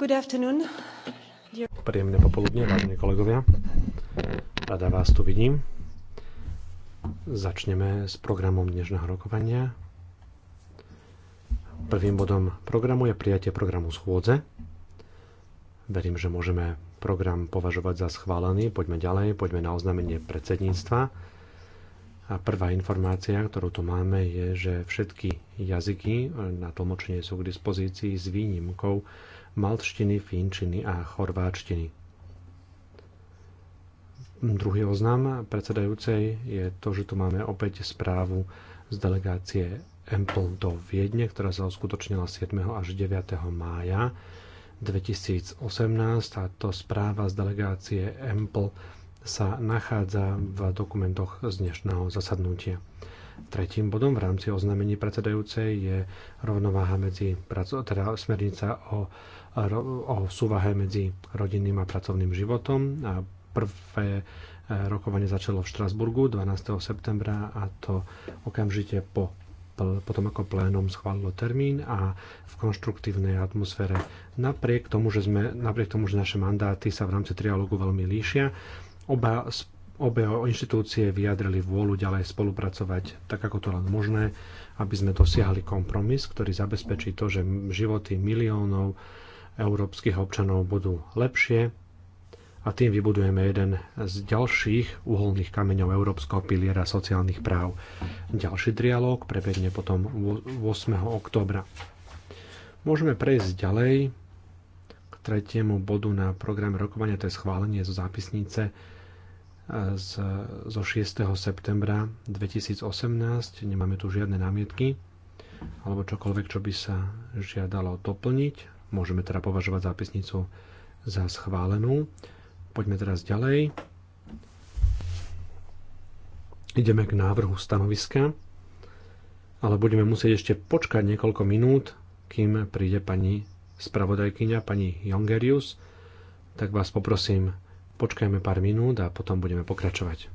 Good afternoon. Príjemné popoludne, vážení kolegovia. Rada vás tu vidím. Začneme s programom dnešného rokovania. Prvým bodom programu je prijatie programu schôdze. Verím, že môžeme program považovať za schválený. Poďme ďalej, poďme na oznámenie predsedníctva. A prvá informácia, ktorú tu máme, je, že všetky jazyky e, na tlmočenie sú k dispozícii s výnimkou maltštiny, fínčiny a chorváčtiny. Druhý oznam predsedajúcej je to, že tu máme opäť správu z delegácie Empl do Viedne, ktorá sa uskutočnila 7. až 9. mája 2018. Táto správa z delegácie Empl sa nachádza v dokumentoch z dnešného zasadnutia. Tretím bodom v rámci oznámení predsedajúcej je rovnováha medzi, teda smernica o, o súvahe medzi rodinným a pracovným životom. A prvé e, rokovanie začalo v Štrasburgu 12. septembra a to okamžite po potom ako plénom schválilo termín a v konštruktívnej atmosfére. Napriek tomu, že, sme, napriek tomu, že naše mandáty sa v rámci trialógu veľmi líšia, Oba, obe inštitúcie vyjadrili vôľu ďalej spolupracovať tak, ako to len možné, aby sme dosiahli kompromis, ktorý zabezpečí to, že životy miliónov európskych občanov budú lepšie a tým vybudujeme jeden z ďalších uholných kameňov Európskeho piliera sociálnych práv. Ďalší dialog prebehne potom 8. októbra. Môžeme prejsť ďalej k tretiemu bodu na programe rokovania, to je schválenie zo zápisnice z, zo 6. septembra 2018. Nemáme tu žiadne námietky alebo čokoľvek, čo by sa žiadalo doplniť. Môžeme teda považovať zápisnicu za schválenú. Poďme teraz ďalej. Ideme k návrhu stanoviska, ale budeme musieť ešte počkať niekoľko minút, kým príde pani spravodajkyňa, pani Jongerius, tak vás poprosím, Počkajme pár minút a potom budeme pokračovať.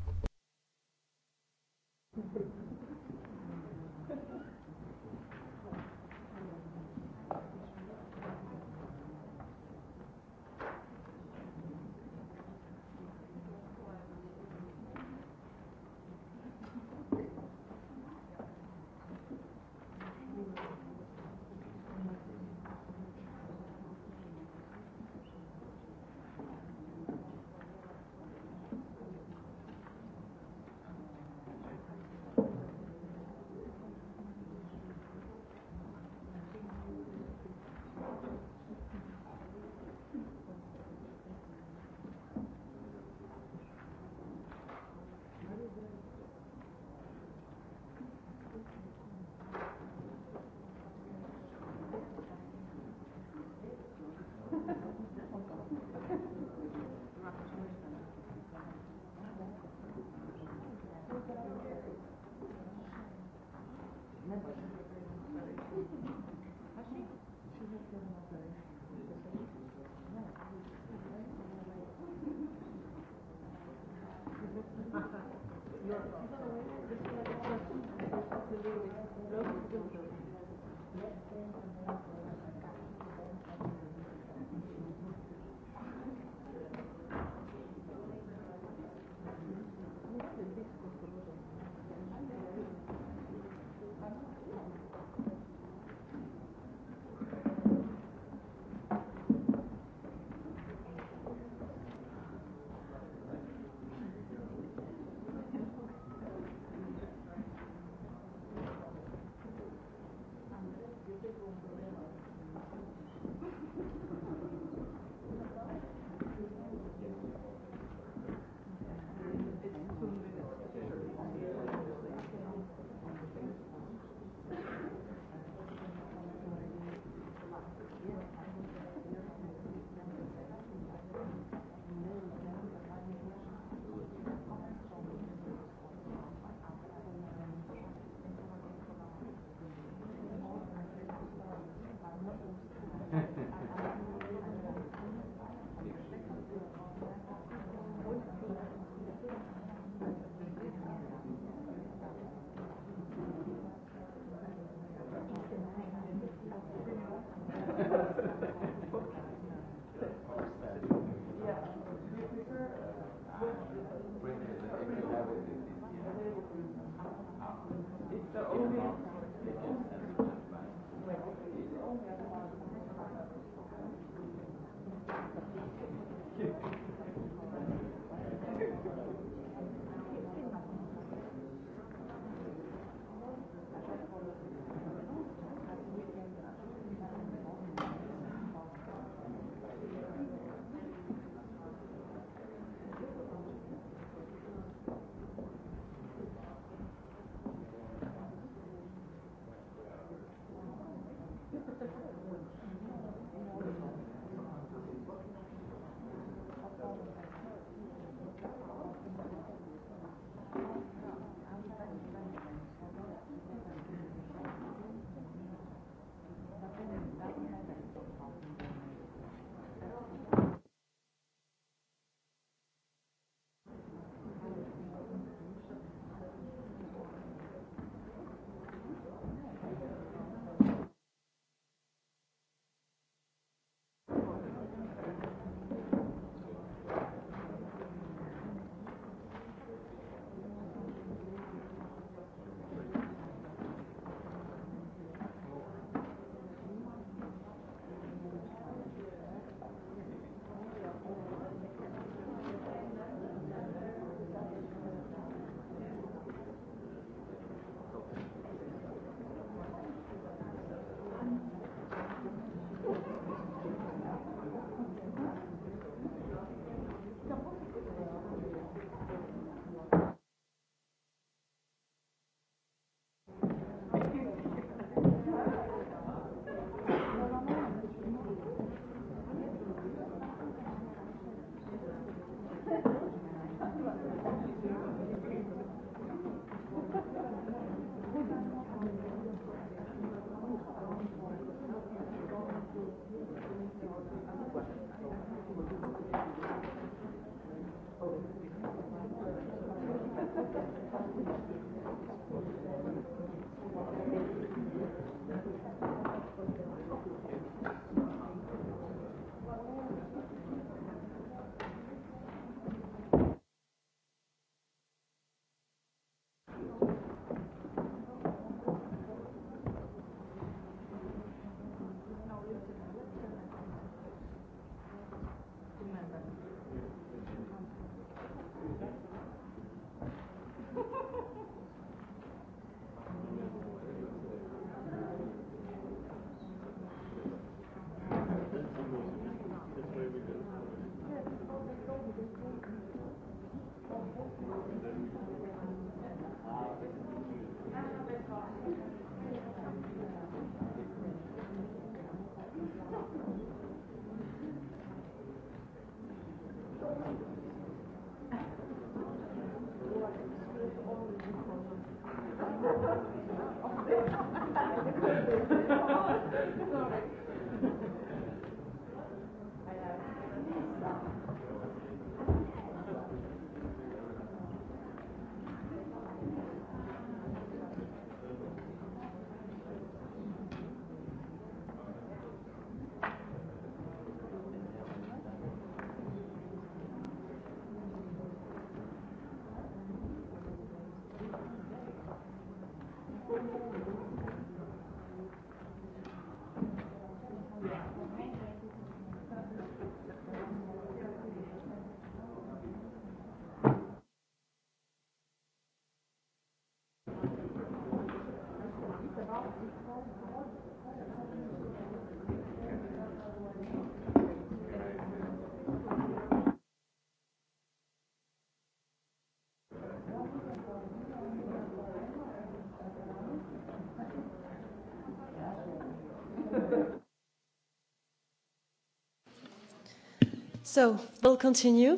So, we'll continue.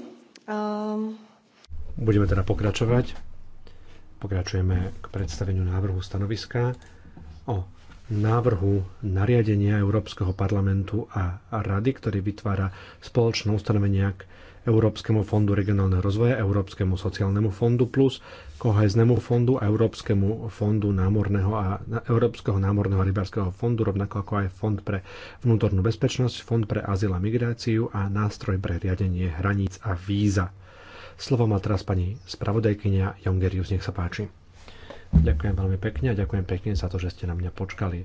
Um... Budeme teda pokračovať. Pokračujeme k predstaveniu návrhu stanoviska návrhu nariadenia Európskeho parlamentu a rady, ktorý vytvára spoločné ustanovenia k Európskemu fondu regionálneho rozvoja, Európskemu sociálnemu fondu plus koheznému fondu a Európskemu fondu námorného a Európskeho námorného rybárskeho fondu, rovnako ako aj Fond pre vnútornú bezpečnosť, Fond pre azyl a migráciu a nástroj pre riadenie hraníc a víza. Slovo má teraz pani spravodajkynia Jongerius, nech sa páči. Ďakujem veľmi pekne a ďakujem pekne za to, že ste na mňa počkali.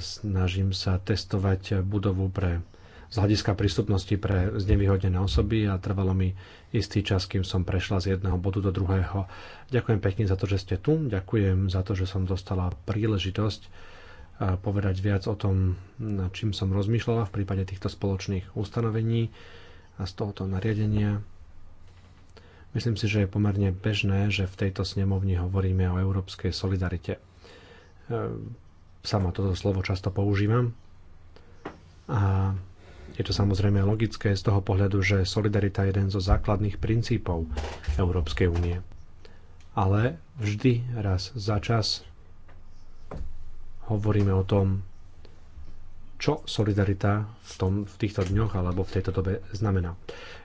Snažím sa testovať budovu pre z hľadiska prístupnosti pre znevýhodnené osoby a trvalo mi istý čas, kým som prešla z jedného bodu do druhého. Ďakujem pekne za to, že ste tu, ďakujem za to, že som dostala príležitosť povedať viac o tom, nad čím som rozmýšľala v prípade týchto spoločných ustanovení a z tohoto nariadenia. Myslím si, že je pomerne bežné, že v tejto snemovni hovoríme o európskej solidarite. Ehm, sama toto slovo často používam. A je to samozrejme logické z toho pohľadu, že solidarita je jeden zo základných princípov Európskej únie. Ale vždy raz za čas hovoríme o tom, čo solidarita v, tom, v týchto dňoch alebo v tejto dobe znamená.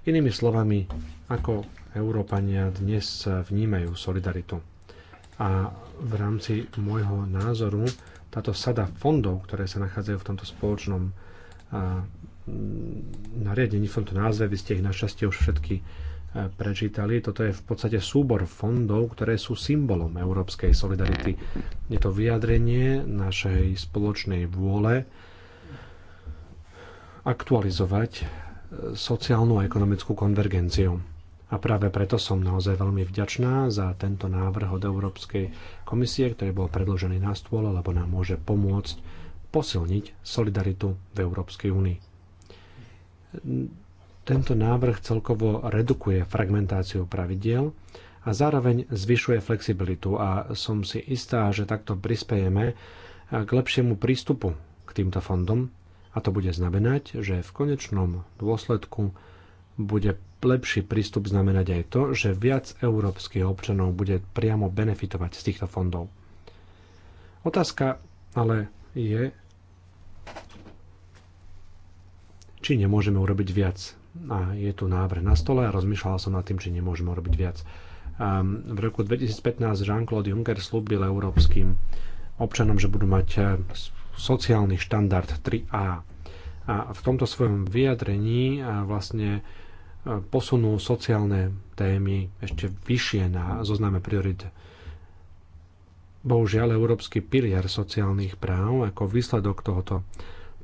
Inými slovami, ako Európania dnes vnímajú solidaritu. A v rámci môjho názoru táto sada fondov, ktoré sa nachádzajú v tomto spoločnom a, nariadení, v tomto názve, vy ste ich našťastie už všetky e, prečítali. Toto je v podstate súbor fondov, ktoré sú symbolom európskej solidarity. Je to vyjadrenie našej spoločnej vôle aktualizovať e, sociálnu a ekonomickú konvergenciu. A práve preto som naozaj veľmi vďačná za tento návrh od Európskej komisie, ktorý bol predložený na stôl, lebo nám môže pomôcť posilniť solidaritu v Európskej únii. Tento návrh celkovo redukuje fragmentáciu pravidiel a zároveň zvyšuje flexibilitu a som si istá, že takto prispejeme k lepšiemu prístupu k týmto fondom a to bude znamenať, že v konečnom dôsledku bude lepší prístup znamenať aj to, že viac európskych občanov bude priamo benefitovať z týchto fondov. Otázka ale je, či nemôžeme urobiť viac. A je tu návrh na stole a rozmýšľal som nad tým, či nemôžeme urobiť viac. A ehm, v roku 2015 Jean-Claude Juncker slúbil európskym občanom, že budú mať eh, sociálny štandard 3A. A v tomto svojom vyjadrení vlastne e, posunul sociálne témy ešte vyššie na zozname priorit. Bohužiaľ, Európsky pilier sociálnych práv ako výsledok tohoto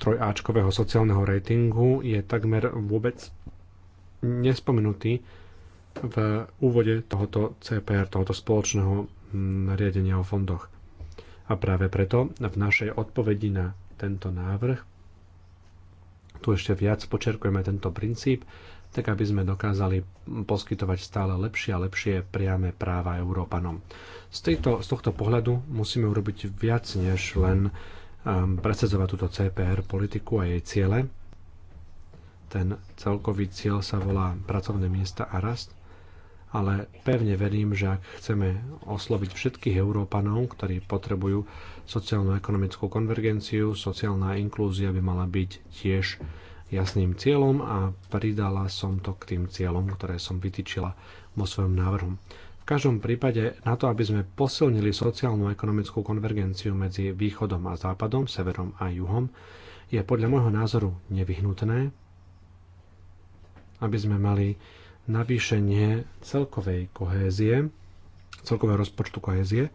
trojáčkového sociálneho ratingu je takmer vôbec nespomenutý v úvode tohoto CPR, tohoto spoločného riadenia o fondoch. A práve preto v našej odpovedi na tento návrh tu ešte viac počerkujeme tento princíp, tak aby sme dokázali poskytovať stále lepšie a lepšie priame práva Európanom. Z, tejto, z tohto pohľadu musíme urobiť viac než len um, presadzovať túto CPR politiku a jej ciele. Ten celkový cieľ sa volá pracovné miesta a rast ale pevne verím, že ak chceme osloviť všetkých Európanov, ktorí potrebujú sociálno-ekonomickú konvergenciu, sociálna inklúzia by mala byť tiež jasným cieľom a pridala som to k tým cieľom, ktoré som vytýčila vo svojom návrhu. V každom prípade na to, aby sme posilnili sociálnu ekonomickú konvergenciu medzi východom a západom, severom a juhom, je podľa môjho názoru nevyhnutné, aby sme mali navýšenie celkovej kohézie, celkového rozpočtu kohézie,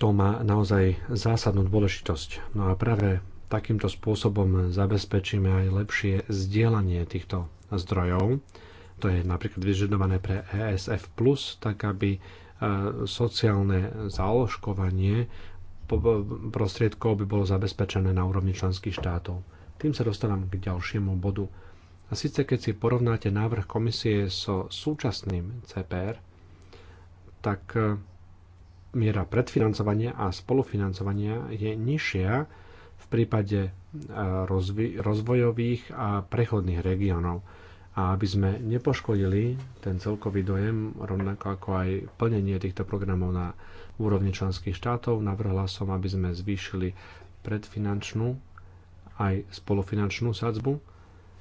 to má naozaj zásadnú dôležitosť. No a práve takýmto spôsobom zabezpečíme aj lepšie zdieľanie týchto zdrojov. To je napríklad vyžadované pre ESF+, tak aby e, sociálne záložkovanie e, prostriedkov by bolo zabezpečené na úrovni členských štátov. Tým sa dostávam k ďalšiemu bodu a síce keď si porovnáte návrh komisie so súčasným CPR, tak e, miera predfinancovania a spolufinancovania je nižšia v prípade e, rozvojových a prechodných regiónov. A aby sme nepoškodili ten celkový dojem, rovnako ako aj plnenie týchto programov na úrovni členských štátov, navrhla som, aby sme zvýšili predfinančnú aj spolufinančnú sadzbu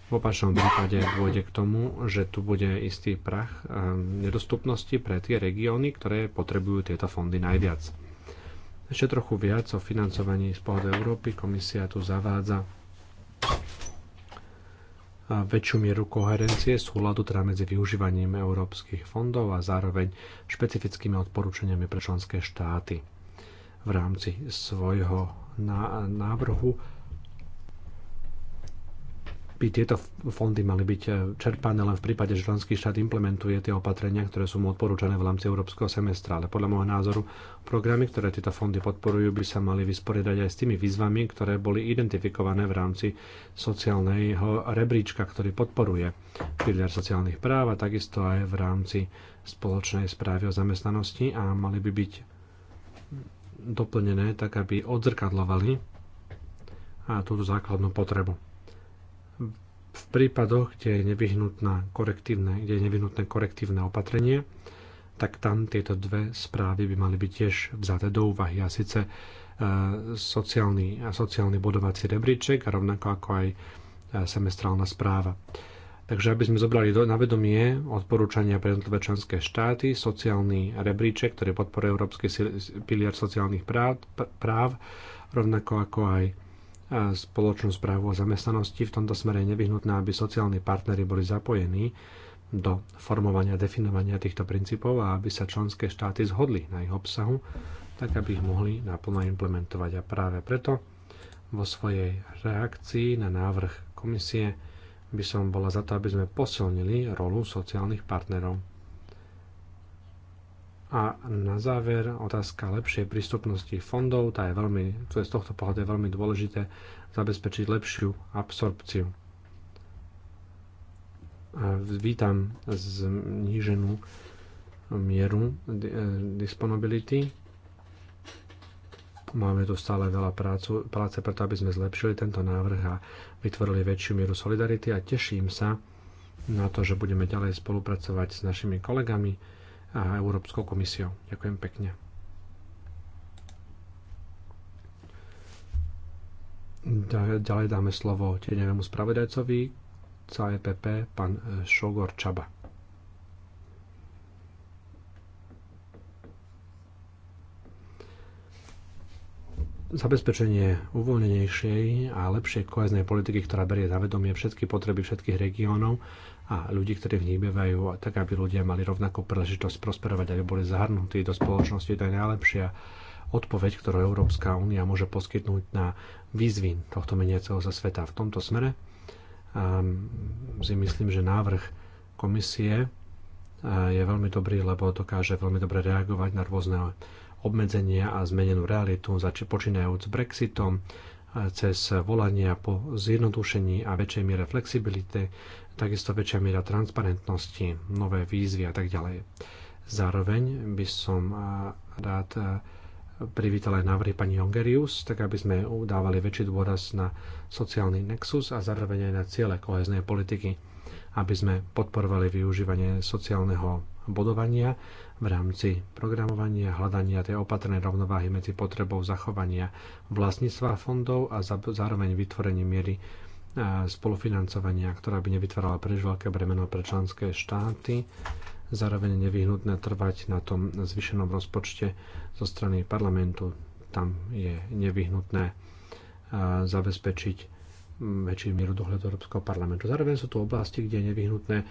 v opačnom prípade dôjde k tomu, že tu bude istý prach eh, nedostupnosti pre tie regióny, ktoré potrebujú tieto fondy najviac. Ešte trochu viac o financovaní z pohľadu Európy. Komisia tu zavádza eh, väčšiu mieru koherencie súladu teda medzi využívaním európskych fondov a zároveň špecifickými odporúčaniami pre členské štáty. V rámci svojho návrhu by tieto fondy mali byť eh, čerpané len v prípade, že členský štát implementuje tie opatrenia, ktoré sú mu odporúčané v rámci európskeho semestra. Ale podľa môjho názoru programy, ktoré tieto fondy podporujú, by sa mali vysporiadať aj s tými výzvami, ktoré boli identifikované v rámci sociálneho rebríčka, ktorý podporuje pilier sociálnych práv a takisto aj v rámci spoločnej správy o zamestnanosti a mali by byť doplnené tak, aby odzrkadlovali a túto základnú potrebu v prípadoch, kde je, nevyhnutné korektívne, kde je nevyhnutné korektívne opatrenie, tak tam tieto dve správy by mali byť tiež vzaté do úvahy. A síce e, sociálny, sociálny bodovací rebríček a rovnako ako aj e, semestrálna správa. Takže aby sme zobrali do, na vedomie odporúčania pre jednotlivé členské štáty, sociálny rebríček, ktorý podporuje Európsky pilier sociálnych práv, práv rovnako ako aj spoločnú správu o zamestnanosti. V tomto smere je nevyhnutné, aby sociálni partnery boli zapojení do formovania a definovania týchto princípov a aby sa členské štáty zhodli na ich obsahu, tak aby ich mohli naplno implementovať. A práve preto vo svojej reakcii na návrh komisie by som bola za to, aby sme posilnili rolu sociálnych partnerov. A na záver otázka lepšej prístupnosti fondov, tá je veľmi, to je z tohto pohľadu je veľmi dôležité zabezpečiť lepšiu absorpciu. A vítam zníženú mieru e, disponibility. Máme tu stále veľa prácu, práce preto, aby sme zlepšili tento návrh a vytvorili väčšiu mieru solidarity a teším sa na to, že budeme ďalej spolupracovať s našimi kolegami, a Európskou komisiou. Ďakujem pekne. Ďalej dáme slovo tieňovému spravodajcovi CAPP, e pán e, Šogor Čaba. Zabezpečenie uvoľnenejšej a lepšej koheznej politiky, ktorá berie na vedomie všetky potreby všetkých regiónov a ľudí, ktorí v nich bývajú tak aby ľudia mali rovnakú príležitosť prosperovať, aby boli zahrnutí do spoločnosti. To je najlepšia odpoveď, ktorú Európska únia môže poskytnúť na výzvy tohto meniaceho sa sveta. V tomto smere um, si myslím, že návrh komisie ehm, je veľmi dobrý, lebo dokáže veľmi dobre reagovať na rôzne obmedzenia a zmenenú realitu, počínajúc Brexitom, e, cez volania po zjednodušení a väčšej miere flexibility, takisto väčšia miera transparentnosti, nové výzvy a tak ďalej. Zároveň by som rád privítal aj návrhy pani Jongerius, tak aby sme udávali väčší dôraz na sociálny nexus a zároveň aj na ciele koheznej politiky, aby sme podporovali využívanie sociálneho bodovania v rámci programovania, hľadania tej opatrnej rovnováhy medzi potrebou zachovania vlastníctva fondov a zároveň vytvorenie miery spolufinancovania, ktorá by nevytvárala príliš veľké bremeno pre členské štáty. Zároveň nevyhnutné trvať na tom zvyšenom rozpočte zo strany parlamentu. Tam je nevyhnutné zabezpečiť väčšiu mieru dohľadu Európskeho parlamentu. Zároveň sú tu oblasti, kde je nevyhnutné e,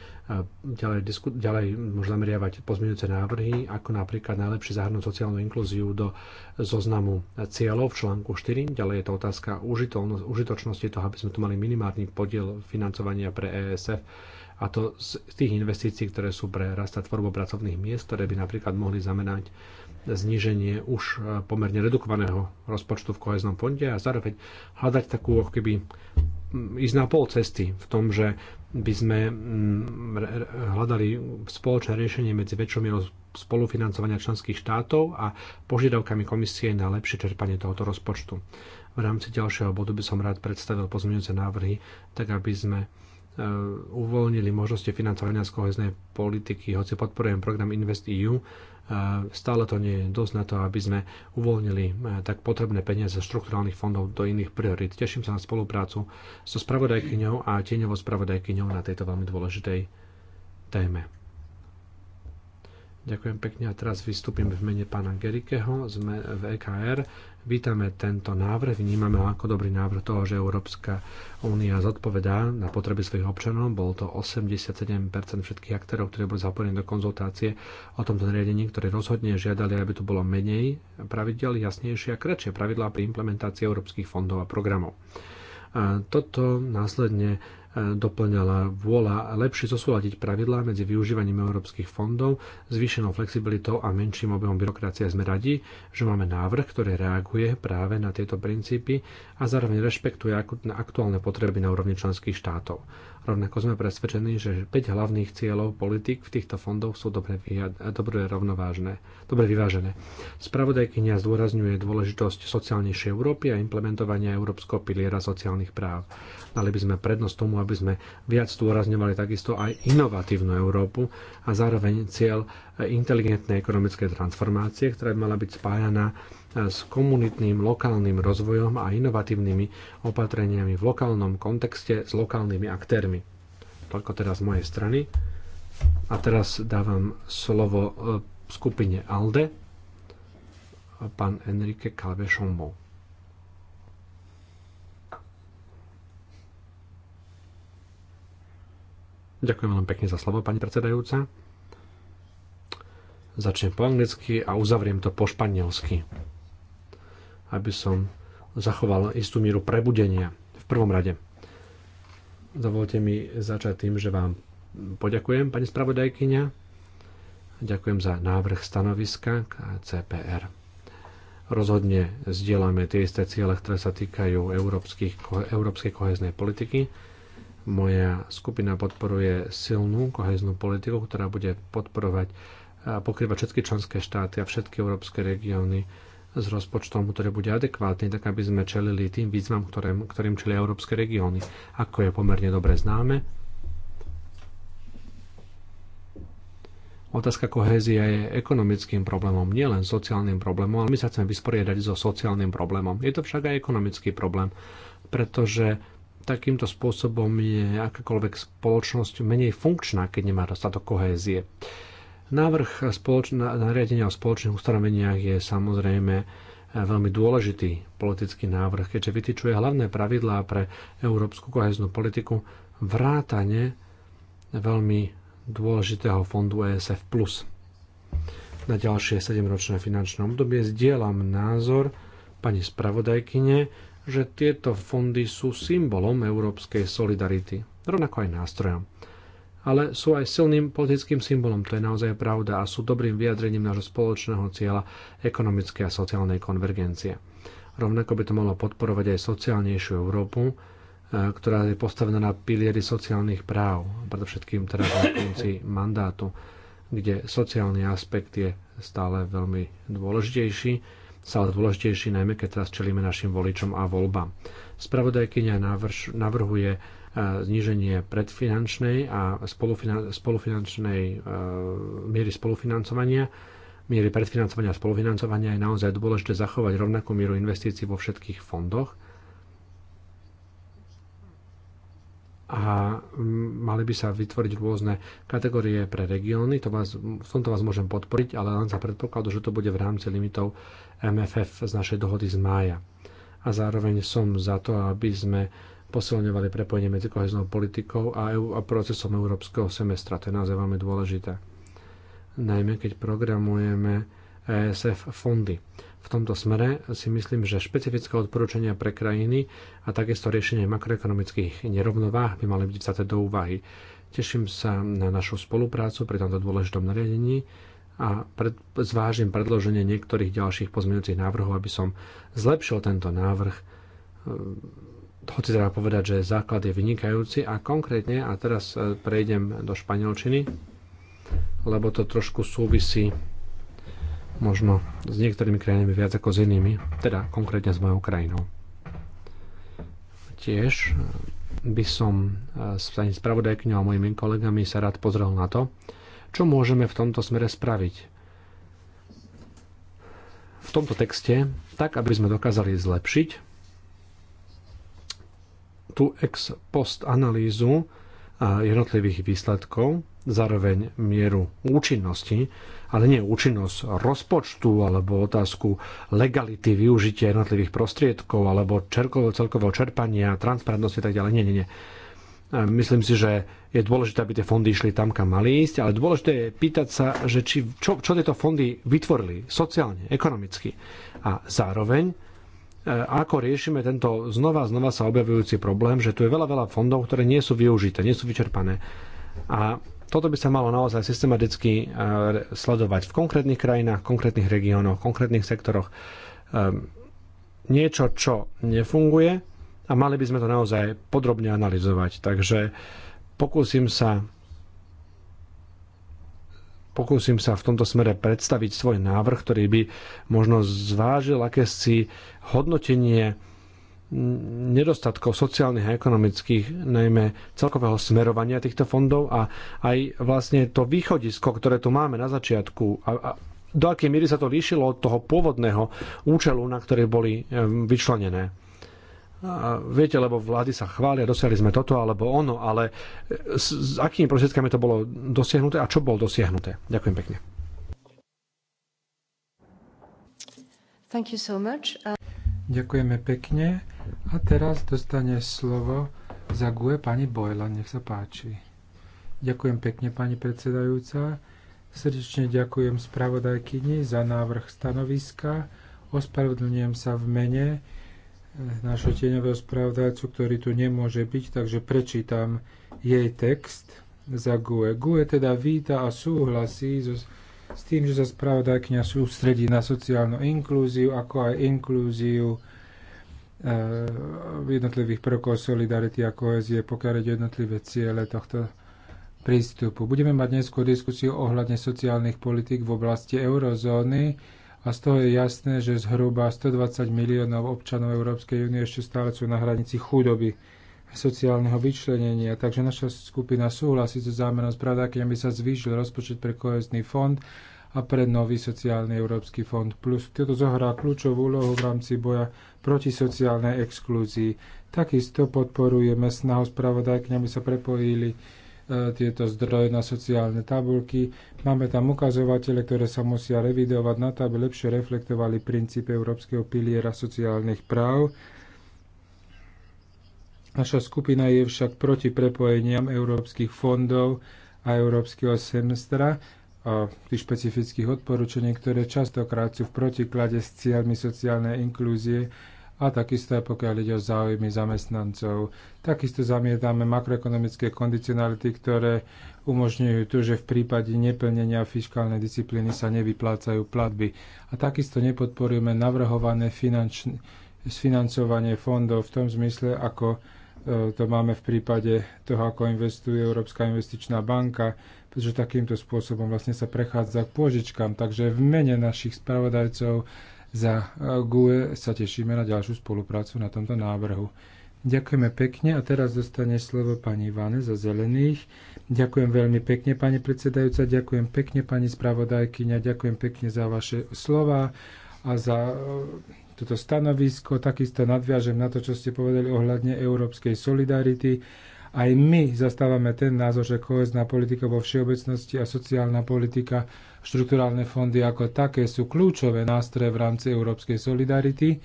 ďalej, disku, ďalej možno zameriavať pozmeňujúce návrhy, ako napríklad najlepšie zahrnúť sociálnu inklúziu do zoznamu cieľov v článku 4. Ďalej je to otázka užitočnosti toho, aby sme tu mali minimálny podiel financovania pre ESF a to z tých investícií, ktoré sú pre rast a tvorbu pracovných miest, ktoré by napríklad mohli zamenať zníženie už e, pomerne redukovaného rozpočtu v koheznom fonde a zároveň hľadať takú ako keby mm, ísť na pol cesty v tom, že by sme mm, hľadali spoločné riešenie medzi väčšou mierou spolufinancovania členských štátov a požiadavkami komisie na lepšie čerpanie tohoto rozpočtu. V rámci ďalšieho bodu by som rád predstavil pozmeňujúce návrhy, tak aby sme e, uvoľnili možnosti financovania z koheznej politiky. Hoci podporujem program InvestEU, Stále to nie je dosť na to, aby sme uvoľnili e, tak potrebné peniaze štrukturálnych fondov do iných priorit. Teším sa na spoluprácu so spravodajkyňou a tieňovou spravodajkyňou na tejto veľmi dôležitej téme. Ďakujem pekne a teraz vystúpim v mene pána Gerikeho z v EKR. Vítame tento návrh, vnímame ako dobrý návrh toho, že Európska únia zodpovedá na potreby svojich občanov. Bolo to 87% všetkých aktérov, ktorí boli zapojení do konzultácie o tomto nariadení, ktorí rozhodne žiadali, aby tu bolo menej pravidel, jasnejšie a kratšie pravidlá pri implementácii európskych fondov a programov. A toto následne doplňala vôľa lepšie zosúľadiť pravidlá medzi využívaním európskych fondov, zvýšenou flexibilitou a menším objemom byrokracie. Sme radi, že máme návrh, ktorý reaguje práve na tieto princípy a zároveň rešpektuje aktuálne potreby na úrovni členských štátov. Rovnako sme presvedčení, že 5 hlavných cieľov politik v týchto fondoch sú dobre, dobre rovnovážne, dobre vyvážené. Spravodajkynia zdôrazňuje dôležitosť sociálnejšej Európy a implementovania Európskeho piliera sociálnych práv. Dali by sme prednosť tomu, aby sme viac zdôrazňovali takisto aj inovatívnu Európu a zároveň cieľ inteligentnej ekonomickej transformácie, ktorá by mala byť spájaná eh, s komunitným lokálnym rozvojom a inovatívnymi opatreniami v lokálnom kontexte s lokálnymi aktérmi. Toľko teraz z mojej strany. A teraz dávam slovo eh, skupine ALDE, eh, pán Enrique calvé Ďakujem veľmi pekne za slovo, pani predsedajúca. Začnem po anglicky a uzavriem to po španielsky, aby som zachoval istú míru prebudenia v prvom rade. Dovolte mi začať tým, že vám poďakujem, pani spravodajkyňa. Ďakujem za návrh stanoviska k CPR. Rozhodne zdieľame tie isté ciele, ktoré sa týkajú európskej koheznej politiky moja skupina podporuje silnú koheznú politiku, ktorá bude podporovať a pokrývať všetky členské štáty a všetky európske regióny s rozpočtom, ktorý bude adekvátny, tak aby sme čelili tým výzvam, ktorým, ktorým čelia európske regióny, ako je pomerne dobre známe. Otázka kohézia je ekonomickým problémom, nielen sociálnym problémom, ale my sa chceme vysporiadať so sociálnym problémom. Je to však aj ekonomický problém, pretože takýmto spôsobom je akákoľvek spoločnosť menej funkčná, keď nemá dostatok kohézie. Návrh nariadenia o spoločných ustanoveniach je samozrejme e, veľmi dôležitý politický návrh, keďže vytýčuje hlavné pravidlá pre európsku koheznú politiku vrátane veľmi dôležitého fondu ESF+. Na ďalšie 7-ročné finančné obdobie zdieľam názor pani spravodajkyne, že tieto fondy sú symbolom európskej solidarity, rovnako aj nástrojom. Ale sú aj silným politickým symbolom, to je naozaj pravda, a sú dobrým vyjadrením nášho spoločného cieľa ekonomickej a sociálnej konvergencie. Rovnako by to malo podporovať aj sociálnejšiu Európu, e, ktorá je postavená na pilieri sociálnych práv, predovšetkým teraz na konci mandátu, kde sociálny aspekt je stále veľmi dôležitejší ale dôležitejší, najmä keď teraz čelíme našim voličom a voľbám. Spravodajkynia navrhuje e, zníženie predfinančnej a spolufinančnej, e, miery spolufinancovania miery predfinancovania a spolufinancovania je naozaj dôležité zachovať rovnakú mieru investícií vo všetkých fondoch a mali by sa vytvoriť rôzne kategórie pre regióny. To vás, v tomto vás môžem podporiť, ale len za predpokladu, že to bude v rámci limitov MFF z našej dohody z mája. A zároveň som za to, aby sme posilňovali prepojenie medzi koheznou politikou a, EU, a procesom európskeho semestra. To je naozaj veľmi dôležité. Najmä keď programujeme ESF fondy. V tomto smere si myslím, že špecifické odporúčania pre krajiny a takisto riešenie makroekonomických nerovnováh by mali byť vzaté do úvahy. Teším sa na našu spoluprácu pri tomto dôležitom nariadení a pred, zvážim predloženie niektorých ďalších pozmeňujúcich návrhov, aby som zlepšil tento návrh. E, hoci treba povedať, že základ je vynikajúci a konkrétne, a teraz e, prejdem do španielčiny, lebo to trošku súvisí možno s niektorými krajinami viac ako s inými, teda konkrétne s mojou krajinou. Tiež eh, by som eh, s pani spravodajkňou a mojimi kolegami sa rád pozrel na to, čo môžeme v tomto smere spraviť. V tomto texte, tak aby sme dokázali zlepšiť tú ex post analýzu jednotlivých výsledkov, zároveň mieru účinnosti, ale nie účinnosť rozpočtu alebo otázku legality využitia jednotlivých prostriedkov alebo celkového čerpania, transparentnosti a tak ďalej. Nie, nie, nie. Myslím si, že je dôležité, aby tie fondy išli tam, kam mali ísť, ale dôležité je pýtať sa, že či, čo, čo tieto fondy vytvorili sociálne, ekonomicky a zároveň E, ako riešime tento znova znova sa objavujúci problém, že tu je veľa, veľa fondov, ktoré nie sú využité, nie sú vyčerpané. A toto by sa malo naozaj systematicky e, sledovať v konkrétnych krajinách, konkrétnych regiónoch, konkrétnych sektoroch. E, niečo, čo nefunguje a mali by sme to naozaj podrobne analyzovať. Takže pokúsim sa pokúsim sa v tomto smere predstaviť svoj návrh, ktorý by možno zvážil akési hodnotenie nedostatkov sociálnych a ekonomických, najmä celkového smerovania týchto fondov a aj vlastne to východisko, ktoré tu máme na začiatku a, a do akej miery sa to líšilo od toho pôvodného účelu, na ktorý boli vyčlenené viete, lebo vlády sa chvália, dosiahli sme toto alebo ono, ale s, s akými prostriedkami to bolo dosiahnuté a čo bolo dosiahnuté? Ďakujem pekne. Thank you so much. Uh... Ďakujeme pekne. A teraz dostane slovo za GUE pani Bojla, nech sa páči. Ďakujem pekne, pani predsedajúca. Srdečne ďakujem spravodajkyni za návrh stanoviska. Ospravedlňujem sa v mene nášho tieňového správdajcu, ktorý tu nemôže byť, takže prečítam jej text za GUE. GUE teda víta a súhlasí so, s tým, že sa spravodajkňa sústredí na sociálnu inklúziu, ako aj inklúziu eh, jednotlivých prvkov solidarity a kohezie, pokiaľ je jednotlivé ciele tohto prístupu. Budeme mať neskôr diskusiu ohľadne sociálnych politik v oblasti eurozóny. A z toho je jasné, že zhruba 120 miliónov občanov Európskej únie ešte stále sú na hranici chudoby sociálneho vyčlenenia. Takže naša skupina súhlasí so zámerom spravodajky, aby sa zvýšil rozpočet pre kohezný fond a pre nový sociálny Európsky fond plus. Toto zohrá kľúčovú úlohu v rámci boja proti sociálnej exklúzii. Takisto podporujeme snahu spravodajkňa, aby sa prepojili E, tieto zdroje na sociálne tabulky. Máme tam ukazovatele, ktoré sa musia revidovať na to, aby lepšie reflektovali princíp Európskeho piliera sociálnych práv. Naša skupina je však proti prepojeniam európskych fondov a európskeho semestra a tých špecifických odporúčení, ktoré častokrát sú v protiklade s cieľmi sociálnej inklúzie a takisto aj pokiaľ ide o záujmy zamestnancov. Takisto zamietame makroekonomické kondicionality, ktoré umožňujú to, že v prípade neplnenia fiskálnej disciplíny sa nevyplácajú platby. A takisto nepodporujeme navrhované finančné sfinancovanie fondov v tom zmysle, ako e, to máme v prípade toho, ako investuje Európska investičná banka, pretože takýmto spôsobom vlastne sa prechádza k pôžičkám. Takže v mene našich spravodajcov za eh, GUE sa tešíme na ďalšiu spoluprácu na tomto návrhu. Ďakujeme pekne a teraz dostane slovo pani Ivane za zelených. Ďakujem veľmi pekne, pani predsedajúca, ďakujem pekne, pani spravodajkyňa, ďakujem pekne za vaše slova a za eh, toto stanovisko. Takisto nadviažem na to, čo ste povedali ohľadne európskej solidarity aj my zastávame ten názor, že kohezná politika vo všeobecnosti a sociálna politika, štrukturálne fondy ako také sú kľúčové nástroje v rámci európskej solidarity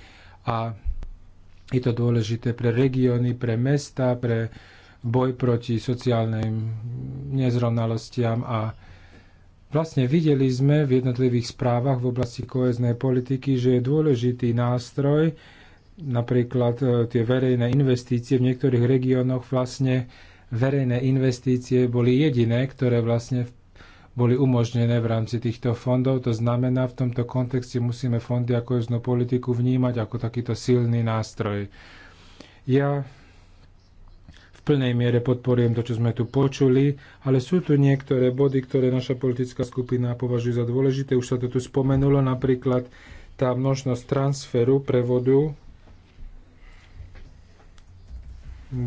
a je to dôležité pre regióny, pre mesta, pre boj proti sociálnym nezrovnalostiam a Vlastne videli sme v jednotlivých správach v oblasti koheznej politiky, že je dôležitý nástroj, napríklad e, tie verejné investície v niektorých regiónoch vlastne verejné investície boli jediné, ktoré vlastne boli umožnené v rámci týchto fondov. To znamená, v tomto kontexte musíme fondy ako južnú politiku vnímať ako takýto silný nástroj. Ja v plnej miere podporujem to, čo sme tu počuli, ale sú tu niektoré body, ktoré naša politická skupina považuje za dôležité. Už sa to tu spomenulo, napríklad tá množnosť transferu, prevodu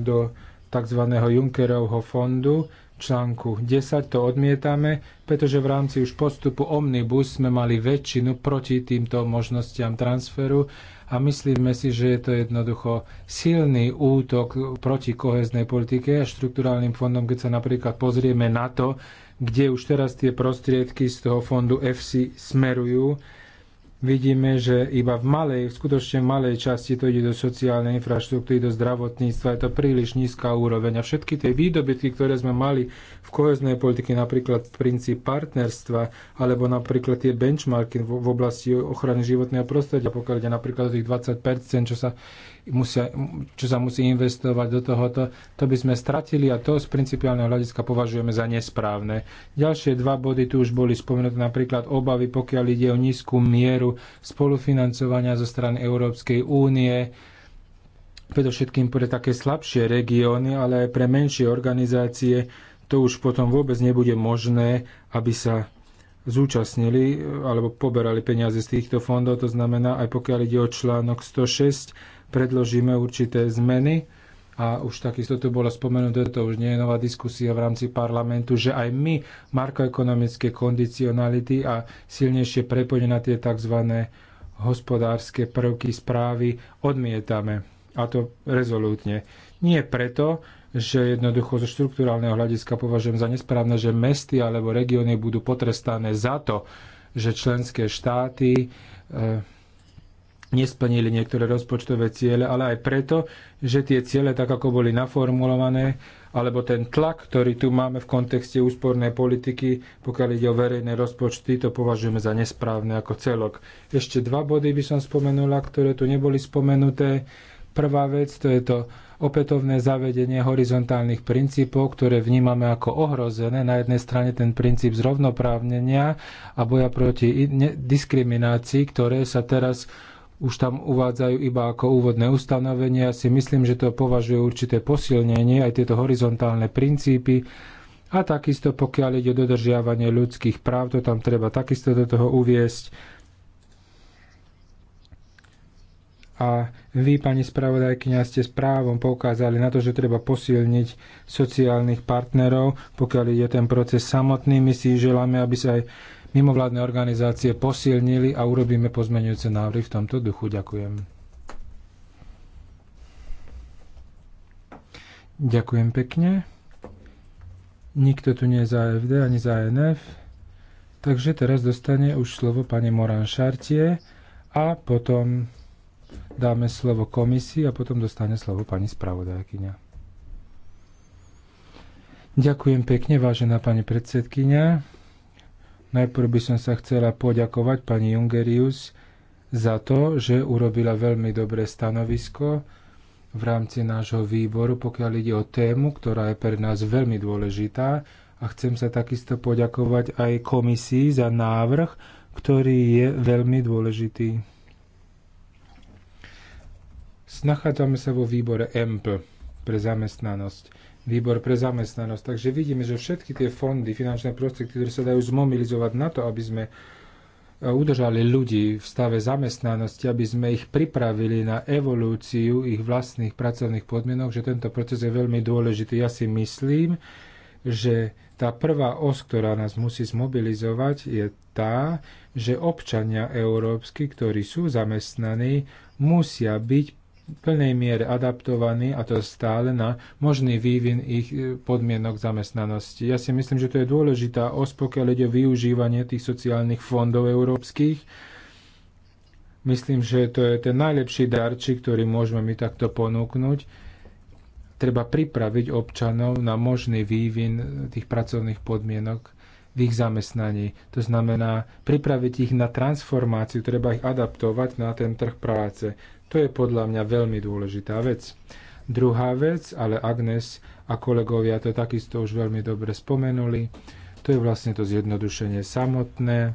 do tzv. Junckerovho fondu, článku 10 to odmietame, pretože v rámci už postupu Omnibus sme mali väčšinu proti týmto možnostiam transferu a myslíme si, že je to jednoducho silný útok proti koheznej politike a štruktúrálnym fondom, keď sa napríklad pozrieme na to, kde už teraz tie prostriedky z toho fondu FC smerujú vidíme, že iba v malej, v skutočne malej časti to ide do sociálnej infraštruktúry, do zdravotníctva, je to príliš nízka úroveň. A všetky tie výdobytky, ktoré sme mali v koheznej politike, napríklad princíp partnerstva, alebo napríklad tie benchmarky v oblasti ochrany životného prostredia, pokiaľ ide napríklad o tých 20%, čo sa musia, čo sa musí investovať do tohoto, to by sme stratili a to z principiálneho hľadiska považujeme za nesprávne. Ďalšie dva body tu už boli spomenuté, napríklad obavy, pokiaľ ide o nízku mieru spolufinancovania zo strany Európskej únie, predovšetkým pre také slabšie regióny, ale aj pre menšie organizácie, to už potom vôbec nebude možné, aby sa zúčastnili alebo poberali peniaze z týchto fondov. To znamená, aj pokiaľ ide o článok 106, predložíme určité zmeny a už takisto tu bolo spomenuté, to už nie je nová diskusia v rámci parlamentu, že aj my markoekonomické kondicionality a silnejšie prepojenie na tie tzv. hospodárske prvky správy odmietame. A to rezolútne. Nie preto, že jednoducho zo štruktúrálneho hľadiska považujem za nesprávne, že mesty alebo regióny budú potrestané za to, že členské štáty Eh, nesplnili niektoré rozpočtové ciele, ale aj preto, že tie ciele, tak ako boli naformulované, alebo ten tlak, ktorý tu máme v kontexte úspornej politiky, pokiaľ ide o verejné rozpočty, to považujeme za nesprávne ako celok. Ešte dva body by som spomenula, ktoré tu neboli spomenuté. Prvá vec, to je to opätovné zavedenie horizontálnych princípov, ktoré vnímame ako ohrozené. Na jednej strane ten princíp zrovnoprávnenia a boja proti diskriminácii, ktoré sa teraz už tam uvádzajú iba ako úvodné ustanovenia. Ja si myslím, že to považuje určité posilnenie, aj tieto horizontálne princípy. A takisto, pokiaľ ide o dodržiavanie ľudských práv, to tam treba takisto do toho uviesť. A vy, pani spravodajkyňa, ste s právom poukázali na to, že treba posilniť sociálnych partnerov, pokiaľ ide ten proces samotný. My si želáme, aby sa aj mimovládne organizácie posilnili a urobíme pozmenujúce návrhy v tomto duchu. Ďakujem. Ďakujem pekne. Nikto tu nie je za AFD ani za NF. Takže teraz dostane už slovo pani Morán Šartie a potom dáme slovo komisii a potom dostane slovo pani spravodajkyňa. Ďakujem pekne, vážená pani predsedkynia. Najprv by som sa chcela poďakovať pani Jungerius za to, že urobila veľmi dobré stanovisko v rámci nášho výboru, pokiaľ ide o tému, ktorá je pre nás veľmi dôležitá. A chcem sa takisto poďakovať aj komisii za návrh, ktorý je veľmi dôležitý. Nachádzame sa vo výbore EMP pre zamestnanosť výbor pre zamestnanosť. Takže vidíme, že všetky tie fondy, finančné prostriedky, ktoré sa dajú zmobilizovať na to, aby sme e, udržali ľudí v stave zamestnanosti, aby sme ich pripravili na evolúciu ich vlastných pracovných podmienok, že tento proces je veľmi dôležitý. Ja si myslím, že tá prvá os, ktorá nás musí zmobilizovať, je tá, že občania európsky, ktorí sú zamestnaní, musia byť plnej miere adaptovaní a to stále na možný vývin ich e, podmienok zamestnanosti. Ja si myslím, že to je dôležitá os, pokiaľ ide o využívanie tých sociálnych fondov európskych. Myslím, že to je ten najlepší darči, ktorý môžeme my takto ponúknuť. Treba pripraviť občanov na možný vývin e, tých pracovných podmienok v ich zamestnaní. To znamená pripraviť ich na transformáciu, treba ich adaptovať na ten trh práce. To je podľa mňa veľmi dôležitá vec. Druhá vec, ale Agnes a kolegovia to takisto už veľmi dobre spomenuli, to je vlastne to zjednodušenie samotné,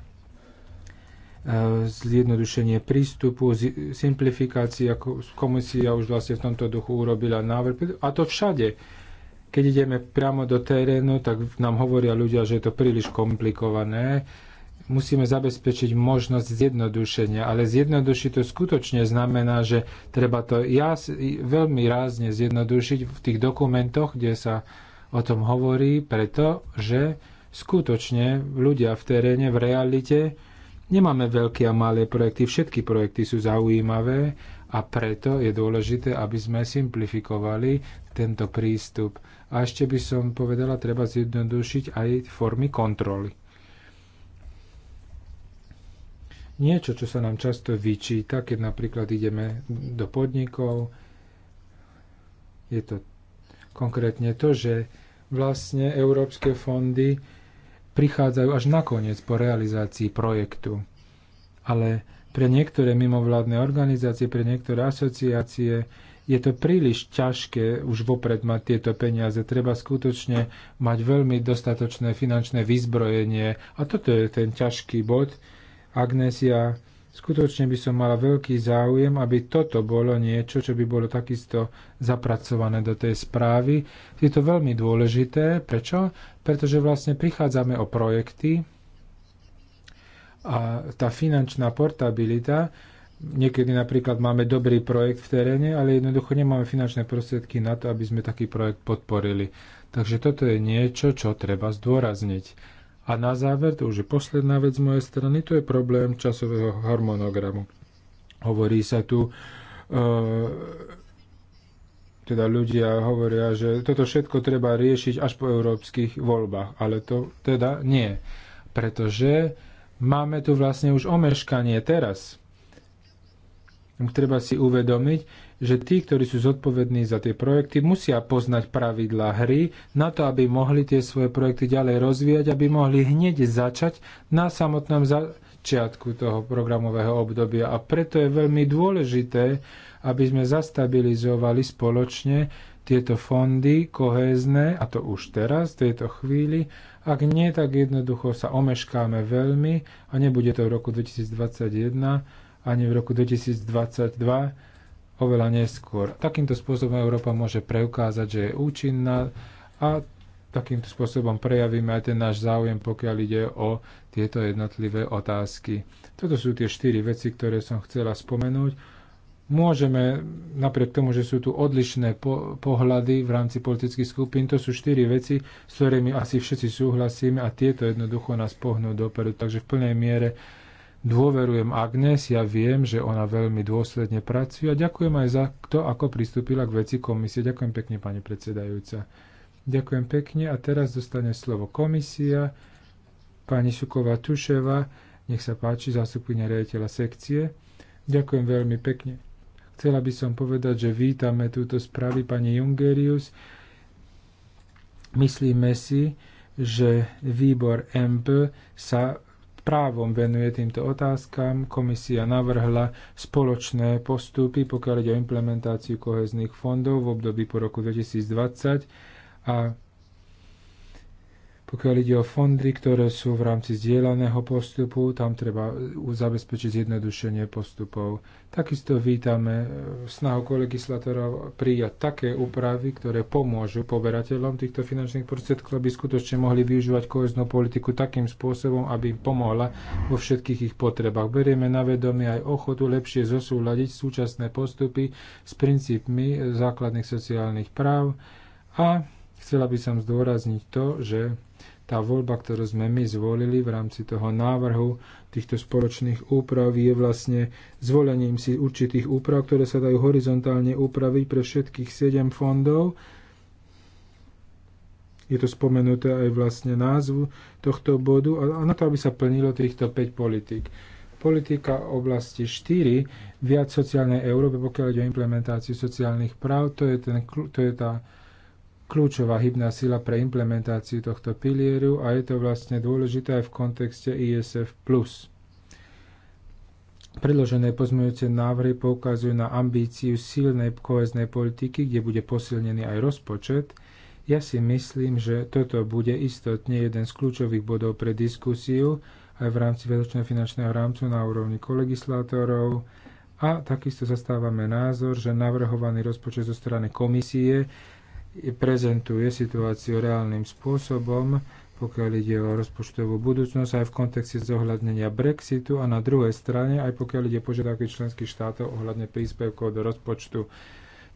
e, zjednodušenie prístupu, simplifikácia. Komisia už vlastne v tomto duchu urobila návrh. A to všade. Keď ideme priamo do terénu, tak nám hovoria ľudia, že je to príliš komplikované musíme zabezpečiť možnosť zjednodušenia, ale zjednodušiť to skutočne znamená, že treba to jas, veľmi rázne zjednodušiť v tých dokumentoch, kde sa o tom hovorí, pretože skutočne ľudia v teréne, v realite nemáme veľké a malé projekty, všetky projekty sú zaujímavé a preto je dôležité, aby sme simplifikovali tento prístup. A ešte by som povedala, treba zjednodušiť aj formy kontroly. niečo, čo sa nám často vyčíta, keď napríklad ideme do podnikov, je to konkrétne to, že vlastne európske fondy prichádzajú až nakoniec po realizácii projektu. Ale pre niektoré mimovládne organizácie, pre niektoré asociácie je to príliš ťažké už vopred mať tieto peniaze. Treba skutočne mať veľmi dostatočné finančné vyzbrojenie. A toto je ten ťažký bod, Agnesia, skutočne by som mala veľký záujem, aby toto bolo niečo, čo by bolo takisto zapracované do tej správy. Je to veľmi dôležité. Prečo? Pretože vlastne prichádzame o projekty a tá finančná portabilita, niekedy napríklad máme dobrý projekt v teréne, ale jednoducho nemáme finančné prostriedky na to, aby sme taký projekt podporili. Takže toto je niečo, čo treba zdôrazniť. A na záver, to už je posledná vec z mojej strany, to je problém časového harmonogramu. Hovorí sa tu, e, teda ľudia hovoria, že toto všetko treba riešiť až po európskych voľbách, ale to teda nie, pretože máme tu vlastne už omeškanie teraz. Treba si uvedomiť, že tí, ktorí sú zodpovední za tie projekty, musia poznať pravidlá hry na to, aby mohli tie svoje projekty ďalej rozvíjať, aby mohli hneď začať na samotnom začiatku toho programového obdobia. A preto je veľmi dôležité, aby sme zastabilizovali spoločne tieto fondy kohézne, a to už teraz, v tejto chvíli. Ak nie, tak jednoducho sa omeškáme veľmi a nebude to v roku 2021 ani v roku 2022 oveľa neskôr. Takýmto spôsobom Európa môže preukázať, že je účinná a takýmto spôsobom prejavíme aj ten náš záujem, pokiaľ ide o tieto jednotlivé otázky. Toto sú tie štyri veci, ktoré som chcela spomenúť. Môžeme, napriek tomu, že sú tu odlišné po- pohľady v rámci politických skupín, to sú štyri veci, s ktorými asi všetci súhlasíme a tieto jednoducho nás pohnú dopredu. Takže v plnej miere Dôverujem Agnes, ja viem, že ona veľmi dôsledne pracuje a ďakujem aj za to, ako pristúpila k veci komisie. Ďakujem pekne, pani predsedajúca. Ďakujem pekne a teraz dostane slovo komisia. Pani Suková Tuševa, nech sa páči, zástupkynia riaditeľa sekcie. Ďakujem veľmi pekne. Chcela by som povedať, že vítame túto správy pani Jungerius. Myslíme si, že výbor MP sa právom venuje týmto otázkam. Komisia navrhla spoločné postupy, pokiaľ ide o implementáciu kohezných fondov v období po roku 2020 a pokiaľ ide o fondy, ktoré sú v rámci zdieľaného postupu, tam treba uh, zabezpečiť zjednodušenie postupov. Takisto vítame uh, snahu kolegislatorov prijať také úpravy, ktoré pomôžu poberateľom týchto finančných prostriedkov, aby skutočne mohli využívať koheznú politiku takým spôsobom, aby im pomohla vo všetkých ich potrebách. Berieme na vedomie aj ochotu lepšie zosúľadiť súčasné postupy s princípmi základných sociálnych práv a Chcela by som zdôrazniť to, že tá voľba, ktorú sme my zvolili v rámci toho návrhu týchto spoločných úprav je vlastne zvolením si určitých úprav, ktoré sa dajú horizontálne upraviť pre všetkých 7 fondov. Je to spomenuté aj vlastne názvu tohto bodu a na to, aby sa plnilo týchto 5 politik. Politika oblasti 4, viac sociálnej Európy, pokiaľ ide o implementáciu sociálnych práv, to je, ten, to je tá kľúčová hybná sila pre implementáciu tohto pilieru a je to vlastne dôležité aj v kontexte ISF+. Predložené pozmeňujúce návrhy poukazujú na ambíciu silnej koheznej politiky, kde bude posilnený aj rozpočet. Ja si myslím, že toto bude istotne jeden z kľúčových bodov pre diskusiu aj v rámci vedočného finančného rámcu na úrovni kolegislátorov a takisto zastávame názor, že navrhovaný rozpočet zo strany komisie prezentuje situáciu reálnym spôsobom, pokiaľ ide o rozpočtovú budúcnosť aj v kontexte zohľadnenia Brexitu a na druhej strane aj pokiaľ ide požiadavky členských štátov ohľadne príspevkov do rozpočtu.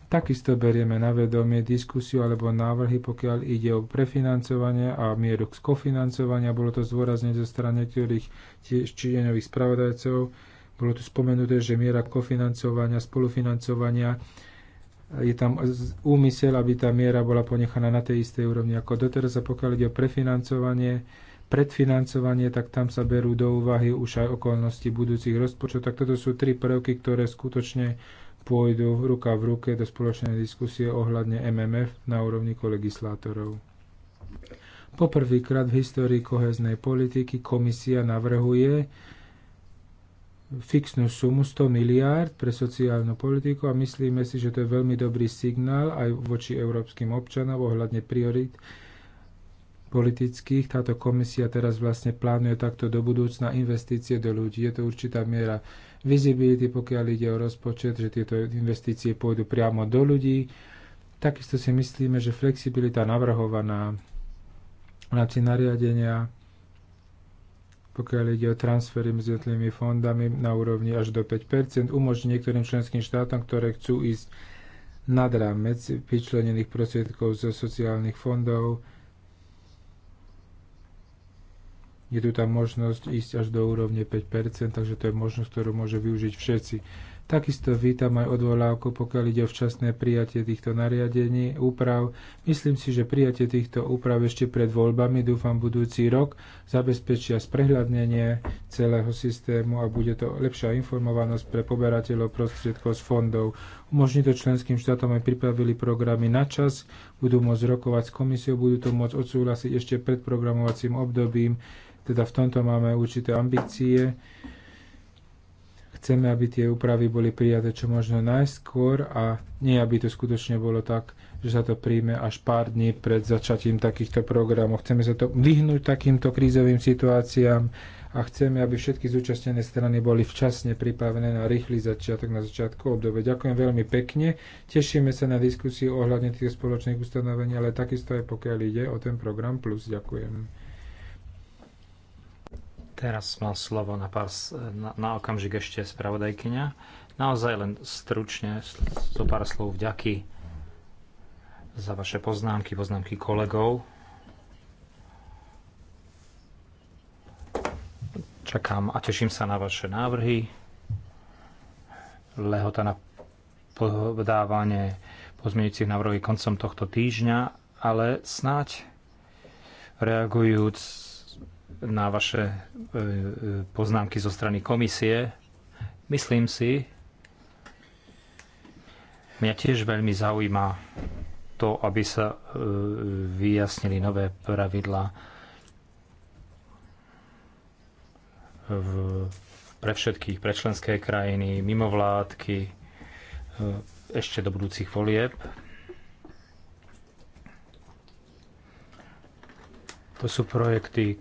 Takisto berieme na vedomie diskusiu alebo návrhy, pokiaľ ide o prefinancovanie a mieru skofinancovania. Bolo to zdôrazne zo strany niektorých číňaňových spravodajcov. Bolo tu spomenuté, že miera kofinancovania, spolufinancovania je tam úmysel, aby tá miera bola ponechaná na tej istej úrovni ako doteraz. A pokiaľ ide o prefinancovanie, predfinancovanie, tak tam sa berú do úvahy už aj okolnosti budúcich rozpočtov. Tak toto sú tri prvky, ktoré skutočne pôjdu ruka v ruke do spoločnej diskusie ohľadne MMF na úrovni kolegislátorov. Poprvýkrát v histórii koheznej politiky komisia navrhuje fixnú sumu 100 miliárd pre sociálnu politiku a myslíme si, že to je veľmi dobrý signál aj voči európskym občanom ohľadne priorit politických. Táto komisia teraz vlastne plánuje takto do budúcna investície do ľudí. Je to určitá miera visibility, pokiaľ ide o rozpočet, že tieto investície pôjdu priamo do ľudí. Takisto si myslíme, že flexibilita navrhovaná v rámci nariadenia pokiaľ ide o transfery medzi jednotlivými fondami na úrovni až do 5 umožní niektorým členským štátom, ktoré chcú ísť nad rámec vyčlenených prostriedkov zo sociálnych fondov. Je tu tá možnosť ísť až do úrovne 5 takže to je možnosť, ktorú môže využiť všetci Takisto vítam aj odvolávku, pokiaľ ide o včasné prijatie týchto nariadení, úprav. Myslím si, že prijatie týchto úprav ešte pred voľbami, dúfam budúci rok, zabezpečia sprehľadnenie celého systému a bude to lepšia informovanosť pre poberateľov prostriedkov z fondov. Umožní to členským štátom aj pripravili programy na čas, budú môcť rokovať s komisiou, budú to môcť odsúhlasiť ešte pred programovacím obdobím, teda v tomto máme určité ambície Chceme, aby tie úpravy boli prijaté čo možno najskôr a nie, aby to skutočne bolo tak, že sa to príjme až pár dní pred začatím takýchto programov. Chceme sa to vyhnúť takýmto krízovým situáciám a chceme, aby všetky zúčastnené strany boli včasne pripravené na rýchly začiatok na začiatku obdobia. Ďakujem veľmi pekne. Tešíme sa na diskusiu ohľadne tých spoločných ustanovení, ale takisto aj pokiaľ ide o ten program Plus. Ďakujem. Teraz má slovo na, na, na okamžik ešte spravodajkyňa. Naozaj len stručne, zo pár slov vďaky za vaše poznámky, poznámky kolegov. Čakám a teším sa na vaše návrhy. Lehota na podávanie pozmeňujúcich návrhov koncom tohto týždňa, ale snáď reagujúc na vaše e, e, poznámky zo strany komisie. Myslím si, mňa tiež veľmi zaujíma to, aby sa e, vyjasnili nové v, pre všetkých, pre členské krajiny, mimovládky, ešte do budúcich volieb. To sú projekty,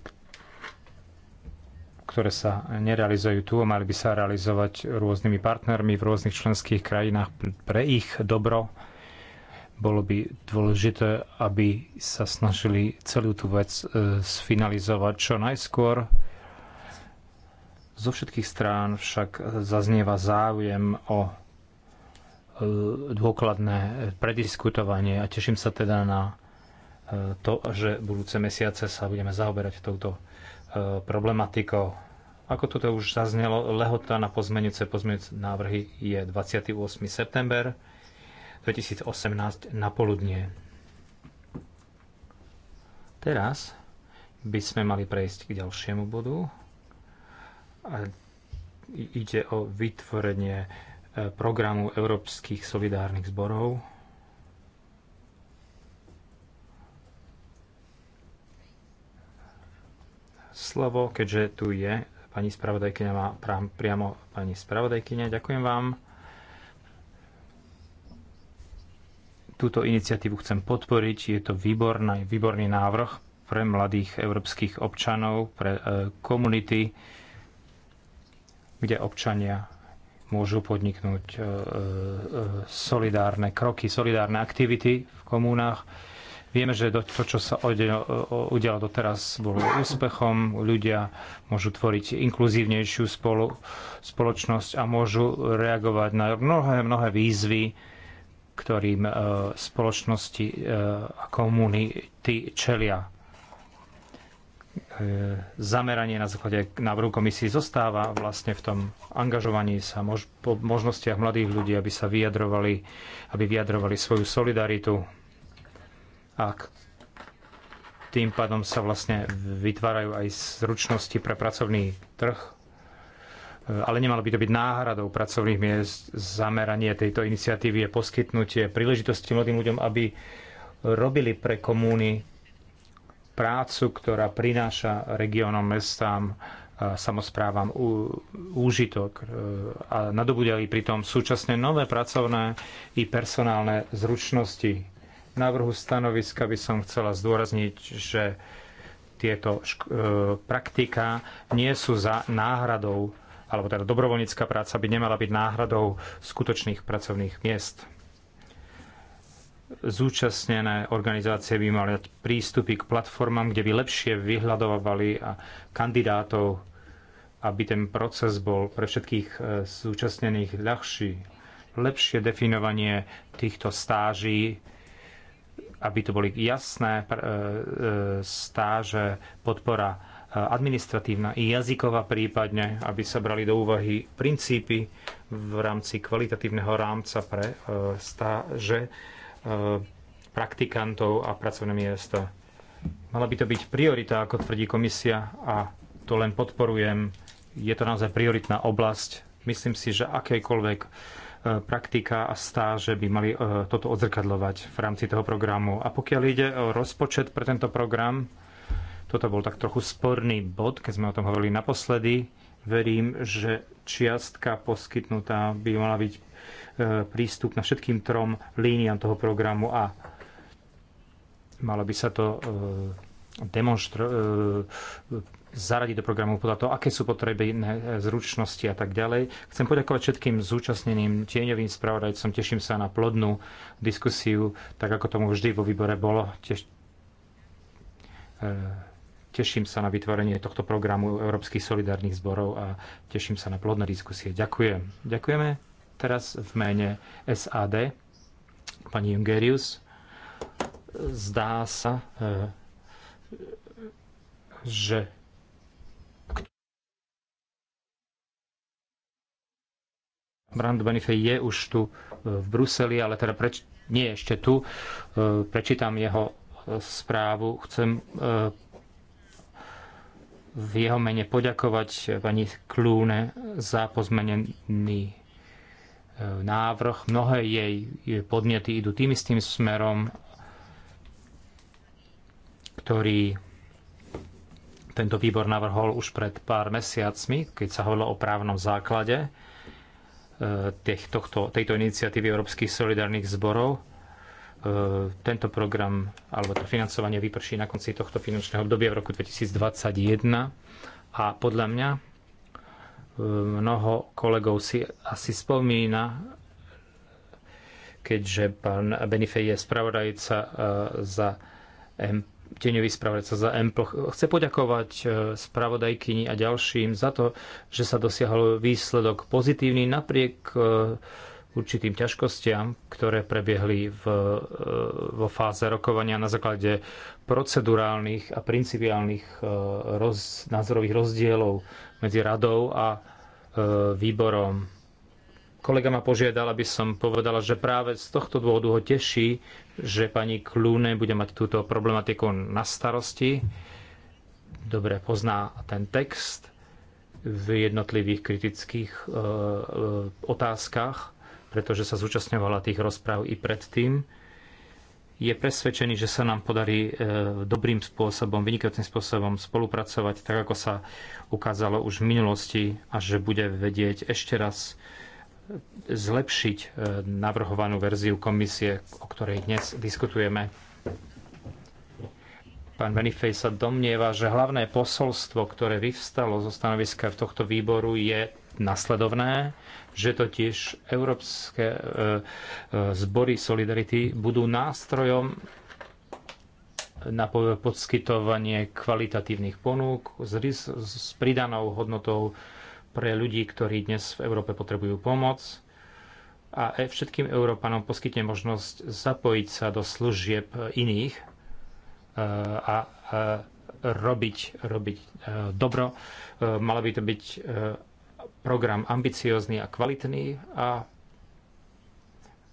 ktoré sa nerealizujú tu a mali by sa realizovať rôznymi partnermi v rôznych členských krajinách pre ich dobro. Bolo by dôležité, aby sa snažili celú tú vec e, sfinalizovať čo najskôr. Zo všetkých strán však zaznieva záujem o e, dôkladné prediskutovanie a teším sa teda na e, to, že budúce mesiace sa budeme zaoberať touto E, problematikou. Ako toto už zaznelo, lehota na pozmenujúce pozmenujúce návrhy je 28. september 2018 na poludnie. Teraz by sme mali prejsť k ďalšiemu bodu. A ide o vytvorenie e, programu Európskych solidárnych zborov slovo, keďže tu je pani spravodajkyňa, má priamo pani spravodajkyňa. Ďakujem vám. Túto iniciatívu chcem podporiť. Je to výborný, výborný návrh pre mladých európskych občanov, pre e, komunity, kde občania môžu podniknúť e, e, solidárne kroky, solidárne aktivity v komunách Vieme, že to, čo sa udialo doteraz, bolo úspechom. Ľudia môžu tvoriť inkluzívnejšiu spolu, spoločnosť a môžu reagovať na mnohé, mnohé výzvy, ktorým e, spoločnosti e, a komunity čelia. E, zameranie na základe návrhu komisii zostáva vlastne v tom angažovaní sa mož- po možnostiach mladých ľudí, aby sa vyjadrovali, aby vyjadrovali svoju solidaritu ak tým pádom sa vlastne vytvárajú aj zručnosti pre pracovný trh, e, ale nemalo by to byť náhradou pracovných miest. Zameranie tejto iniciatívy je poskytnutie príležitosti mladým ľuďom, aby robili pre komúny prácu, ktorá prináša regiónom, mestám, e, samozprávam úžitok e, a nadobudali pritom súčasne nové pracovné i personálne zručnosti návrhu stanoviska by som chcela zdôrazniť, že tieto e, praktika nie sú za náhradou, alebo teda dobrovoľnícka práca by nemala byť náhradou skutočných pracovných miest. Zúčastnené organizácie by mali mať prístupy k platformám, kde by lepšie vyhľadovali a kandidátov, aby ten proces bol pre všetkých e, zúčastnených ľahší. Lepšie definovanie týchto stáží aby to boli jasné e, e, stáže, podpora e, administratívna i jazyková prípadne, aby sa brali do úvahy princípy v rámci kvalitatívneho rámca pre stáže praktikantov a pracovné miesta. Mala by to byť priorita, ako tvrdí komisia a to len podporujem. Je to naozaj prioritná oblasť. Myslím si, že akékoľvek E, praktika a stáže by mali e, toto odzrkadlovať v rámci toho programu. A pokiaľ ide o rozpočet pre tento program, toto bol tak trochu sporný bod, keď sme o tom hovorili naposledy. Verím, že čiastka poskytnutá by mala byť e, prístup na všetkým trom líniám toho programu a malo by sa to demonstro- zaradiť do programu podľa toho, aké sú potreby, zručnosti a tak ďalej. Chcem poďakovať všetkým zúčastneným tieňovým spravodajcom. Teším sa na plodnú diskusiu, tak ako tomu vždy vo výbore bolo. Teš... E, teším sa na vytvorenie tohto programu Európskych solidárnych zborov a teším sa na plodné diskusie. Ďakujem. Ďakujeme teraz v mene SAD pani Jungerius. Zdá sa, e, že Brand Benifej je už tu e, v Bruseli, ale teda preč, nie ešte tu. E, prečítam jeho e, správu. Chcem v jeho mene poďakovať pani Klúne za pozmenený návrh. Mnohé jej podnety idú tým istým smerom, ktorý tento výbor navrhol už pred pár mesiacmi, keď sa hovorilo o právnom základe tých, tohto, tejto iniciatívy Európskych solidárnych zborov. E, tento program alebo to financovanie vyprší na konci tohto finančného obdobia v roku 2021 a podľa mňa e, mnoho kolegov si asi spomína, keďže pán Benifej je spravodajca e, za MP, tieňový spravodajca za EMPL. Chce poďakovať e, spravodajkyni a ďalším za to, že sa dosiahol výsledok pozitívny napriek e, určitým ťažkostiam, ktoré prebiehli v, e, vo fáze rokovania na základe procedurálnych a principiálnych roz, názorových rozdielov medzi radou a výborom. Kolega ma požiadal, aby som povedala, že práve z tohto dôvodu ho teší, že pani Klúne bude mať túto problematiku na starosti. Dobre pozná ten text v jednotlivých kritických e, e, otázkach, pretože sa zúčastňovala tých rozpráv i predtým. Je presvedčený, že sa nám podarí e, dobrým spôsobom, vynikajúcim spôsobom spolupracovať, tak ako sa ukázalo už v minulosti a že bude vedieť ešte raz zlepšiť e, navrhovanú verziu komisie, o ktorej dnes diskutujeme. Pán Benifej sa domnieva, že hlavné posolstvo, ktoré vyvstalo zo stanoviska v tohto výboru, je nasledovné, že totiž európske e, e, zbory Solidarity budú nástrojom na poskytovanie kvalitatívnych ponúk s, s pridanou hodnotou pre ľudí, ktorí dnes v Európe potrebujú pomoc a e, všetkým Európanom poskytne možnosť zapojiť sa do služieb iných e, a, a e, robiť, robiť dobro. Malo by to byť program ambiciózny a kvalitný a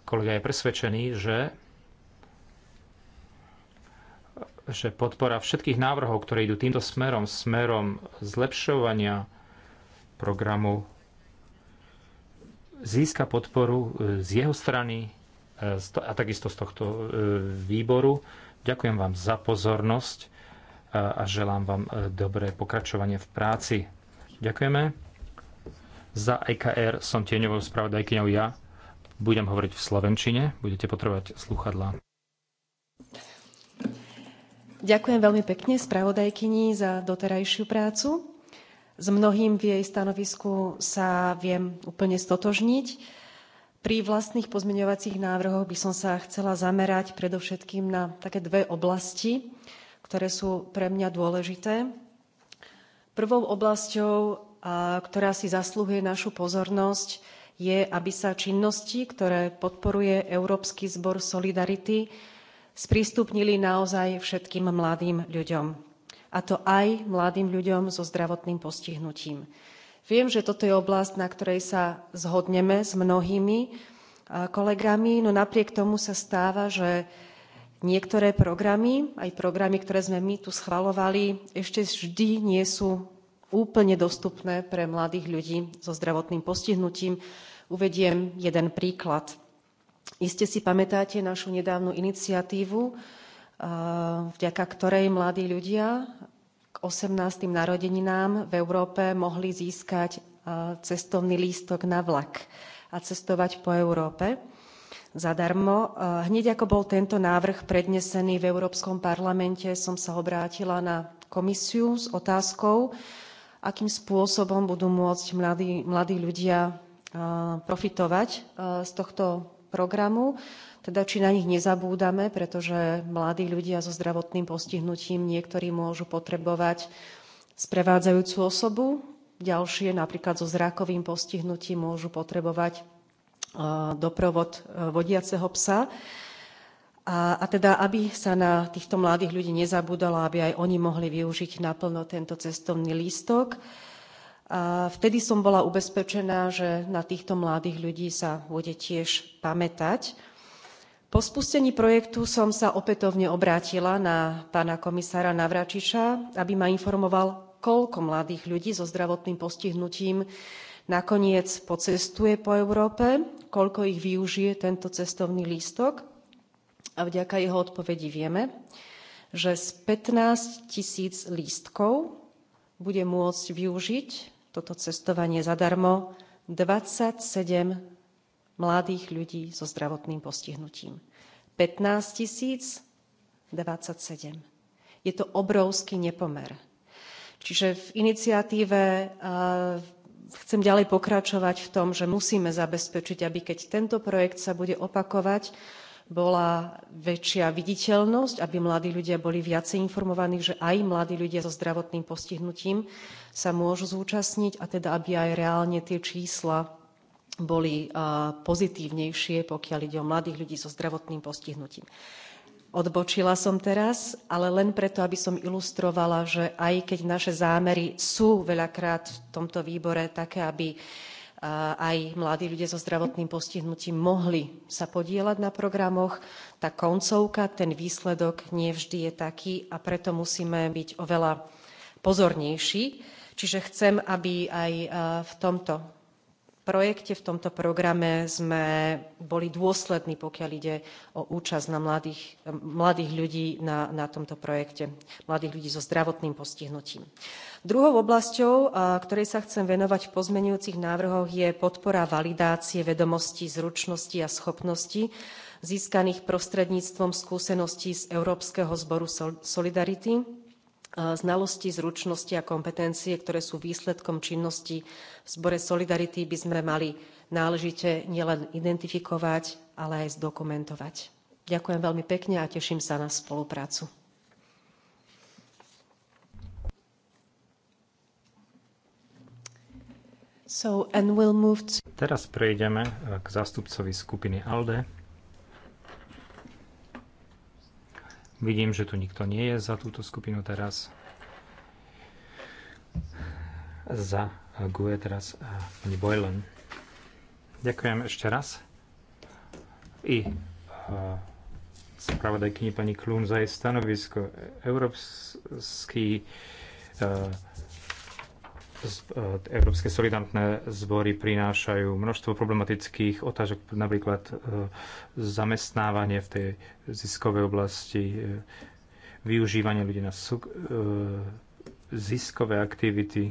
kolega je presvedčený, že že podpora všetkých návrhov, ktoré idú týmto smerom, smerom zlepšovania programu získa podporu e, z jeho strany e, a takisto z tohto e, výboru. Ďakujem vám za pozornosť a želám vám dobré pokračovanie v práci. Ďakujeme. Za EKR som tieňovou spravodajkyňou ja. Budem hovoriť v slovenčine, budete potrebovať sluchadla. Ďakujem veľmi pekne spravodajkyni za doterajšiu prácu. S mnohým v jej stanovisku sa viem úplne stotožniť. Pri vlastných pozmeňovacích návrhoch by som sa chcela zamerať predovšetkým na také dve oblasti, ktoré sú pre mňa dôležité. Prvou oblasťou, ktorá si zasluhuje našu pozornosť, je, aby sa činnosti, ktoré podporuje Európsky zbor Solidarity, sprístupnili naozaj všetkým mladým ľuďom a to aj mladým ľuďom so zdravotným postihnutím. Viem, že toto je oblasť, na ktorej sa zhodneme s mnohými kolegami, no napriek tomu sa stáva, že niektoré programy, aj programy, ktoré sme my tu schvalovali, ešte vždy nie sú úplne dostupné pre mladých ľudí so zdravotným postihnutím. Uvediem jeden príklad. Iste si pamätáte našu nedávnu iniciatívu, Eh, vďaka ktorej mladí ľudia k 18. narodeninám v Európe mohli získať eh, cestovný lístok na vlak a cestovať po Európe zadarmo. Eh, hneď ako bol tento návrh prednesený v Európskom parlamente, som sa obrátila na komisiu s otázkou, akým spôsobom budú môcť mladí, mladí ľudia profitovať z tohto programu teda či na nich nezabúdame, pretože mladí ľudia so zdravotným postihnutím niektorí môžu potrebovať sprevádzajúcu osobu, ďalšie napríklad so zrakovým postihnutím môžu potrebovať e, doprovod e, vodiaceho psa. A, a teda, aby sa na týchto mladých ľudí nezabudalo, aby aj oni mohli využiť naplno tento cestovný lístok. A vtedy som bola ubezpečená, že na týchto mladých ľudí sa bude tiež pamätať po spustení projektu som sa opätovne obrátila na pána komisára navracsicsa aby ma informoval koľko mladých ľudí so zdravotným postihnutím nakoniec pocestuje po európe koľko ich využije tento cestovný lístok a vďaka jeho odpovedi vieme že z fifteen tisíc lístkov bude môcť využiť toto cestovanie zadarmo twenty seven mladých ľudí so zdravotným postihnutím. 15 027. Je to obrovský nepomer. Čiže v iniciatíve eh, chcem ďalej pokračovať v tom, že musíme zabezpečiť, aby keď tento projekt sa bude opakovať, bola väčšia viditeľnosť, aby mladí ľudia boli viacej informovaní, že aj mladí ľudia so zdravotným postihnutím sa môžu zúčastniť a teda aby aj reálne tie čísla boli pozitívnejšie, pokiaľ ide o mladých ľudí so zdravotným postihnutím. Odbočila som teraz, ale len preto, aby som ilustrovala, že aj keď naše zámery sú veľakrát v tomto výbore také, aby aj mladí ľudia so zdravotným postihnutím mohli sa podieľať na programoch, tá koncovka, ten výsledok nie vždy je taký a preto musíme byť oveľa pozornejší. Čiže chcem, aby aj v tomto projekte, v tomto programe sme boli dôslední, pokiaľ ide o účasť na mladých, mladých ľudí na, na tomto projekte, mladých ľudí so zdravotným postihnutím. Druhou oblasťou, ktorej sa chcem venovať v pozmenujúcich návrhoch, je podpora validácie vedomostí, zručností a schopností získaných prostredníctvom skúseností z Európskeho zboru Solidarity E, znalosti zručnosti a kompetencie ktoré sú výsledkom činnosti v zbore solidarity by sme mali náležite nielen identifikovať ale aj zdokumentovať. ďakujem veľmi pekne a teším sa na spoluprácu. So, we'll to... Teraz prejdeme k zástupcovi skupiny ALDE. Vidím, že tu nikto nie je za túto skupinu teraz. Za GUE teraz pani Boylan. Ďakujem ešte raz. I e, spravodajkyni pani Klun za jej stanovisko. Európsky e, E, Európske solidantné zbory prinášajú množstvo problematických otázok, napríklad e, zamestnávanie v tej ziskovej oblasti, e, využívanie ľudí na ziskové aktivity.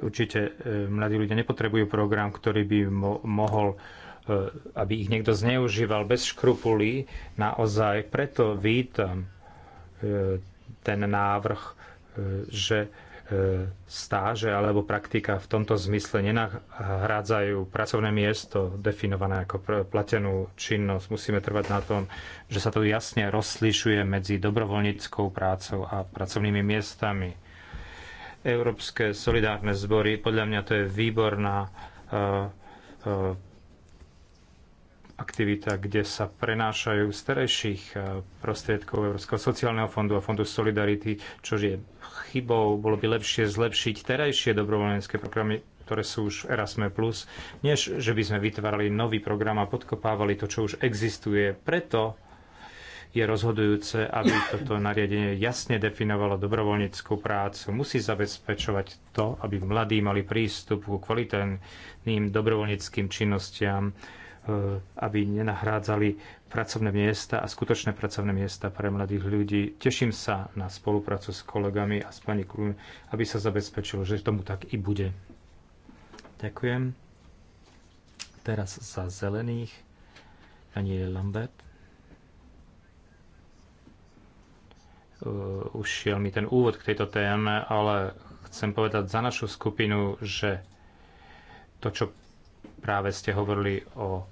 Určite mladí ľudia nepotrebujú program, ktorý by mo- mohol aby ich niekto zneužíval bez škrupulí, naozaj preto vítam ten návrh, že E, stáže alebo praktika v tomto zmysle nenahrádzajú pracovné miesto definované ako platenú činnosť. Musíme trvať na tom, že sa to jasne rozlišuje medzi dobrovoľníckou prácou a pracovnými miestami. Európske solidárne zbory, podľa mňa to je výborná e, e, aktivita, kde sa prenášajú z terajších eh, prostriedkov Európskeho sociálneho fondu a fondu Solidarity, čo je chybou. Bolo by lepšie zlepšiť terajšie dobrovoľenské programy, ktoré sú už v Erasme+, než že by sme vytvárali nový program a podkopávali to, čo už existuje. Preto je rozhodujúce, aby toto nariadenie jasne definovalo dobrovoľníckú prácu. Musí zabezpečovať to, aby mladí mali prístup ku kvalitným dobrovoľníckým činnostiam, Eh, aby nenahrádzali pracovné miesta a skutočné pracovné miesta pre mladých ľudí. Teším sa na spoluprácu s kolegami a s pani Krún, aby sa zabezpečilo, že tomu tak i bude. Ďakujem. Teraz za zelených Daniel Lambert. Eh, Už šiel mi ten úvod k tejto téme, ale chcem povedať za našu skupinu, že to, čo práve ste hovorili o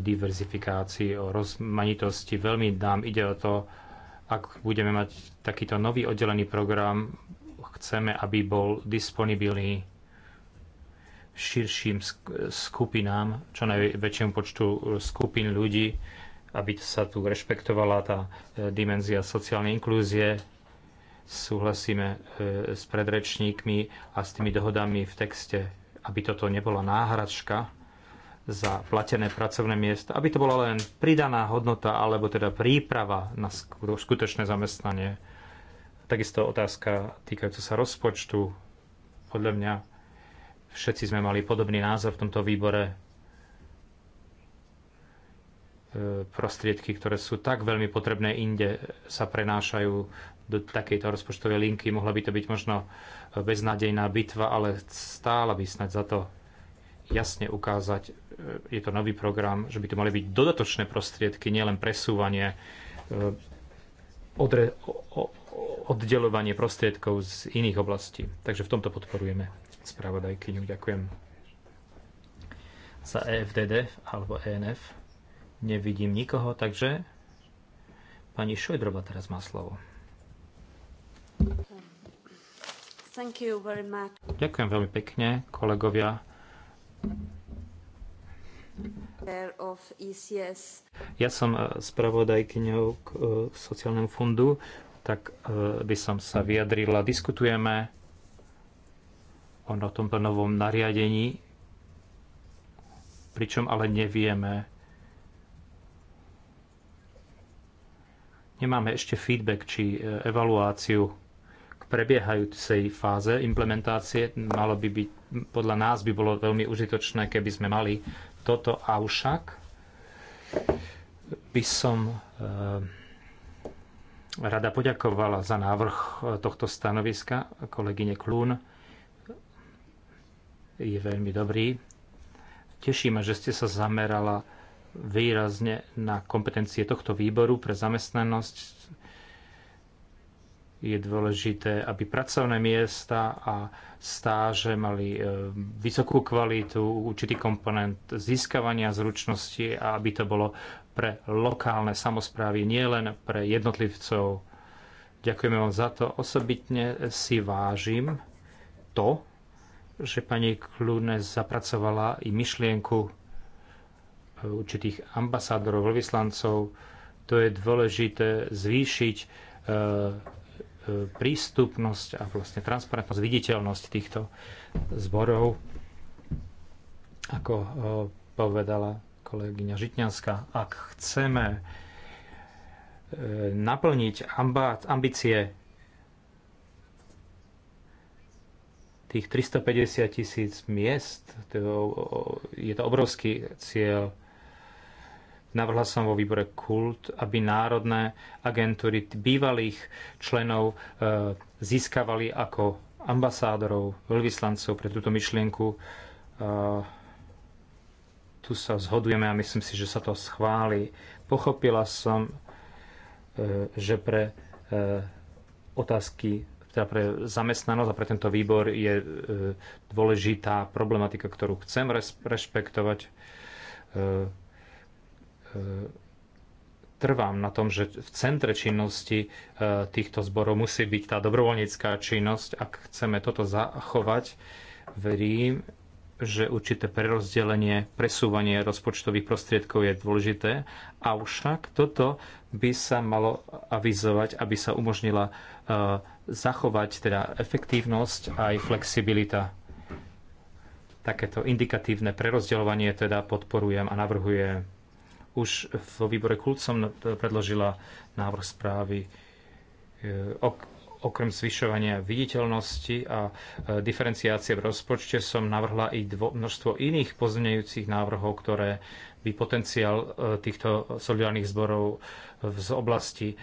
diverzifikácii, o rozmanitosti. Veľmi nám ide o to, ak budeme mať takýto nový oddelený program, chceme, aby bol disponibilný širším skupinám, čo najväčšiemu počtu skupín ľudí, aby sa tu rešpektovala tá e, dimenzia sociálnej inklúzie. Súhlasíme e, s predrečníkmi a s tými dohodami v texte, aby toto nebola náhračka za platené pracovné miesta, aby to bola len pridaná hodnota alebo teda príprava na skutočné zamestnanie. Takisto otázka týkajúca sa rozpočtu. Podľa mňa všetci sme mali podobný názor v tomto výbore. E, prostriedky, ktoré sú tak veľmi potrebné inde, sa prenášajú do takejto rozpočtovej linky. Mohla by to byť možno beznádejná bitva, ale stála by snať za to jasne ukázať, je to nový program, že by to mali byť dodatočné prostriedky, nielen presúvanie, e, odre, oddelovanie prostriedkov z iných oblastí. Takže v tomto podporujeme spravodajkyňu. Ďakujem za EFDD alebo ENF. Nevidím nikoho, takže pani Šojdrova teraz má slovo. Ďakujem veľmi pekne, kolegovia. E ja som eh, spravodajkyňou k eh, sociálnemu fondu, tak eh, by som sa vyjadrila. Diskutujeme o tomto novom nariadení, pričom ale nevieme, nemáme ešte feedback či evaluáciu k prebiehajúcej fáze implementácie. Malo by byť, podľa nás by bolo veľmi užitočné, keby sme mali toto avšak by som e, rada poďakovala za návrh e, tohto stanoviska kolegyne Klún. Je veľmi dobrý. Tešíme, že ste sa zamerala výrazne na kompetencie tohto výboru pre zamestnanosť, je dôležité, aby pracovné miesta a stáže mali e, vysokú kvalitu, určitý komponent získavania zručnosti a aby to bolo pre lokálne samozprávy, nie len pre jednotlivcov. Ďakujeme vám za to. Osobitne si vážim to, že pani Klune zapracovala i myšlienku e, určitých ambasádorov, veľvyslancov. To je dôležité zvýšiť e, prístupnosť a vlastne transparentnosť, viditeľnosť týchto zborov, ako eh, povedala kolegyňa Žitňanská, ak chceme eh, naplniť ambície tých 350 tisíc miest, to je to obrovský cieľ, Navrhla som vo výbore Kult, aby národné agentúry bývalých členov e, získavali ako ambasádorov, veľvyslancov pre túto myšlienku. E, tu sa zhodujeme a myslím si, že sa to schváli. Pochopila som, e, že pre otázky teda pre zamestnanosť a pre tento výbor je dôležitá problematika, ktorú chcem rešpektovať E, trvám na tom, že v centre činnosti e, týchto zborov musí byť tá dobrovoľnícká činnosť. Ak chceme toto zachovať, verím, že určité prerozdelenie, presúvanie rozpočtových prostriedkov je dôležité. Avšak toto by sa malo avizovať, aby sa umožnila e, zachovať teda efektívnosť a aj flexibilita. Takéto indikatívne prerozdeľovanie teda podporujem a navrhujem už vo výbore Kult som predložila návrh správy e, okrem zvyšovania viditeľnosti a e, diferenciácie v rozpočte som navrhla i dvo, množstvo iných pozmeňujúcich návrhov, ktoré by potenciál e, týchto solidárnych zborov z oblasti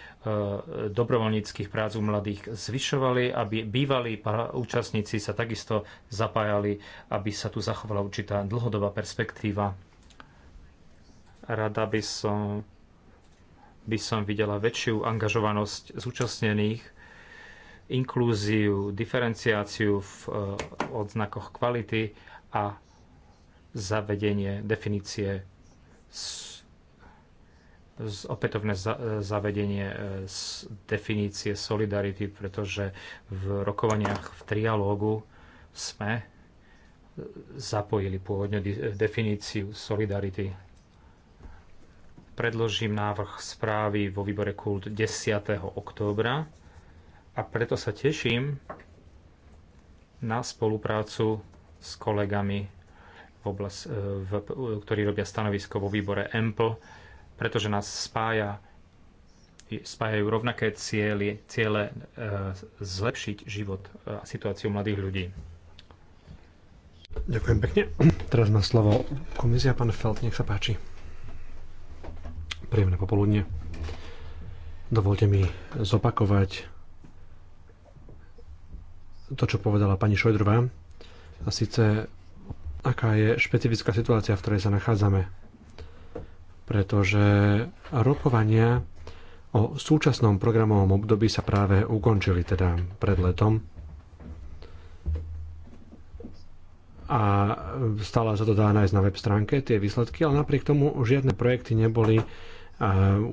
dobrovoľníckých prác u mladých zvyšovali, aby bývalí účastníci sa takisto zapájali, aby sa tu zachovala určitá dlhodobá perspektíva Rada by som, by som videla väčšiu angažovanosť zúčastnených, inklúziu, diferenciáciu v eh, odznakoch kvality a zavedenie definície z opätovné za, eh, zavedenie z eh, definície solidarity, pretože v rokovaniach v trialógu sme zapojili pôvodne definíciu solidarity predložím návrh správy vo výbore KULT 10. októbra a preto sa teším na spoluprácu s kolegami, v oblast, e, v, e, ktorí robia stanovisko vo výbore EMPL, pretože nás spája spájajú rovnaké cieľe, ciele e, zlepšiť život a situáciu mladých ľudí. Ďakujem pekne. Teraz má slovo komisia, pán Felt nech sa páči. Príjemné popoludne. Dovolte mi zopakovať to, čo povedala pani Šojdrová. A síce, aká je špecifická situácia, v ktorej sa nachádzame. Pretože rokovania o súčasnom programovom období sa práve ukončili, teda pred letom. a stále sa to dá nájsť na web stránke, tie výsledky, ale napriek tomu žiadne projekty neboli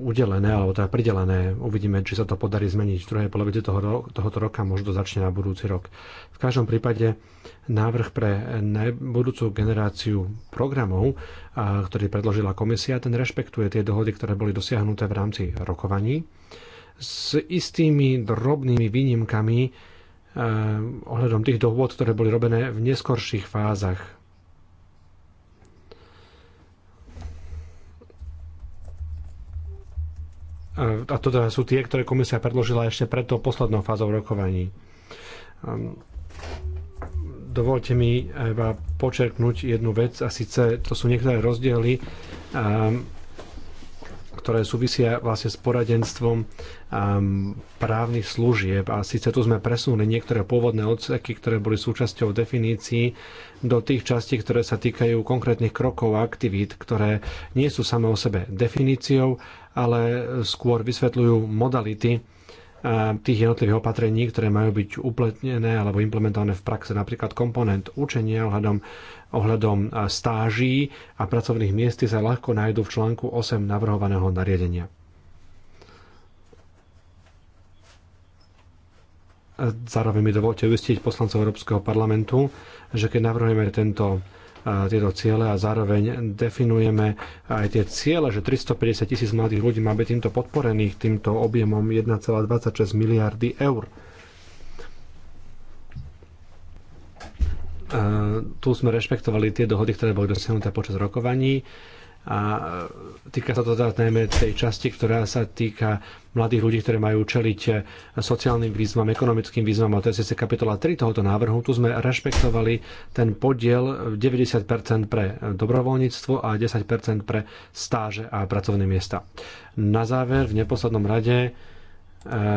udelené, alebo teda pridelené. Uvidíme, či sa to podarí zmeniť v druhej polovici toho, tohoto roka, možno začne na budúci rok. V každom prípade návrh pre budúcu generáciu programov, ktorý predložila komisia, ten rešpektuje tie dohody, ktoré boli dosiahnuté v rámci rokovaní s istými drobnými výnimkami ohľadom tých dohôd, ktoré boli robené v neskorších fázach a to teda sú tie, ktoré komisia predložila ešte pred tou poslednou fázou rokovaní. Ehm, dovolte mi iba počerknúť jednu vec a síce to sú niektoré rozdiely, ehm, ktoré súvisia vlastne s poradenstvom ehm, právnych služieb. A síce tu sme presunuli niektoré pôvodné odseky, ktoré boli súčasťou definícií do tých častí, ktoré sa týkajú konkrétnych krokov a aktivít, ktoré nie sú samé o sebe definíciou, ale skôr vysvetľujú modality eh, tých jednotlivých opatrení, ktoré majú byť upletnené alebo implementované v praxe, napríklad komponent učenia ohľadom ohľadom eh, stáží a pracovných miest sa ľahko nájdú v článku 8 navrhovaného nariadenia. Zároveň mi dovolte uistiť poslancov Európskeho parlamentu, že keď navrhujeme tento tieto ciele a zároveň definujeme aj tie ciele, že 350 tisíc mladých ľudí má byť týmto podporených týmto objemom 1,26 miliardy eur. Tu sme rešpektovali tie dohody, ktoré boli dosiahnuté počas rokovaní a e, týka sa to teda najmä tej časti, ktorá sa týka mladých ľudí, ktorí majú čeliť e, sociálnym výzvam, ekonomickým výzvam. A to je sice kapitola 3 tohoto návrhu. Tu sme rešpektovali ten podiel 90% e, pre dobrovoľníctvo a 10% pre stáže a pracovné miesta. Na záver, v neposlednom rade,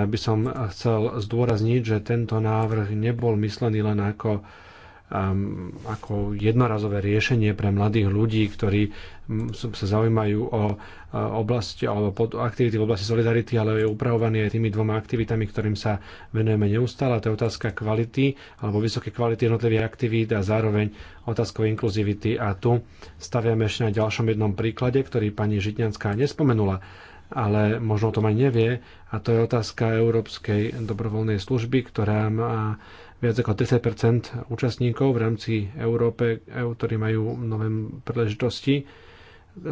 by som chcel zdôrazniť, že tento návrh nebol myslený len ako Um, ako jednorazové riešenie pre mladých ľudí, ktorí sa zaujímajú o oblasti alebo pod, aktivity v oblasti solidarity, ale je upravovaný aj tými dvoma aktivitami, ktorým sa venujeme neustále. A to je otázka kvality alebo vysoké kvality jednotlivých aktivít a zároveň otázkou inkluzivity. A tu staviame ešte na ďalšom jednom príklade, ktorý pani Žitňanská nespomenula ale možno to aj nevie, a to je otázka Európskej dobrovoľnej služby, ktorá má viac ako 10 účastníkov v rámci Európe, eh, ktorí majú nové príležitosti.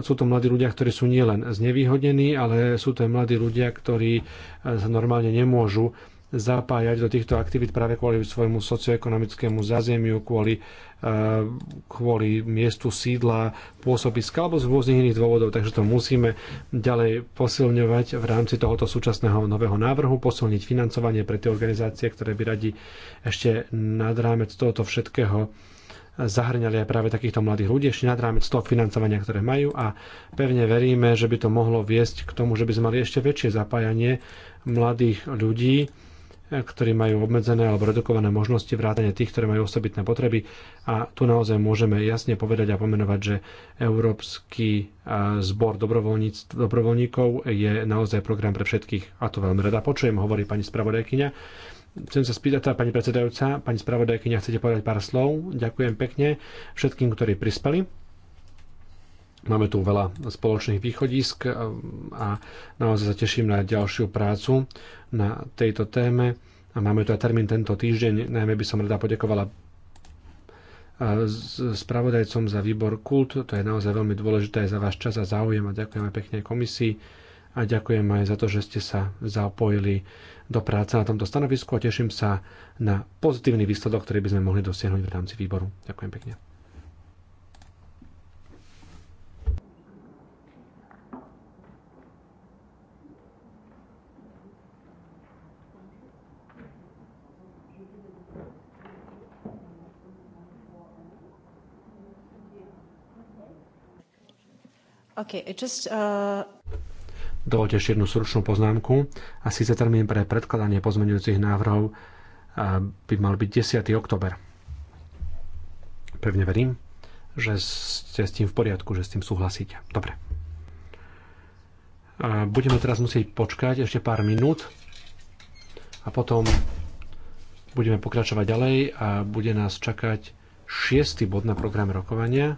Sú to mladí ľudia, ktorí sú nielen znevýhodnení, ale sú to aj mladí ľudia, ktorí eh, sa normálne nemôžu zapájať do týchto aktivít práve kvôli svojmu socioekonomickému zázemiu, kvôli Eh, kvôli miestu sídla, pôsobiska alebo z rôznych iných dôvodov, takže to musíme ďalej posilňovať v rámci tohoto súčasného nového návrhu, posilniť financovanie pre tie organizácie, ktoré by radi ešte nad rámec tohoto všetkého zahrňali aj práve takýchto mladých ľudí ešte nad rámec toho financovania, ktoré majú a pevne veríme, že by to mohlo viesť k tomu, že by sme mali ešte väčšie zapájanie mladých ľudí ktorí majú obmedzené alebo redukované možnosti vrátane tých, ktoré majú osobitné potreby. A tu naozaj môžeme jasne povedať a pomenovať, že Európsky zbor dobrovoľníkov je naozaj program pre všetkých. A to veľmi rada počujem, hovorí pani spravodajkyňa. Chcem sa spýtať, teda pani predsedajúca, pani spravodajkyňa, chcete povedať pár slov? Ďakujem pekne všetkým, ktorí prispeli. Máme tu veľa spoločných východisk a naozaj sa teším na ďalšiu prácu na tejto téme a máme tu aj termín tento týždeň. Najmä by som rada podekovala e, spravodajcom za výbor Kult. To je naozaj veľmi dôležité aj za váš čas a záujem a ďakujeme pekne komisii a ďakujem aj za to, že ste sa zapojili do práce na tomto stanovisku a teším sa na pozitívny výsledok, ktorý by sme mohli dosiahnuť v rámci výboru. Ďakujem pekne. Okay, just, uh... Dovolte ešte jednu stručnú poznámku. A síce termín pre predkladanie pozmeňujúcich návrhov uh, by mal byť 10. oktober. Pevne verím, že ste s tým v poriadku, že s tým súhlasíte. Dobre. Budeme teraz musieť počkať ešte pár minút a potom budeme pokračovať ďalej a bude nás čakať šiestý bod na programe rokovania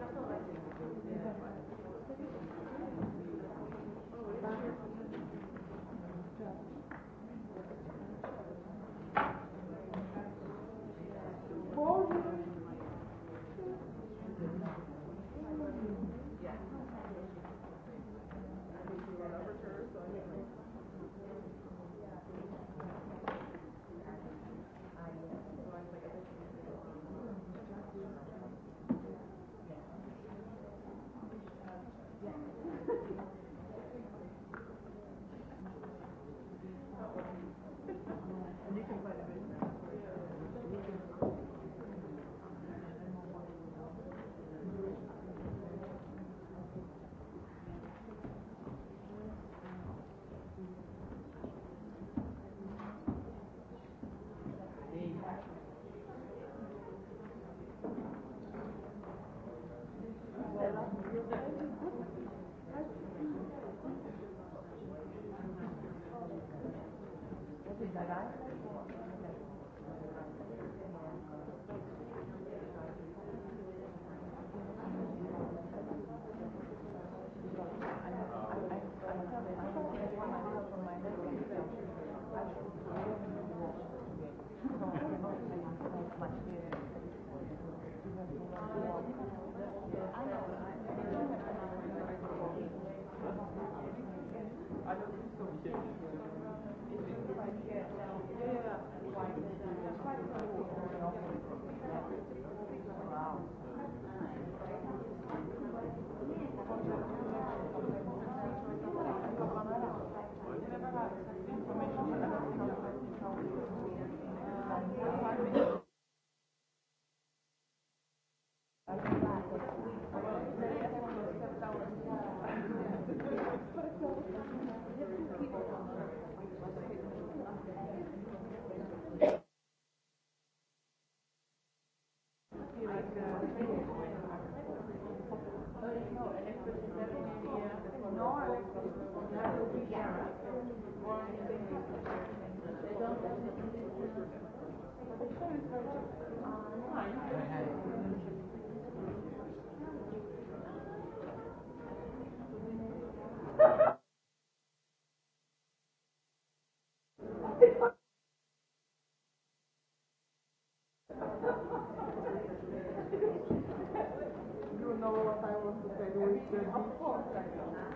Ďakujem. der Of course I will.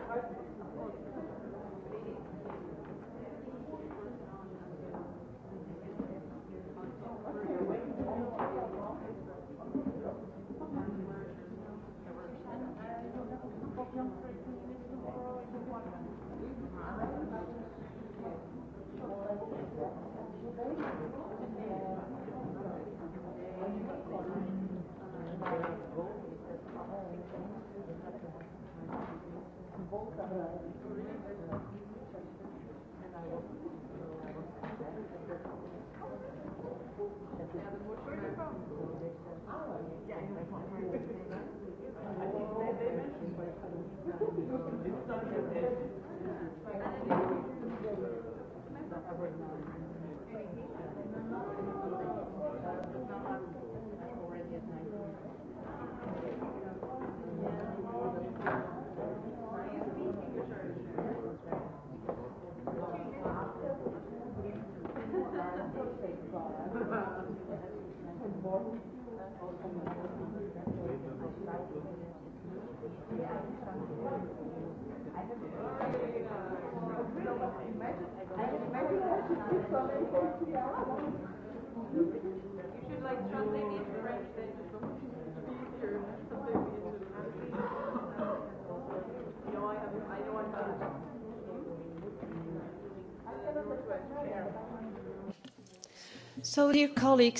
So, dear colleagues...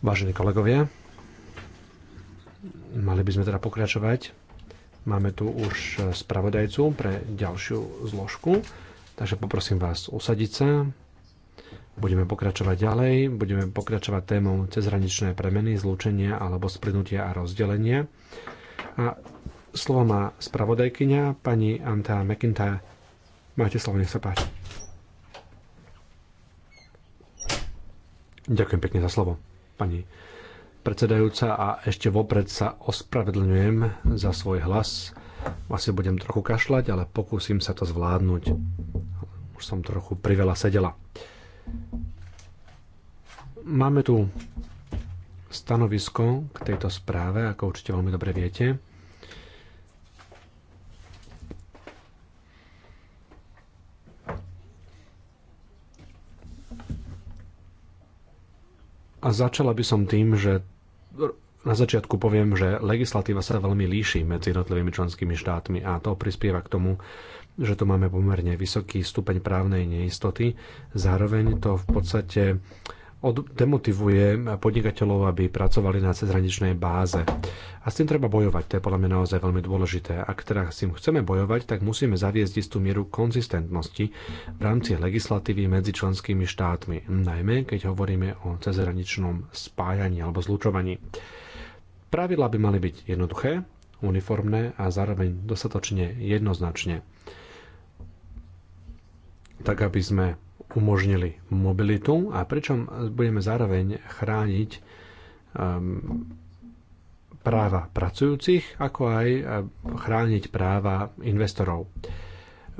Vážení kolegovia, mali by sme teda pokračovať. Máme tu už spravodajcu pre ďalšiu zložku, takže poprosím vás usadiť sa. Budeme pokračovať ďalej, budeme pokračovať témou cezhraničné premeny, zlúčenia alebo splnutia a rozdelenia. A slovo má spravodajkyňa pani Anta McIntyre. Máte slovo, nech sa páči. Ďakujem pekne za slovo, pani predsedajúca a ešte vopred sa ospravedlňujem za svoj hlas. Asi budem trochu kašľať, ale pokúsim sa to zvládnuť. Už som trochu priveľa sedela. Máme tu stanovisko k tejto správe, ako určite veľmi dobre viete. A začala by som tým, že na začiatku poviem, že legislatíva sa veľmi líši medzi jednotlivými členskými štátmi a to prispieva k tomu, že tu máme pomerne vysoký stupeň právnej neistoty. Zároveň to v podstate demotivuje podnikateľov, aby pracovali na cezhraničnej báze. A s tým treba bojovať, to je podľa mňa naozaj veľmi dôležité. Ak teda s tým chceme bojovať, tak musíme zaviesť istú mieru konzistentnosti v rámci legislatívy medzi členskými štátmi, najmä keď hovoríme o cezhraničnom spájaní alebo zlučovaní. Pravidla by mali byť jednoduché, uniformné a zároveň dostatočne jednoznačne, tak aby sme umožnili mobilitu a pričom budeme zároveň chrániť um, práva pracujúcich, ako aj um, chrániť práva investorov.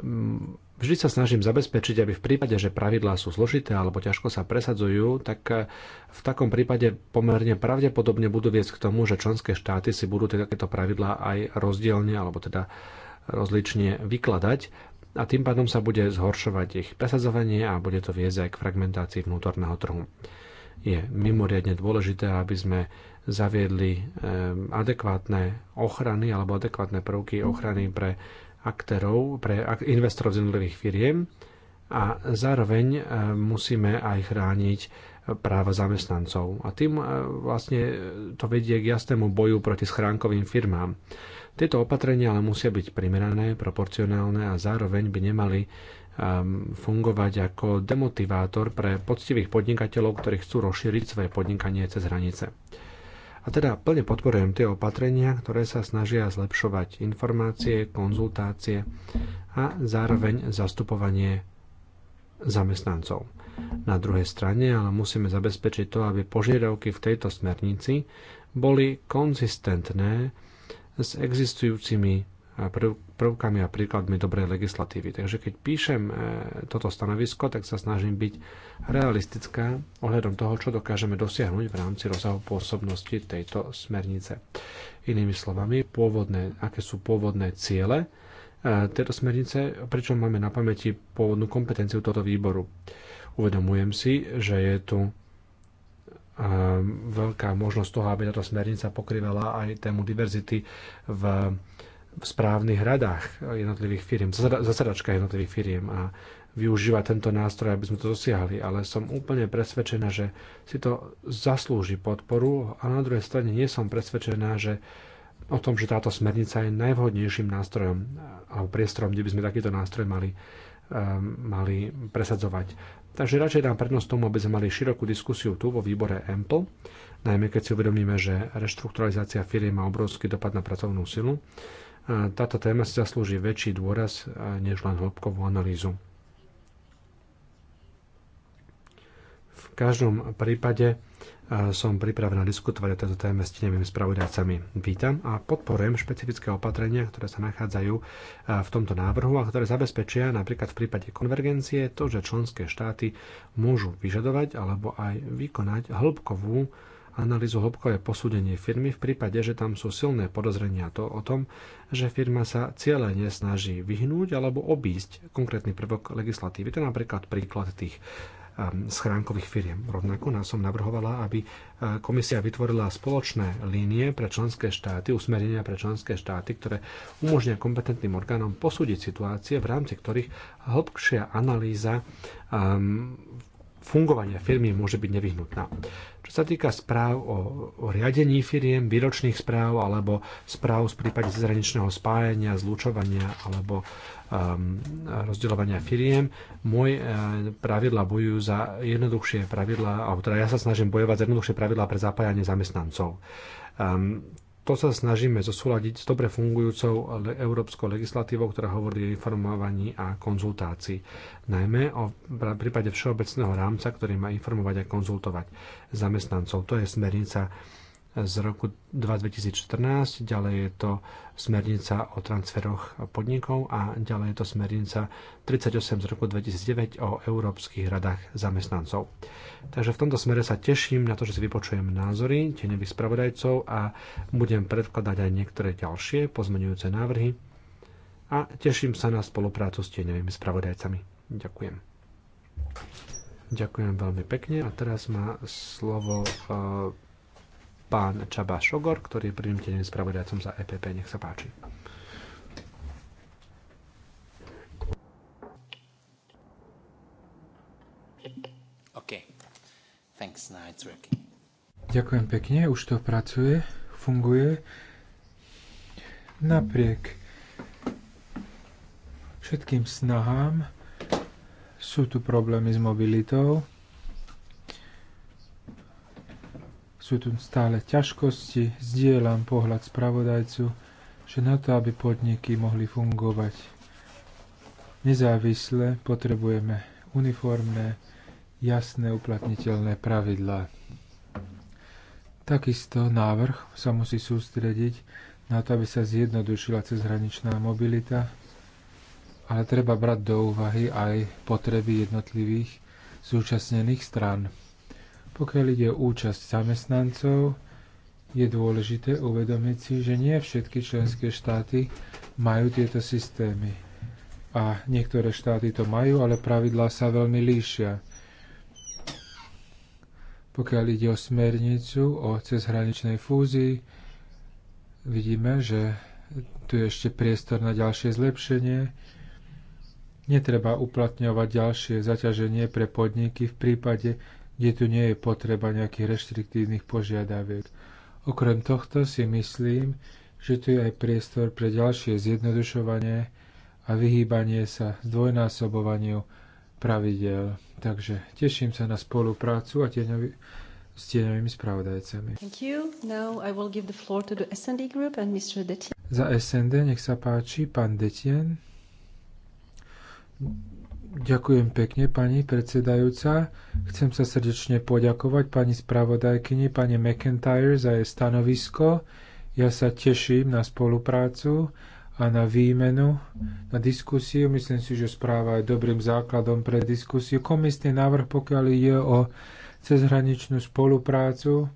Um, vždy sa snažím zabezpečiť, aby v prípade, že pravidlá sú zložité alebo ťažko sa presadzujú, tak uh, v takom prípade pomerne pravdepodobne budú viesť k tomu, že členské štáty si budú takéto pravidlá aj rozdielne alebo teda rozlične vykladať a tým pádom sa bude zhoršovať ich presadzovanie a bude to viesť aj k fragmentácii vnútorného trhu. Je mimoriadne dôležité, aby sme zaviedli eh, adekvátne ochrany alebo adekvátne prvky ochrany pre aktérov, pre investorov z jednotlivých firiem a zároveň eh, musíme aj chrániť práva zamestnancov. A tým eh, vlastne to vedie k jasnému boju proti schránkovým firmám. Tieto opatrenia ale musia byť primerané, proporcionálne a zároveň by nemali um, fungovať ako demotivátor pre poctivých podnikateľov, ktorí chcú rozšíriť svoje podnikanie cez hranice. A teda plne podporujem tie opatrenia, ktoré sa snažia zlepšovať informácie, konzultácie a zároveň zastupovanie zamestnancov. Na druhej strane ale musíme zabezpečiť to, aby požiadavky v tejto smernici boli konzistentné s existujúcimi prvkami a príkladmi dobrej legislatívy. Takže keď píšem e, toto stanovisko, tak sa snažím byť realistická ohľadom toho, čo dokážeme dosiahnuť v rámci rozsahu pôsobnosti tejto smernice. Inými slovami, pôvodné, aké sú pôvodné ciele e, tejto smernice, pričom máme na pamäti pôvodnú kompetenciu tohto výboru. Uvedomujem si, že je tu veľká možnosť toho, aby táto smernica pokrývala aj tému diverzity v, v správnych radách jednotlivých firiem, zasadačka jednotlivých firiem a využíva tento nástroj, aby sme to dosiahli, ale som úplne presvedčená, že si to zaslúži podporu a na druhej strane nie som presvedčená, že o tom, že táto smernica je najvhodnejším nástrojom alebo priestorom, kde by sme takýto nástroj mali, um, mali presadzovať. Takže radšej dám prednosť tomu, aby sme mali širokú diskusiu tu vo výbore EMPL, najmä keď si uvedomíme, že reštrukturalizácia firmy má obrovský dopad na pracovnú silu. Táto téma si zaslúži väčší dôraz než len hĺbkovú analýzu. V každom prípade som pripravená diskutovať o tejto téme s tenevými spravodajcami. Vítam a podporujem špecifické opatrenia, ktoré sa nachádzajú e, v tomto návrhu a ktoré zabezpečia napríklad v prípade konvergencie to, že členské štáty môžu vyžadovať alebo aj vykonať hĺbkovú analýzu hĺbkové posúdenie firmy v prípade, že tam sú silné podozrenia to o tom, že firma sa cieľene snaží vyhnúť alebo obísť konkrétny prvok legislatívy. To je napríklad príklad tých schránkových firiem. Rovnako nás som navrhovala, aby e, komisia vytvorila spoločné línie pre členské štáty, usmerenia pre členské štáty, ktoré umožnia kompetentným orgánom posúdiť situácie, v rámci ktorých hĺbšia analýza ehm, fungovania firmy môže byť nevyhnutná. Čo sa týka správ o, o riadení firiem, výročných správ alebo správ z prípade zahraničného spájania, zlučovania alebo um, rozdeľovania firiem. Môj uh, pravidla bojujú za jednoduchšie pravidla, alebo teda ja sa snažím bojovať za jednoduchšie pravidla pre zapájanie zamestnancov. Um, to sa snažíme zosúľadiť s dobre fungujúcou európskou legislatívou, ktorá hovorí o informovaní a konzultácii. Najmä o prípade všeobecného rámca, ktorý má informovať a konzultovať zamestnancov. To je smernica z roku 2014, ďalej je to smernica o transferoch podnikov a ďalej je to smernica 38 z roku 2009 o Európskych radách zamestnancov. Takže v tomto smere sa teším na to, že si vypočujem názory tieňových spravodajcov a budem predkladať aj niektoré ďalšie pozmenujúce návrhy a teším sa na spoluprácu s tieňovými spravodajcami. Ďakujem. Ďakujem veľmi pekne a teraz má slovo uh, pán Čaba Šogor, ktorý je prinúteným spravodajcom za EPP. Nech sa páči. Thanks, now it's working. Ďakujem pekne, už to pracuje, funguje. Napriek všetkým snahám sú tu problémy s mobilitou sú tu stále ťažkosti. Zdieľam pohľad spravodajcu, že na to, aby podniky mohli fungovať nezávisle, potrebujeme uniformné, jasné uplatniteľné pravidlá. Takisto návrh sa musí sústrediť na to, aby sa zjednodušila cezhraničná mobilita, ale treba brať do úvahy aj potreby jednotlivých zúčastnených strán. Pokiaľ ide o účasť zamestnancov, je dôležité uvedomiť si, že nie všetky členské štáty majú tieto systémy. A niektoré štáty to majú, ale pravidlá sa veľmi líšia. Pokiaľ ide o smernicu o cezhraničnej fúzii, vidíme, že tu je ešte priestor na ďalšie zlepšenie. Netreba uplatňovať ďalšie zaťaženie pre podniky v prípade, kde tu nie je potreba nejakých reštriktívnych požiadaviek. Okrem tohto si myslím, že tu je aj priestor pre ďalšie zjednodušovanie a vyhýbanie sa zdvojnásobovaniu pravidel. Takže teším sa na spoluprácu a tieňovi, s tieňovými spravodajcami. Za SND nech sa páči pán Detien. Ďakujem pekne, pani predsedajúca. Chcem sa srdečne poďakovať pani spravodajkyni, pani McIntyre za jej stanovisko. Ja sa teším na spoluprácu a na výmenu, na diskusiu. Myslím si, že správa je dobrým základom pre diskusiu. Komisný návrh, pokiaľ ide o cezhraničnú spoluprácu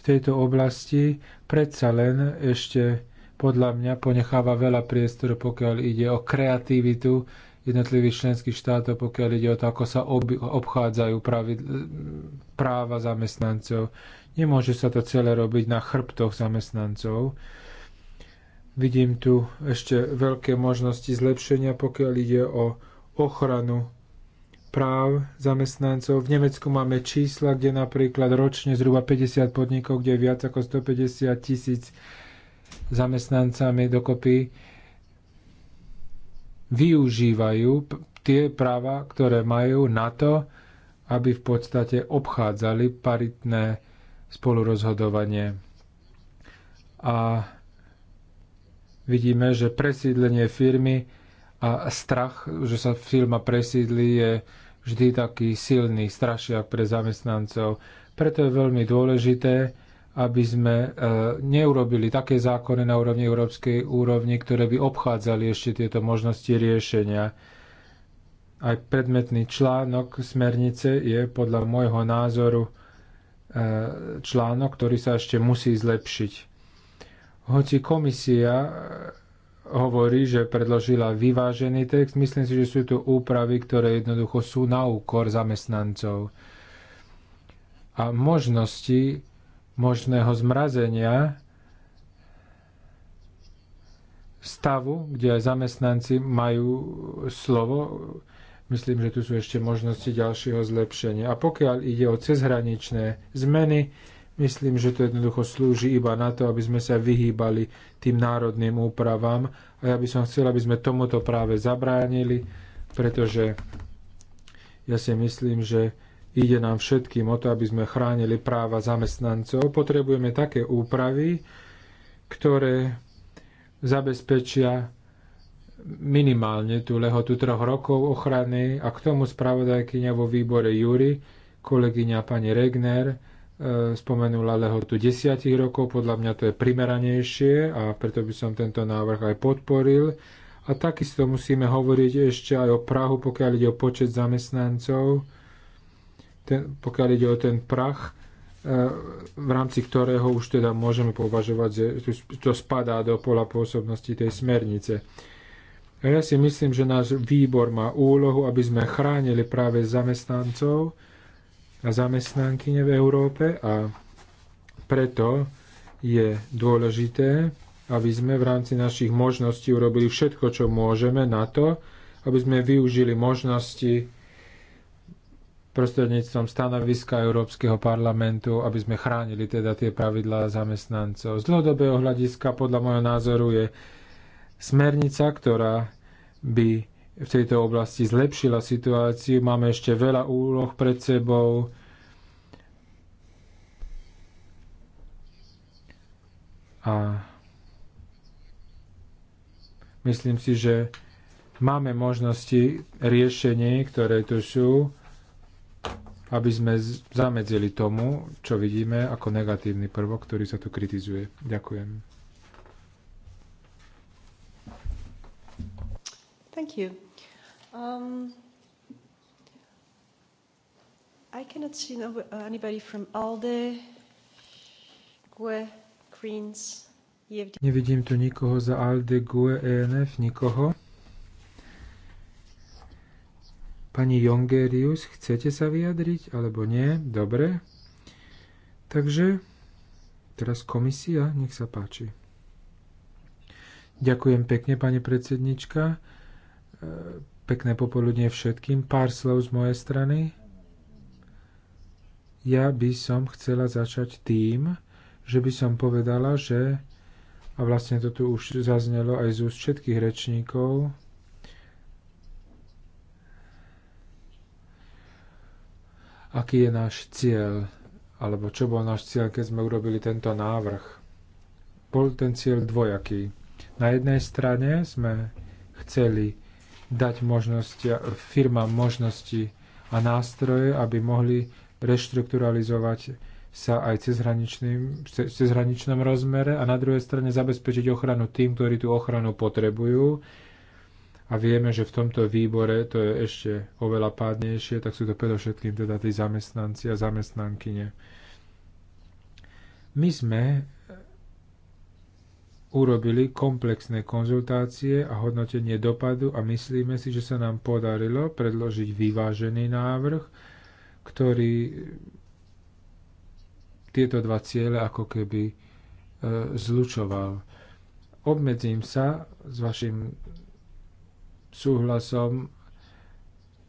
v tejto oblasti, predsa len ešte podľa mňa ponecháva veľa priestoru, pokiaľ ide o kreativitu jednotlivých členských štátov, pokiaľ ide o to, ako sa ob, obchádzajú pravidl, práva zamestnancov. Nemôže sa to celé robiť na chrbtoch zamestnancov. Vidím tu ešte veľké možnosti zlepšenia, pokiaľ ide o ochranu práv zamestnancov. V Nemecku máme čísla, kde napríklad ročne zhruba 50 podnikov, kde je viac ako 150 tisíc zamestnancami dokopy využívajú tie práva, ktoré majú na to, aby v podstate obchádzali paritné spolurozhodovanie. A vidíme, že presídlenie firmy a strach, že sa firma presídli, je vždy taký silný strašiak pre zamestnancov. Preto je veľmi dôležité, aby sme e, neurobili také zákony na úrovni európskej úrovni, ktoré by obchádzali ešte tieto možnosti riešenia. Aj predmetný článok smernice je podľa môjho názoru e, článok, ktorý sa ešte musí zlepšiť. Hoci komisia e, hovorí, že predložila vyvážený text, myslím si, že sú tu úpravy, ktoré jednoducho sú na úkor zamestnancov. A možnosti možného zmrazenia stavu, kde aj zamestnanci majú slovo. Myslím, že tu sú ešte možnosti ďalšieho zlepšenia. A pokiaľ ide o cezhraničné zmeny, myslím, že to jednoducho slúži iba na to, aby sme sa vyhýbali tým národným úpravám. A ja by som chcel, aby sme tomuto práve zabránili, pretože ja si myslím, že Ide nám všetkým o to, aby sme chránili práva zamestnancov. Potrebujeme také úpravy, ktoré zabezpečia minimálne tú lehotu troch rokov ochrany a k tomu spravodajkyňa vo výbore Júri, kolegyňa pani Regner, e, spomenula lehotu desiatich rokov, podľa mňa to je primeranejšie a preto by som tento návrh aj podporil. A takisto musíme hovoriť ešte aj o Prahu, pokiaľ ide o počet zamestnancov ten, pokiaľ ide o ten prach, e, v rámci ktorého už teda môžeme považovať, že to spadá do pola pôsobnosti tej smernice. A ja si myslím, že náš výbor má úlohu, aby sme chránili práve zamestnancov a zamestnanky v Európe a preto je dôležité, aby sme v rámci našich možností urobili všetko, čo môžeme na to, aby sme využili možnosti prostredníctvom stanoviska Európskeho parlamentu, aby sme chránili teda tie pravidlá zamestnancov. Z dlhodobého hľadiska podľa môjho názoru je smernica, ktorá by v tejto oblasti zlepšila situáciu. Máme ešte veľa úloh pred sebou. A myslím si, že máme možnosti riešenie, ktoré tu sú aby sme zamedzili tomu, čo vidíme ako negatívny prvok, ktorý sa tu kritizuje. Ďakujem. Thank you. Um, I cannot see no, uh, anybody from ALDE, GUE, Greens, EFD. Nevidím tu nikoho za ALDE, GUE, ENF, nikoho. Pani Jongerius, chcete sa vyjadriť alebo nie? Dobre. Takže teraz komisia, nech sa páči. Ďakujem pekne, pani predsednička. E, pekné popoludne všetkým. Pár slov z mojej strany. Ja by som chcela začať tým, že by som povedala, že, a vlastne to tu už zaznelo aj z úst všetkých rečníkov, aký je náš cieľ, alebo čo bol náš cieľ, keď sme urobili tento návrh. Bol ten cieľ dvojaký. Na jednej strane sme chceli dať možnosti, firmám možnosti a nástroje, aby mohli reštrukturalizovať sa aj cezhraničným, cezhraničnom rozmere a na druhej strane zabezpečiť ochranu tým, ktorí tú ochranu potrebujú, a vieme, že v tomto výbore to je ešte oveľa pádnejšie, tak sú to predovšetkým teda tí zamestnanci a zamestnankyne. My sme urobili komplexné konzultácie a hodnotenie dopadu a myslíme si, že sa nám podarilo predložiť vyvážený návrh, ktorý tieto dva ciele ako keby e, zlučoval. Obmedzím sa s vašim súhlasom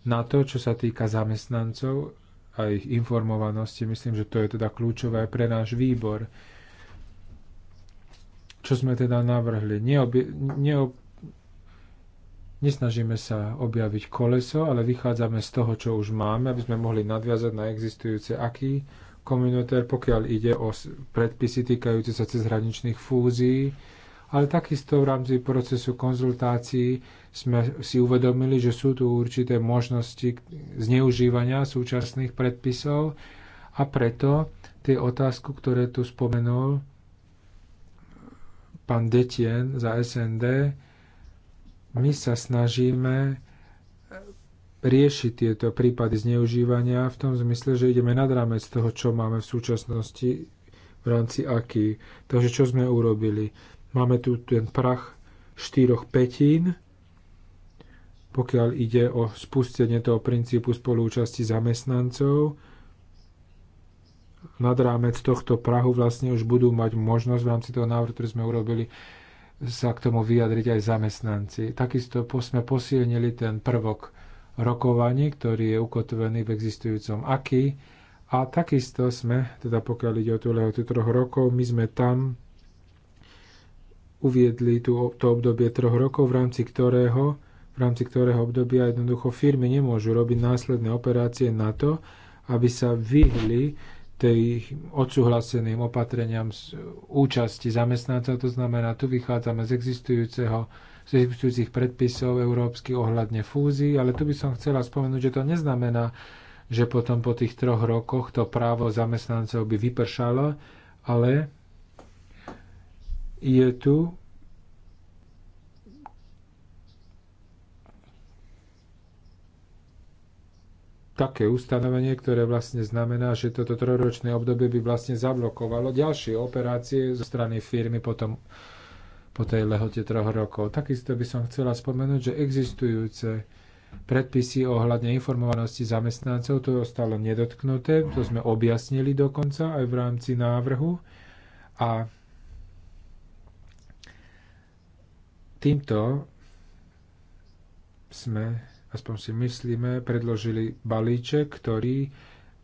na to, čo sa týka zamestnancov a ich informovanosti. Myslím, že to je teda kľúčové pre náš výbor. Čo sme teda navrhli? Neobi- neob- Nesnažíme sa objaviť koleso, ale vychádzame z toho, čo už máme, aby sme mohli nadviazať na existujúce aký komunitér, pokiaľ ide o predpisy týkajúce sa cezhraničných fúzií ale takisto v rámci procesu konzultácií sme si uvedomili, že sú tu určité možnosti zneužívania súčasných predpisov a preto tie otázku, ktoré tu spomenul pán Detien za SND, my sa snažíme riešiť tieto prípady zneužívania v tom zmysle, že ideme nad rámec toho, čo máme v súčasnosti v rámci aký. Takže čo sme urobili? Máme tu ten prach 4 petín, pokiaľ ide o spustenie toho princípu spolúčasti zamestnancov. Nad rámec tohto prahu vlastne už budú mať možnosť v rámci toho návrhu, ktorý sme urobili, sa k tomu vyjadriť aj zamestnanci. Takisto sme posilnili ten prvok rokovaní, ktorý je ukotvený v existujúcom aký. A takisto sme, teda pokiaľ ide o tú lehotu troch rokov, my sme tam uviedli tú, to obdobie troch rokov, v rámci ktorého v rámci ktorého obdobia jednoducho firmy nemôžu robiť následné operácie na to, aby sa vyhli tej odsúhlaseným opatreniam z účasti zamestnanca. To znamená, tu vychádzame z existujúceho z existujúcich predpisov európskych ohľadne fúzií, ale tu by som chcela spomenúť, že to neznamená, že potom po tých troch rokoch to právo zamestnancov by vypršalo, ale je tu také ustanovenie, ktoré vlastne znamená, že toto troročné obdobie by vlastne zablokovalo ďalšie operácie zo strany firmy potom po tej lehote troch rokov. Takisto by som chcela spomenúť, že existujúce predpisy ohľadne informovanosti zamestnancov, to ostalo nedotknuté, to sme objasnili dokonca aj v rámci návrhu a Týmto sme, aspoň si myslíme, predložili balíček, ktorý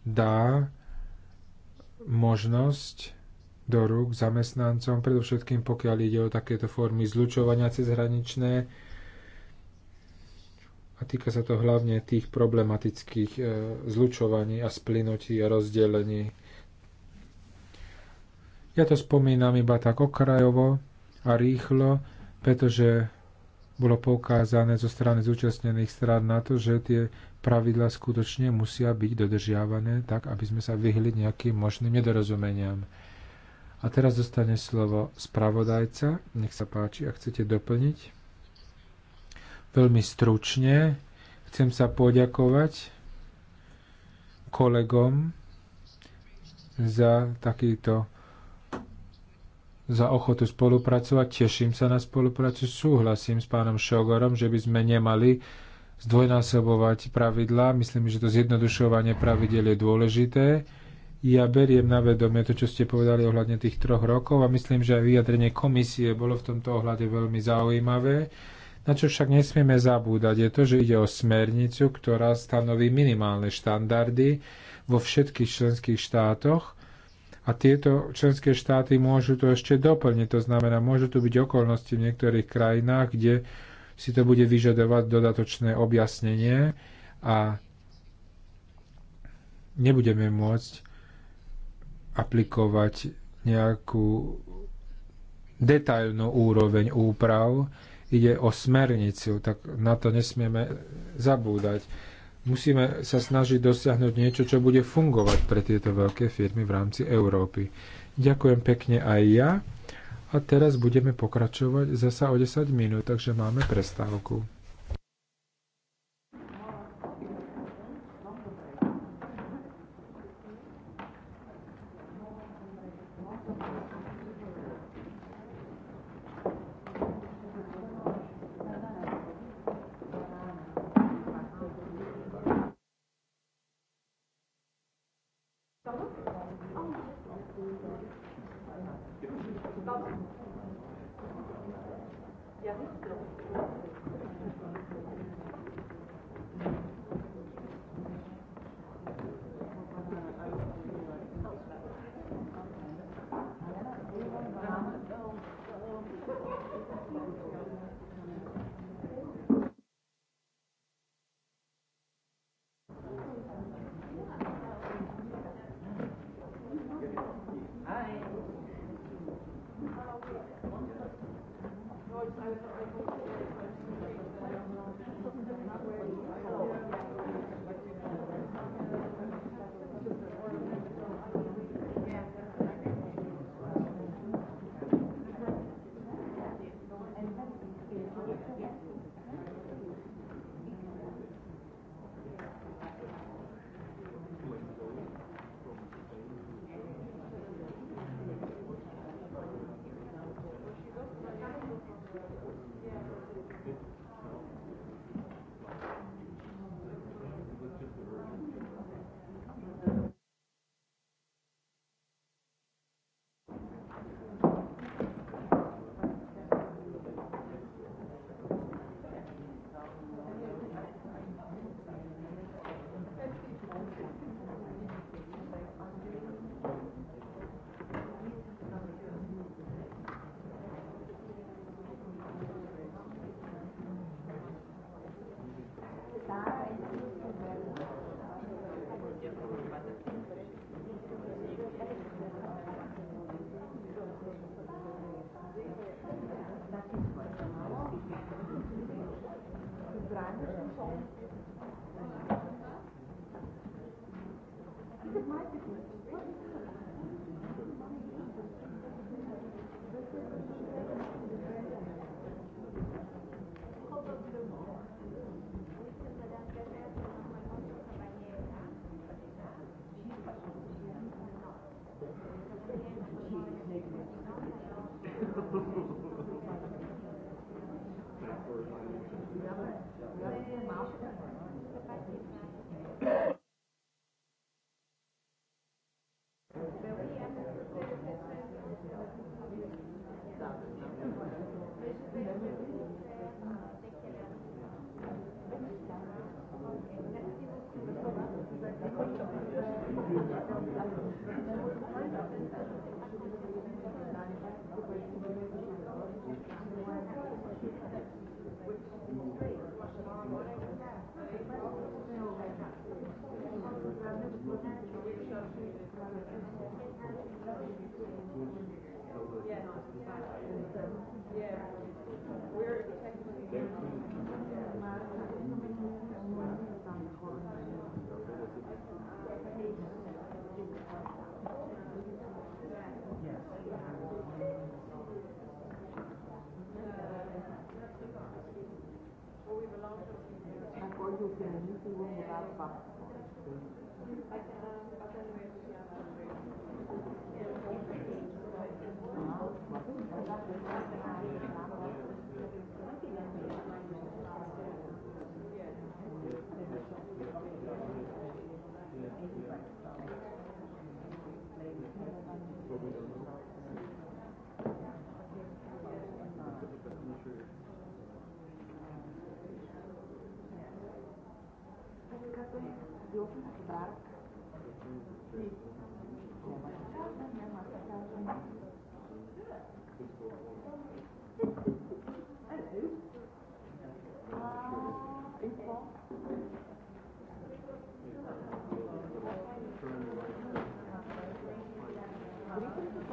dá možnosť do rúk zamestnancom, predovšetkým pokiaľ ide o takéto formy zlučovania cezhraničné a týka sa to hlavne tých problematických e, zlučovaní a splynutí a rozdelení. Ja to spomínam iba tak okrajovo a rýchlo, pretože bolo poukázané zo strany zúčastnených strán na to, že tie pravidla skutočne musia byť dodržiavané, tak aby sme sa vyhli nejakým možným nedorozumeniam. A teraz dostane slovo spravodajca. Nech sa páči, ak chcete doplniť. Veľmi stručne chcem sa poďakovať kolegom za takýto za ochotu spolupracovať, teším sa na spoluprácu, súhlasím s pánom Šogorom, že by sme nemali zdvojnásobovať pravidlá. Myslím, že to zjednodušovanie pravidel je dôležité. Ja beriem na vedomie to, čo ste povedali ohľadne tých troch rokov a myslím, že aj vyjadrenie komisie bolo v tomto ohľade veľmi zaujímavé. Na čo však nesmieme zabúdať je to, že ide o smernicu, ktorá stanoví minimálne štandardy vo všetkých členských štátoch a tieto členské štáty môžu to ešte doplniť. To znamená, môžu tu byť okolnosti v niektorých krajinách, kde si to bude vyžadovať dodatočné objasnenie a nebudeme môcť aplikovať nejakú detailnú úroveň úprav. Ide o smernicu, tak na to nesmieme zabúdať. Musíme sa snažiť dosiahnuť niečo, čo bude fungovať pre tieto veľké firmy v rámci Európy. Ďakujem pekne aj ja. A teraz budeme pokračovať zasa o 10 minút, takže máme prestávku.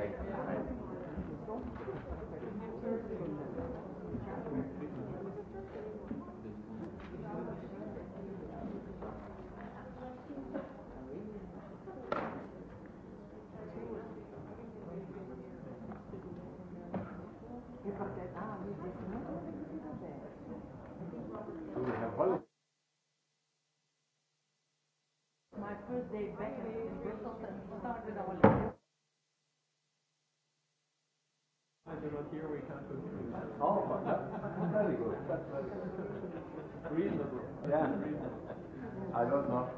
Thank you. year we can't go through that. Oh, that's very good. That's very good. Reasonable. Yeah. Reasonable. I don't know.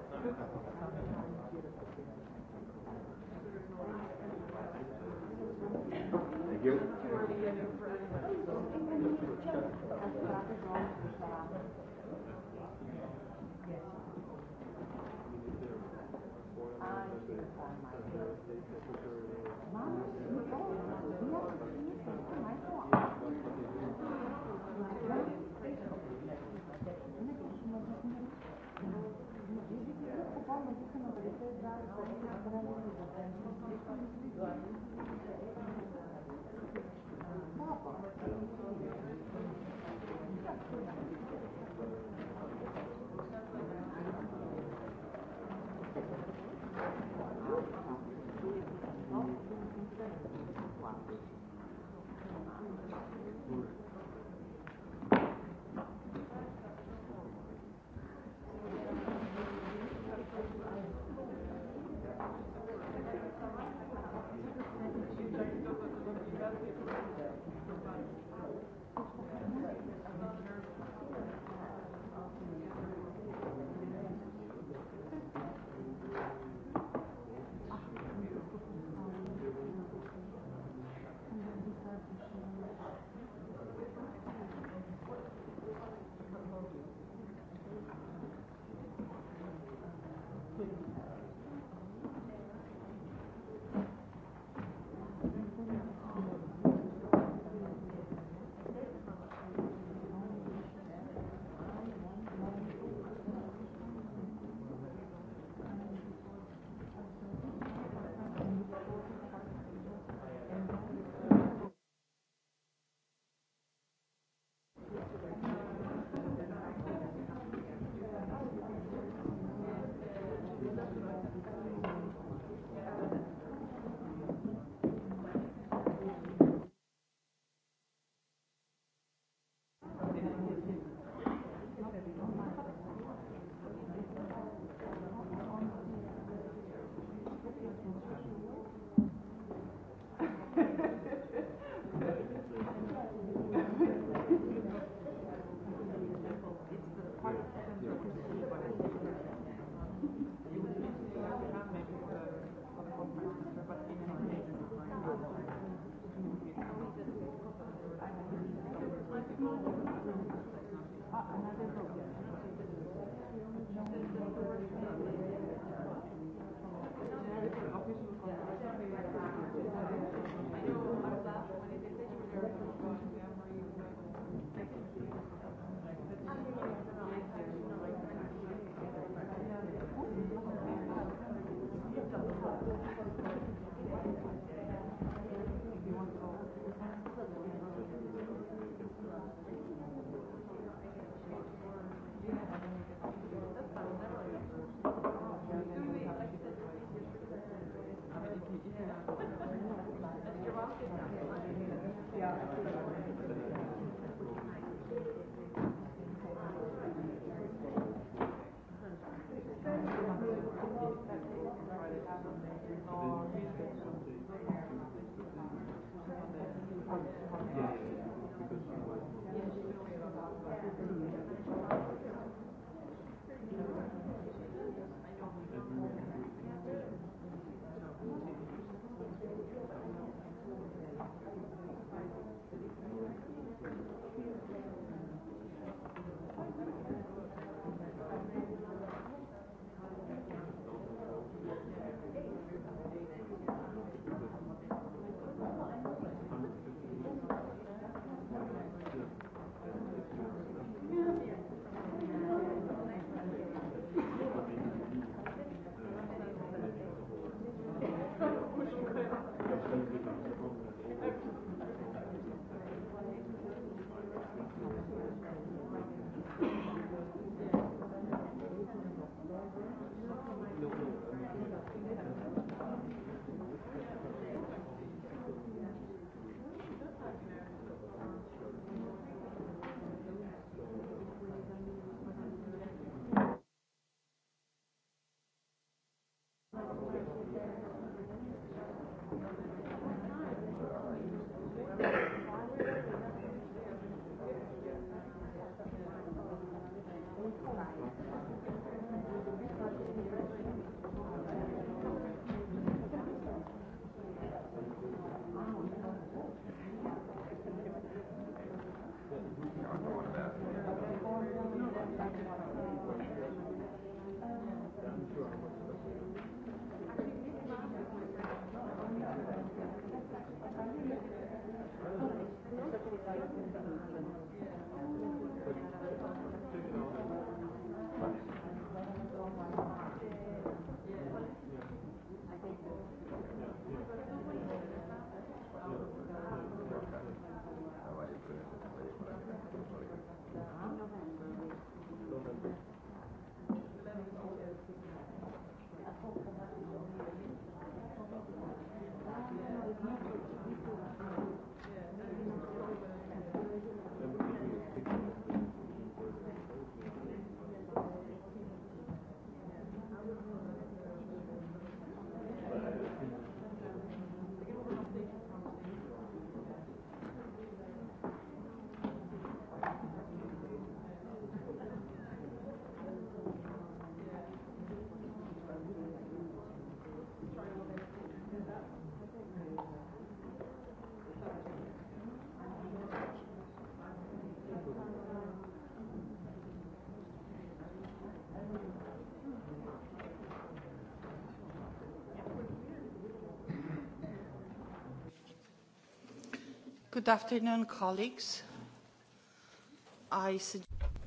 Thank you.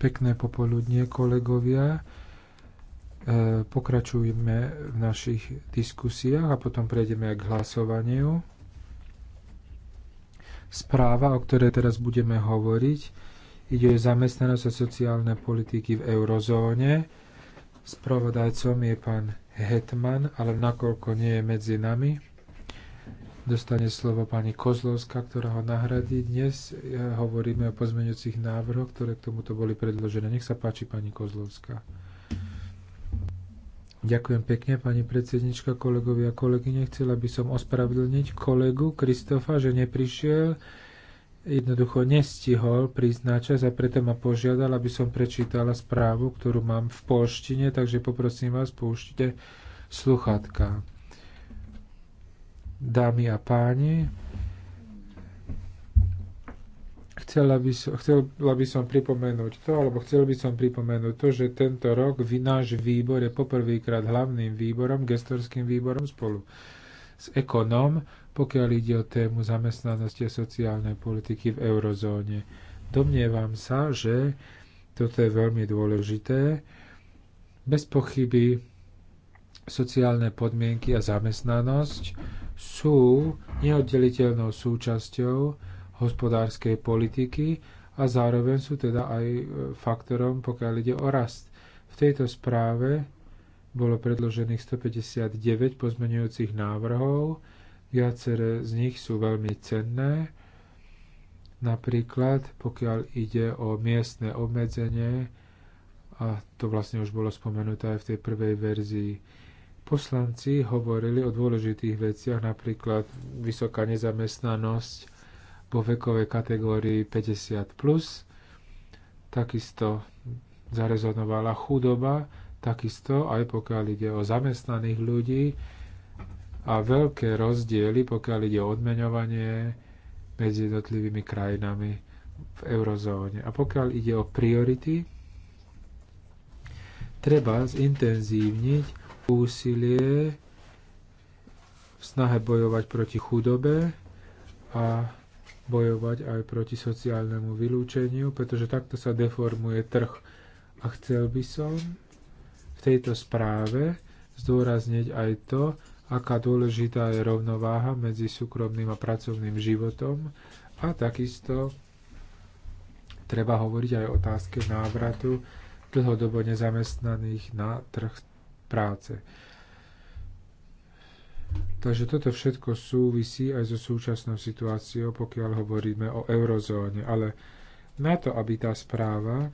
Pekné popoludnie, kolegovia. E, pokračujeme v našich diskusiách a potom prejdeme aj k hlasovaniu. Správa, o ktorej teraz budeme hovoriť, ide o zamestnanosť a sociálne politiky v eurozóne. Spravodajcom je pán Hetman, ale nakoľko nie je medzi nami, Dostane slovo pani Kozlovská, ktorá ho nahradí. Dnes e, hovoríme o pozmeňujúcich návrhoch, ktoré k tomuto boli predložené. Nech sa páči, pani Kozlovská. Ďakujem pekne, pani predsednička, kolegovia a kolegyne. Chcela by som ospravedlniť kolegu Kristofa, že neprišiel. Jednoducho nestihol prísť na čas a preto ma požiadal, aby som prečítala správu, ktorú mám v polštine, takže poprosím vás, pouštite sluchatka dámy a páni. Chcela by, som, chcela by som pripomenúť to, alebo chcel by som pripomenúť to, že tento rok v náš výbor je poprvýkrát hlavným výborom, gestorským výborom spolu s ekonom, pokiaľ ide o tému zamestnanosti a sociálnej politiky v eurozóne. Domnievam sa, že toto je veľmi dôležité. Bez pochyby sociálne podmienky a zamestnanosť sú neoddeliteľnou súčasťou hospodárskej politiky a zároveň sú teda aj e, faktorom, pokiaľ ide o rast. V tejto správe bolo predložených 159 pozmenujúcich návrhov, viaceré z nich sú veľmi cenné, napríklad pokiaľ ide o miestne obmedzenie, a to vlastne už bolo spomenuté aj v tej prvej verzii Poslanci hovorili o dôležitých veciach, napríklad vysoká nezamestnanosť vo vekovej kategórii 50+, plus, takisto zarezonovala chudoba, takisto aj pokiaľ ide o zamestnaných ľudí a veľké rozdiely, pokiaľ ide o odmeňovanie medzi jednotlivými krajinami v eurozóne. A pokiaľ ide o priority, treba zintenzívniť úsilie v snahe bojovať proti chudobe a bojovať aj proti sociálnemu vylúčeniu, pretože takto sa deformuje trh. A chcel by som v tejto správe zdôrazniť aj to, aká dôležitá je rovnováha medzi súkromným a pracovným životom a takisto treba hovoriť aj o otázke návratu dlhodobo nezamestnaných na trh práce. Takže toto všetko súvisí aj so súčasnou situáciou, pokiaľ hovoríme o eurozóne. Ale na to, aby tá správa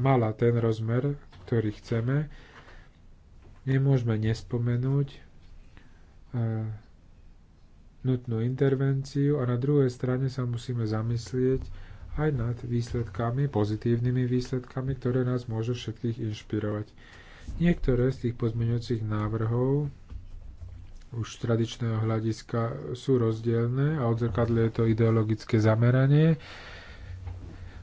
mala ten rozmer, ktorý chceme, nemôžeme nespomenúť e, nutnú intervenciu a na druhej strane sa musíme zamyslieť, aj nad výsledkami, pozitívnymi výsledkami, ktoré nás môžu všetkých inšpirovať. Niektoré z tých pozmeňujúcich návrhov už z tradičného hľadiska sú rozdielne a je to ideologické zameranie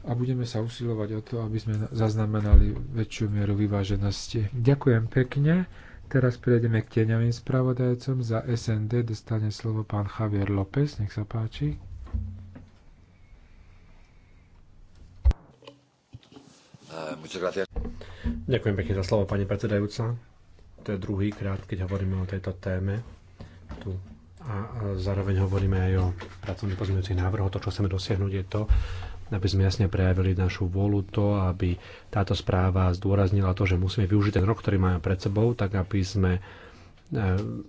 a budeme sa usilovať o to, aby sme zaznamenali väčšiu mieru vyváženosti. Ďakujem pekne. Teraz prejdeme k tieňovým spravodajcom. Za SND dostane slovo pán Javier López. Nech sa páči. Eh, Ďakujem pekne za slovo, pani predsedajúca. To je druhý krát, keď hovoríme o tejto téme. Tu a zároveň hovoríme aj o pracovných pozmeňujúcich návrhoch. To, čo chceme dosiahnuť, je to, aby sme jasne prejavili našu vôľu to, aby táto správa zdôraznila to, že musíme využiť ten rok, ktorý máme pred sebou, tak aby sme eh,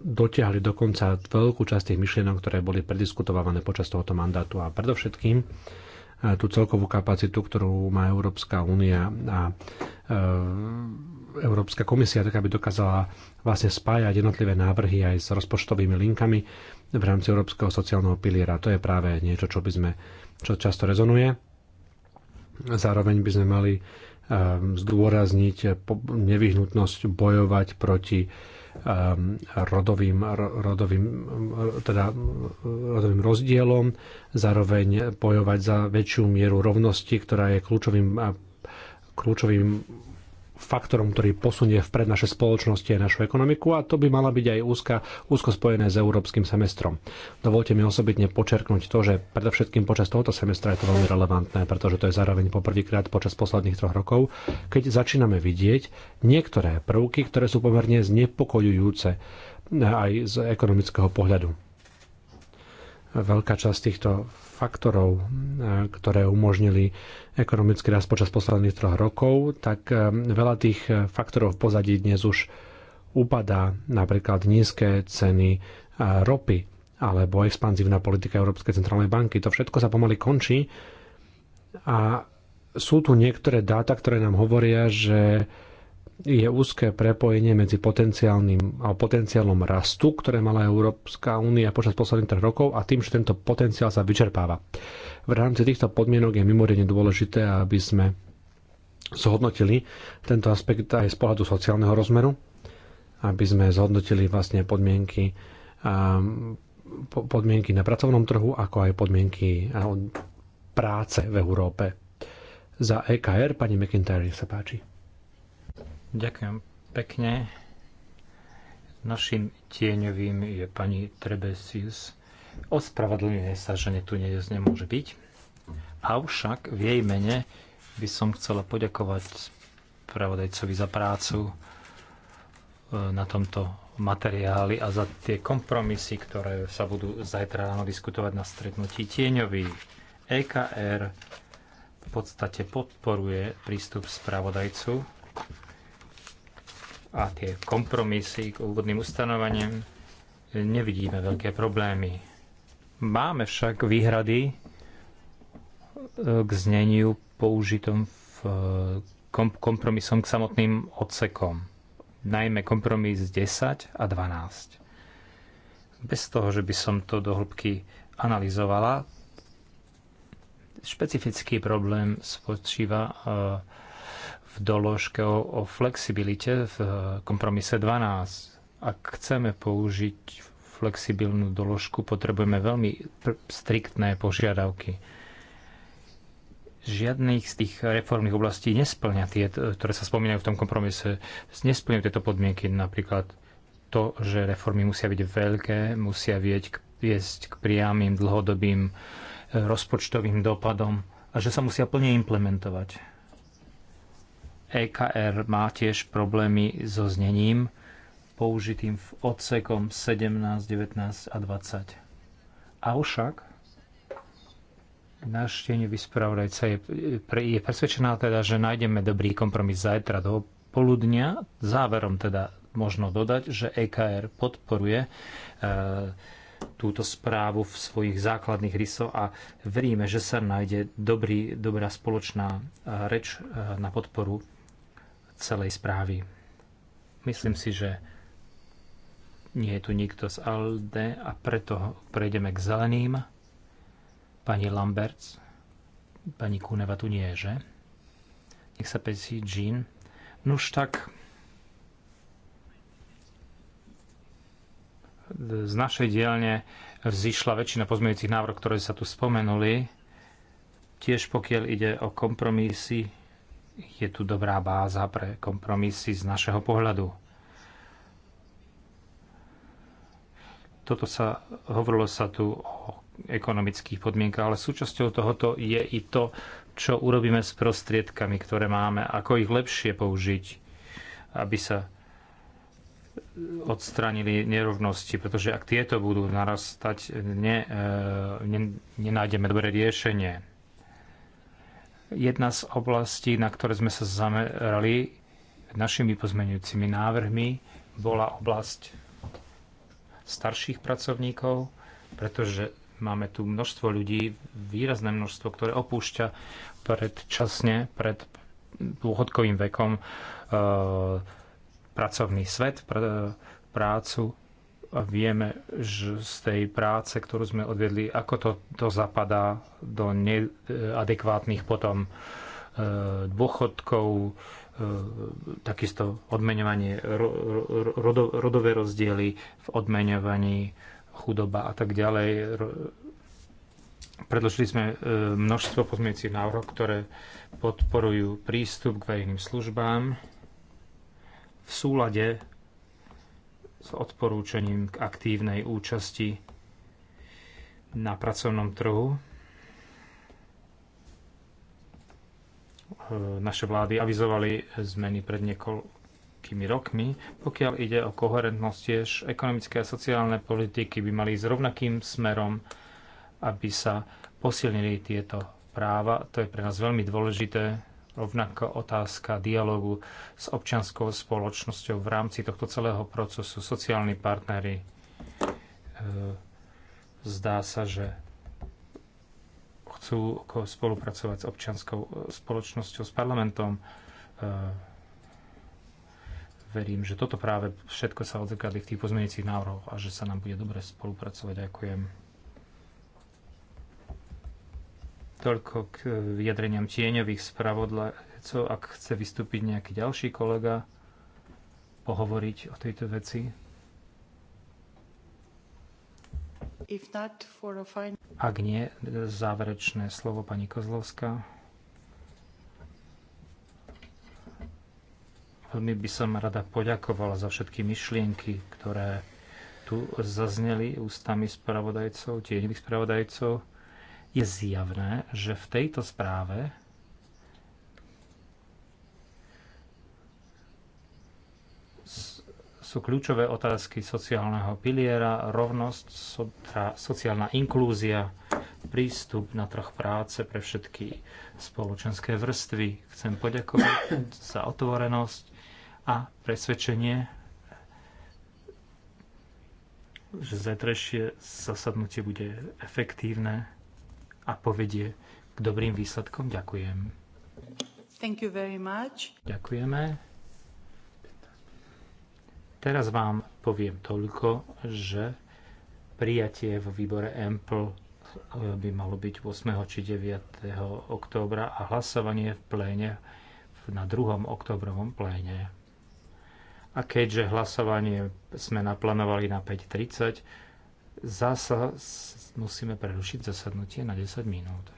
dotiahli dokonca veľkú časť tých myšlienok, ktoré boli prediskutované počas tohoto mandátu. A predovšetkým tú celkovú kapacitu, ktorú má Európska únia a e, Európska komisia, tak aby dokázala vlastne spájať jednotlivé návrhy aj s rozpočtovými linkami v rámci Európskeho sociálneho piliera. To je práve niečo, čo by sme, čo často rezonuje. Zároveň by sme mali e, zdôrazniť nevyhnutnosť bojovať proti Um, rodovým, rodovým, teda rodovým rozdielom, zároveň bojovať za väčšiu mieru rovnosti, ktorá je kľúčovým, kľúčovým faktorom, ktorý posunie vpred naše spoločnosti a našu ekonomiku a to by mala byť aj úzka, úzko spojené s európskym semestrom. Dovolte mi osobitne počerknúť to, že predovšetkým počas tohoto semestra je to veľmi relevantné, pretože to je zároveň poprvýkrát počas posledných troch rokov, keď začíname vidieť niektoré prvky, ktoré sú pomerne znepokojujúce aj z ekonomického pohľadu veľká časť týchto faktorov, e, ktoré umožnili ekonomický rast počas posledných troch rokov, tak e, veľa tých e, faktorov v pozadí dnes už upadá, napríklad nízke ceny ropy alebo expanzívna politika Európskej centrálnej banky. To všetko sa pomaly končí a sú tu niektoré dáta, ktoré nám hovoria, že je úzke prepojenie medzi potenciálnym a potenciálom rastu, ktoré mala Európska únia počas posledných troch rokov a tým, že tento potenciál sa vyčerpáva. V rámci týchto podmienok je mimoriadne dôležité, aby sme zhodnotili tento aspekt aj z pohľadu sociálneho rozmeru, aby sme zhodnotili vlastne podmienky um, podmienky na pracovnom trhu, ako aj podmienky um, práce v Európe. Za EKR pani McIntyre, nech sa páči. Ďakujem pekne. Našim tieňovým je pani Trebesius. Ospravedlňuje sa, že tu nie, nemôže byť. Avšak v jej mene by som chcela poďakovať spravodajcovi za prácu e, na tomto materiáli a za tie kompromisy, ktoré sa budú zajtra ráno diskutovať na stretnutí tieňový. EKR v podstate podporuje prístup spravodajcu a tie kompromisy k úvodným ustanovaniam nevidíme veľké problémy. Máme však výhrady e, k zneniu použitom v e, kompromisom k samotným odsekom, najmä kompromis 10 a 12. Bez toho, že by som to do hĺbky analyzovala, špecifický problém spočíva e, v doložke o, o flexibilite v eh, kompromise 12. Ak chceme použiť flexibilnú doložku, potrebujeme veľmi striktné požiadavky. Žiadnych z tých reformných oblastí nesplňa tie, ktoré sa spomínajú v tom kompromise, nesplňujú tieto podmienky, napríklad to, že reformy musia byť veľké, musia vieť k, viesť k priamým dlhodobým eh, rozpočtovým dopadom a že sa musia plne implementovať EKR má tiež problémy so znením použitým v odsekom 17, 19 a 20. Avšak naštenie vyspravodajca je, je presvedčená teda, že nájdeme dobrý kompromis zajtra do poludnia. Záverom teda možno dodať, že EKR podporuje e, túto správu v svojich základných rysoch a veríme, že sa nájde dobrý, dobrá spoločná e, reč e, na podporu celej správy. Myslím si, že nie je tu nikto z ALDE a preto prejdeme k zeleným. Pani Lamberts, pani Kuneva tu nie je, že? Nech sa pesí Jean. Nuž tak, z našej dielne vzýšla väčšina pozmeňujúcich návrhov, ktoré sa tu spomenuli. Tiež pokiaľ ide o kompromisy, je tu dobrá báza pre kompromisy z našeho pohľadu. Toto sa, hovorilo sa tu o ekonomických podmienkach, ale súčasťou tohoto je i to, čo urobíme s prostriedkami, ktoré máme, ako ich lepšie použiť, aby sa odstranili nerovnosti, pretože ak tieto budú narastať, ne, e, ne, nenájdeme dobré riešenie. Jedna z oblastí, na ktoré sme sa zamerali našimi pozmeňujúcimi návrhmi, bola oblasť starších pracovníkov, pretože máme tu množstvo ľudí, výrazné množstvo, ktoré opúšťa predčasne, pred dôchodkovým vekom e, pracovný svet, pr- prácu vieme že z tej práce, ktorú sme odvedli, ako to, to zapadá do neadekvátnych potom e, dôchodkov, e, takisto odmeňovanie, rodové rozdiely v odmeňovaní, chudoba a tak ďalej. Predložili sme e, množstvo pozmeňujúcich návrhov, ktoré podporujú prístup k verejným službám v súlade s odporúčaním k aktívnej účasti na pracovnom trhu. E, naše vlády avizovali zmeny pred niekoľkými rokmi. Pokiaľ ide o koherentnosť, tiež ekonomické a sociálne politiky by mali ísť rovnakým smerom, aby sa posilnili tieto práva. To je pre nás veľmi dôležité rovnako otázka dialogu s občianskou spoločnosťou v rámci tohto celého procesu, sociálni partnery. E, zdá sa, že chcú spolupracovať s občianskou e, spoločnosťou, s parlamentom. E, verím, že toto práve všetko sa odzrkadlí v tých pozmeňujúcich návrhoch a že sa nám bude dobre spolupracovať. Ďakujem. Toľko k eh, vyjadreniam tieňových spravodlajcov. Ak chce vystúpiť nejaký ďalší kolega, pohovoriť o tejto veci. Ak nie, záverečné slovo pani Kozlovská. Veľmi by som rada poďakovala za všetky myšlienky, ktoré tu zazneli ústami spravodajcov, tieňových spravodajcov je zjavné, že v tejto správe sú kľúčové otázky sociálneho piliera, rovnosť, sociálna inklúzia, prístup na trh práce pre všetky spoločenské vrstvy. Chcem poďakovať za otvorenosť a presvedčenie, že zajtrajšie zasadnutie bude efektívne a povedie k dobrým výsledkom. Ďakujem. Thank you very much. Ďakujeme. Teraz vám poviem toľko, že prijatie v výbore EMPL eh, by malo byť 8. či 9. októbra a hlasovanie v pléne na 2. oktobrovom pléne. A keďže hlasovanie sme naplánovali na 5.30, Zasa musíme prerušiť zasadnutie na 10 minút.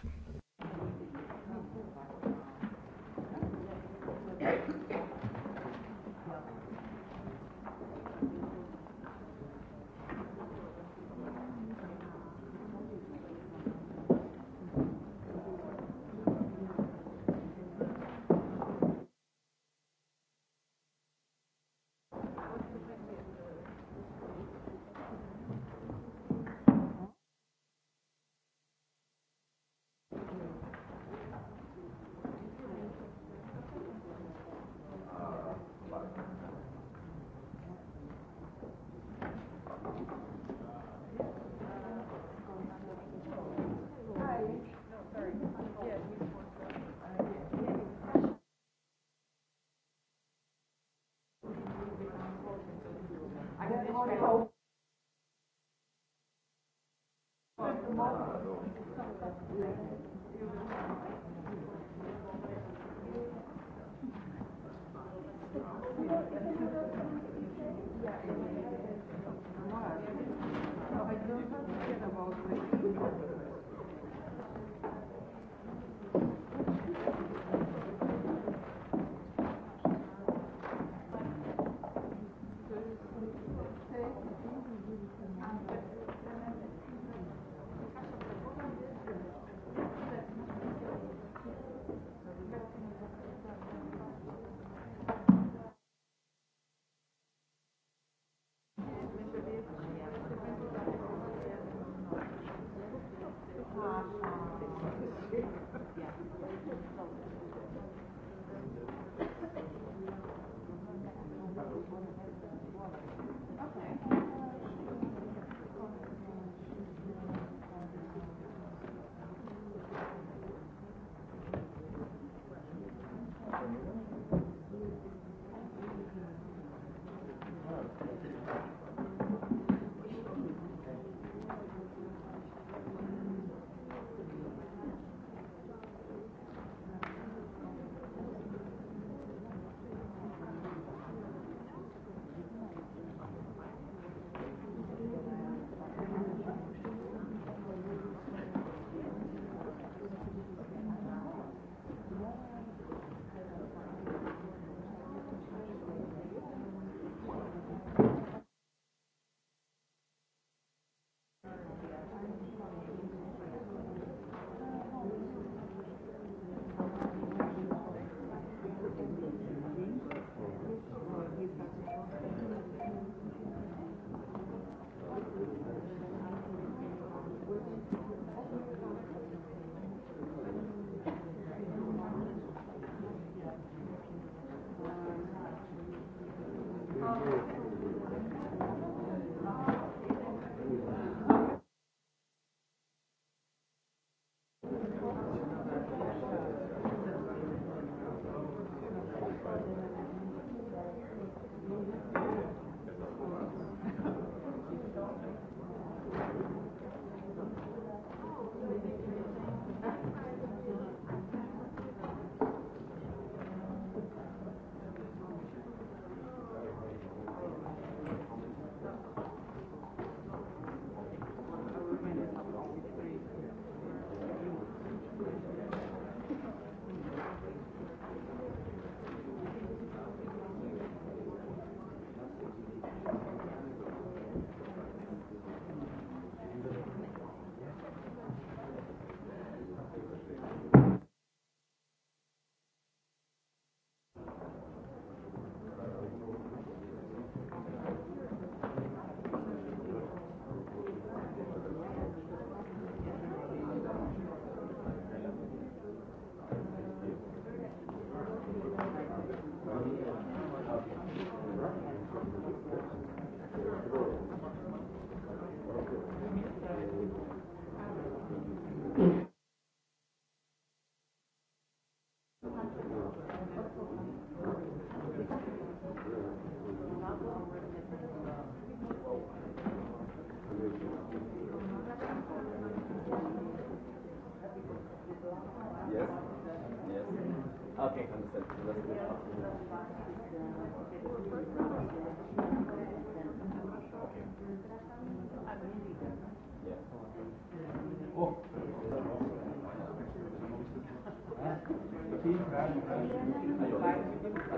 Thank you.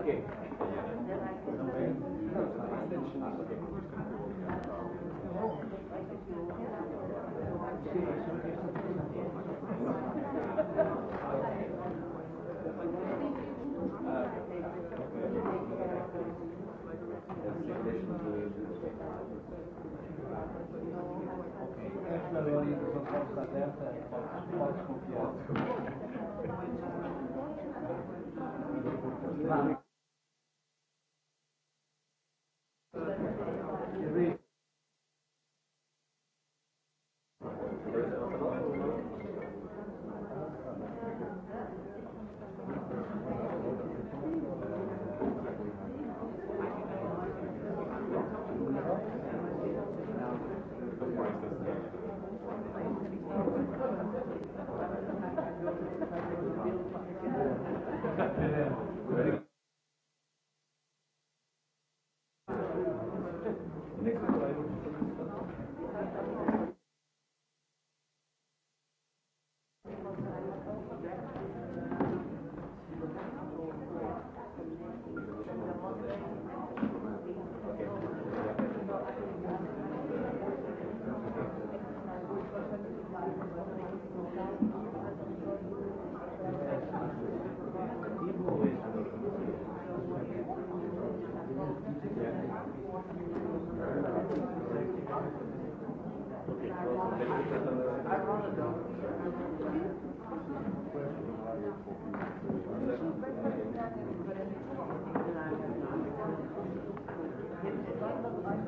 Okay. Oh.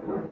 Thank you.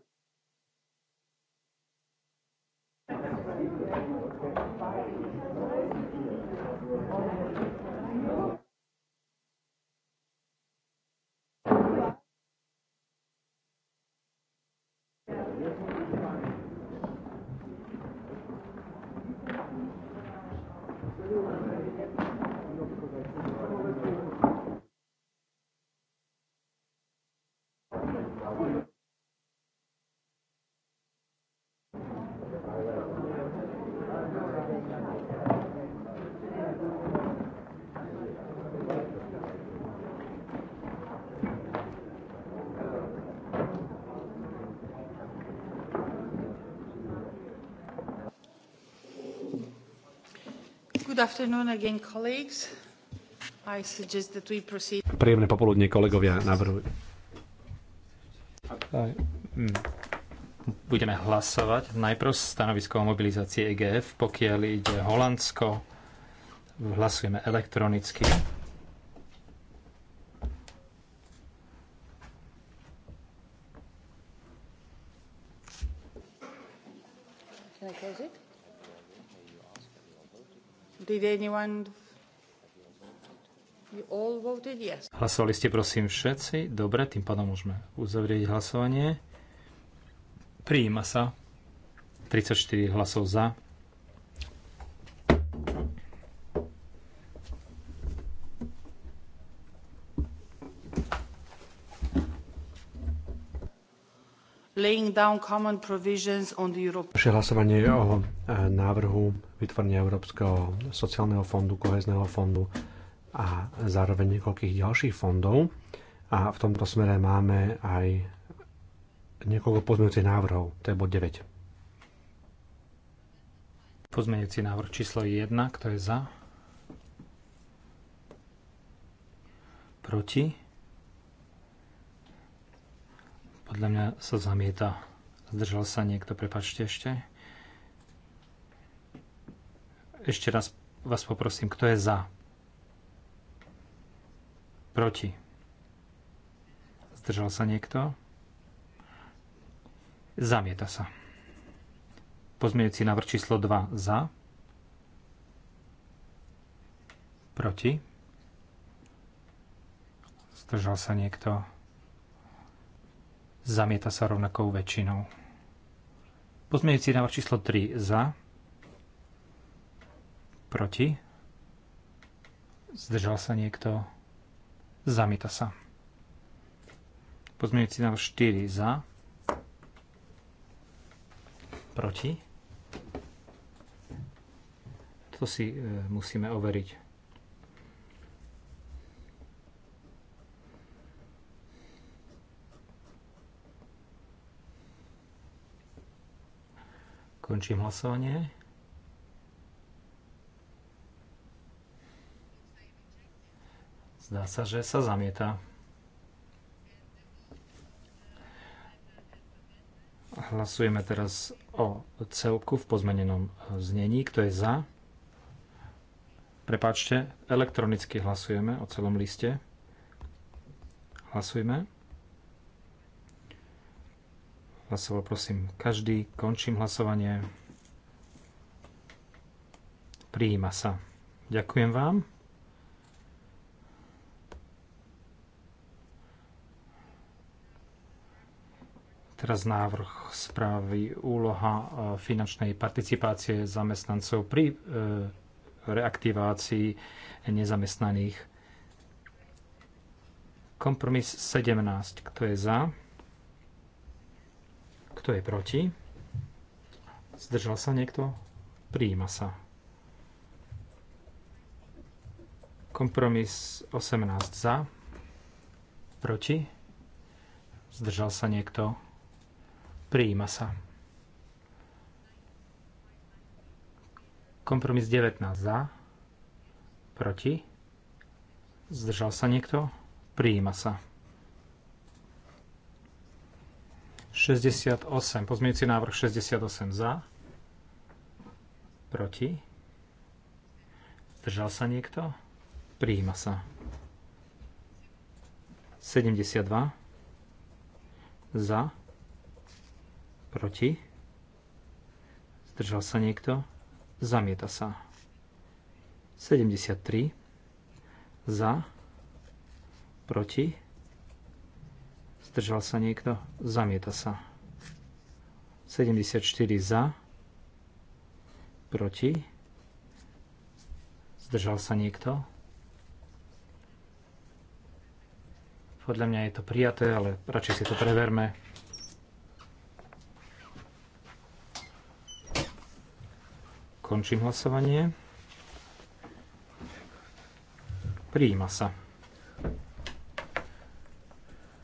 Ďakujem. Príjemné popoludne, kolegovia, navrhujú. Hm. Budeme hlasovať najprv stanovisko o mobilizácii EGF, pokiaľ ide Holandsko, hlasujeme elektronicky. Did anyone... You all voted yes. Hlasovali ste prosím všetci? Dobre, tým pádom môžeme uzavrieť hlasovanie. Prijíma sa 34 hlasov za, laying down common provisions on the Europe... o e, návrhu vytvorenia Európskeho sociálneho fondu, kohezného fondu a zároveň niekoľkých ďalších fondov. A v tomto smere máme aj niekoľko pozmeňujúcich návrhov. To je bod 9. Pozmeňujúci návrh číslo 1, kto je za? Proti? Podľa mňa sa zamieta. Zdržal sa niekto, prepačte ešte. Ešte raz vás poprosím, kto je za? Proti? Zdržal sa niekto? Zamieta sa. Pozmeňujúci návrh číslo 2 za. Proti? Zdržal sa niekto? Zamieta sa rovnakou väčšinou. Pozmeňujúci návrh číslo 3 za. Proti. Zdržal sa niekto. Zamieta sa. Pozmeňujúci návrh 4 za. Proti. To si e, musíme overiť. Končím hlasovanie. Zdá sa, že sa zamieta. Hlasujeme teraz o celku v pozmenenom znení. Kto je za? Prepáčte, elektronicky hlasujeme o celom liste. Hlasujme. Hlasoval prosím každý. Končím hlasovanie. Prijíma sa. Ďakujem vám. teraz návrh správy úloha e, finančnej participácie zamestnancov pri e, reaktivácii nezamestnaných. Kompromis 17. Kto je za? Kto je proti? Zdržal sa niekto? Prijíma sa. Kompromis 18 za. Proti? Zdržal sa niekto? Prijíma sa. Kompromis 19 za. Proti? Zdržal sa niekto? Prijíma sa. 68. Pozmienci návrh 68 za. Proti. Zdržal sa niekto? Prijíma sa. 72. Za. Proti. Zdržal sa niekto? Zamieta sa. 73. Za. Proti. Zdržal sa niekto? Zamieta sa. 74 za. Proti. Zdržal sa niekto? Podľa mňa je to prijaté, ale radšej si to preverme. Končím hlasovanie. Prijíma sa.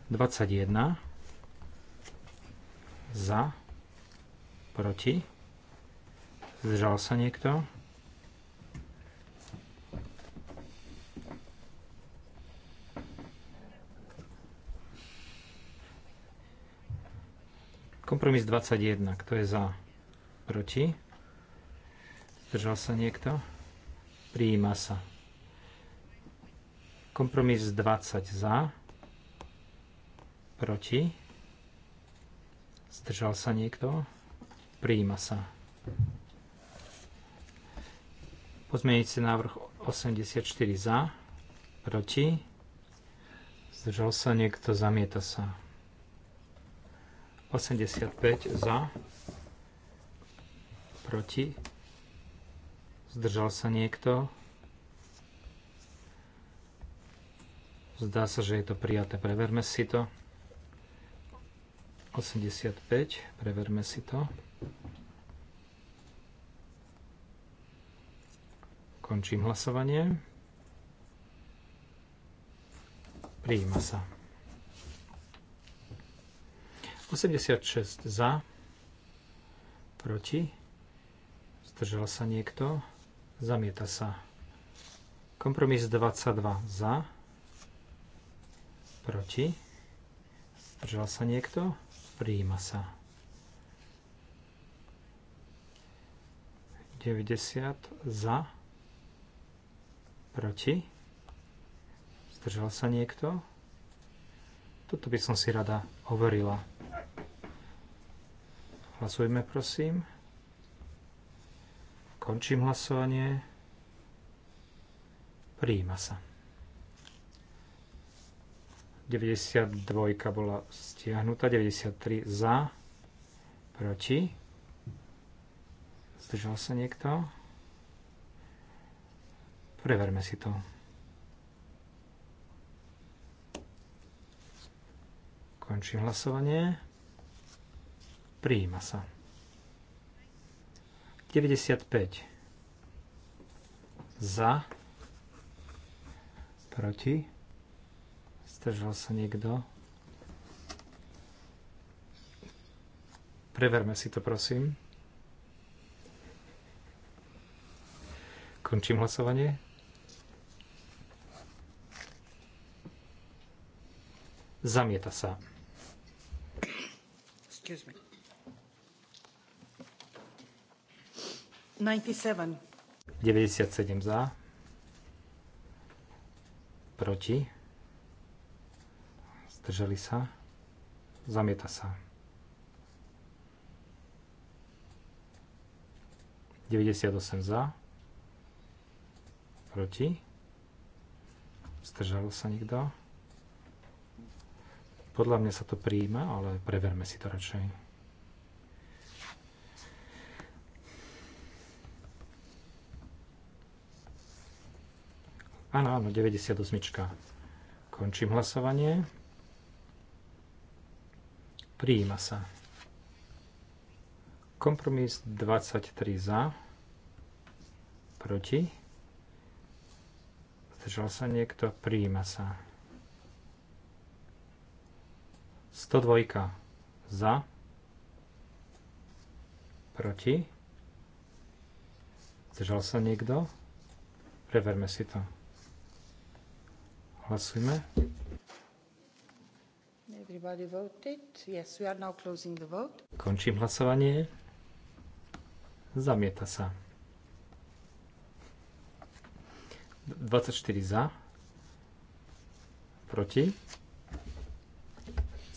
21 za, proti, zdržal sa niekto. Kompromis 21, kto je za, proti, zdržal sa niekto, prijíma sa. Kompromis 20 za, proti, Proti? Zdržal sa niekto? Prijíma sa. Pozmeňujúci návrh 84 za. Proti? Zdržal sa niekto? Zamieta sa. 85 za. Proti? Zdržal sa niekto? Zdá sa, že je to prijaté. Preverme si to. 85, preverme si to. Končím hlasovanie. Prijíma sa. 86 za, proti, zdržal sa niekto, zamieta sa. Kompromis 22 za, proti, zdržal sa niekto, prijíma sa. 90 za, proti, zdržal sa niekto. Toto by som si rada overila. Hlasujme prosím. Končím hlasovanie. Prijíma sa. 92 bola stiahnutá, 93 za, proti. Zdržal sa niekto? Preverme si to. Končím hlasovanie. Prijíma sa. 95 za, proti Zdržal sa niekto? Preverme si to, prosím. Končím hlasovanie. Zamieta sa. Excuse me. 97. 97 za. Proti. Zdržali sa? Zamieta sa. 98 za. Proti. Zdržal sa nikto. Podľa mňa sa to prijíma, ale preverme si to radšej. Áno, áno, 98. Končím hlasovanie. Prijíma sa. Kompromis 23 za. Proti. Zdržal sa niekto. Prijíma sa. 102 za. Proti. Zdržal sa niekto. Preverme si to. Hlasujme. Yes, Končím hlasovanie. Zamieta sa. 24 za. Proti.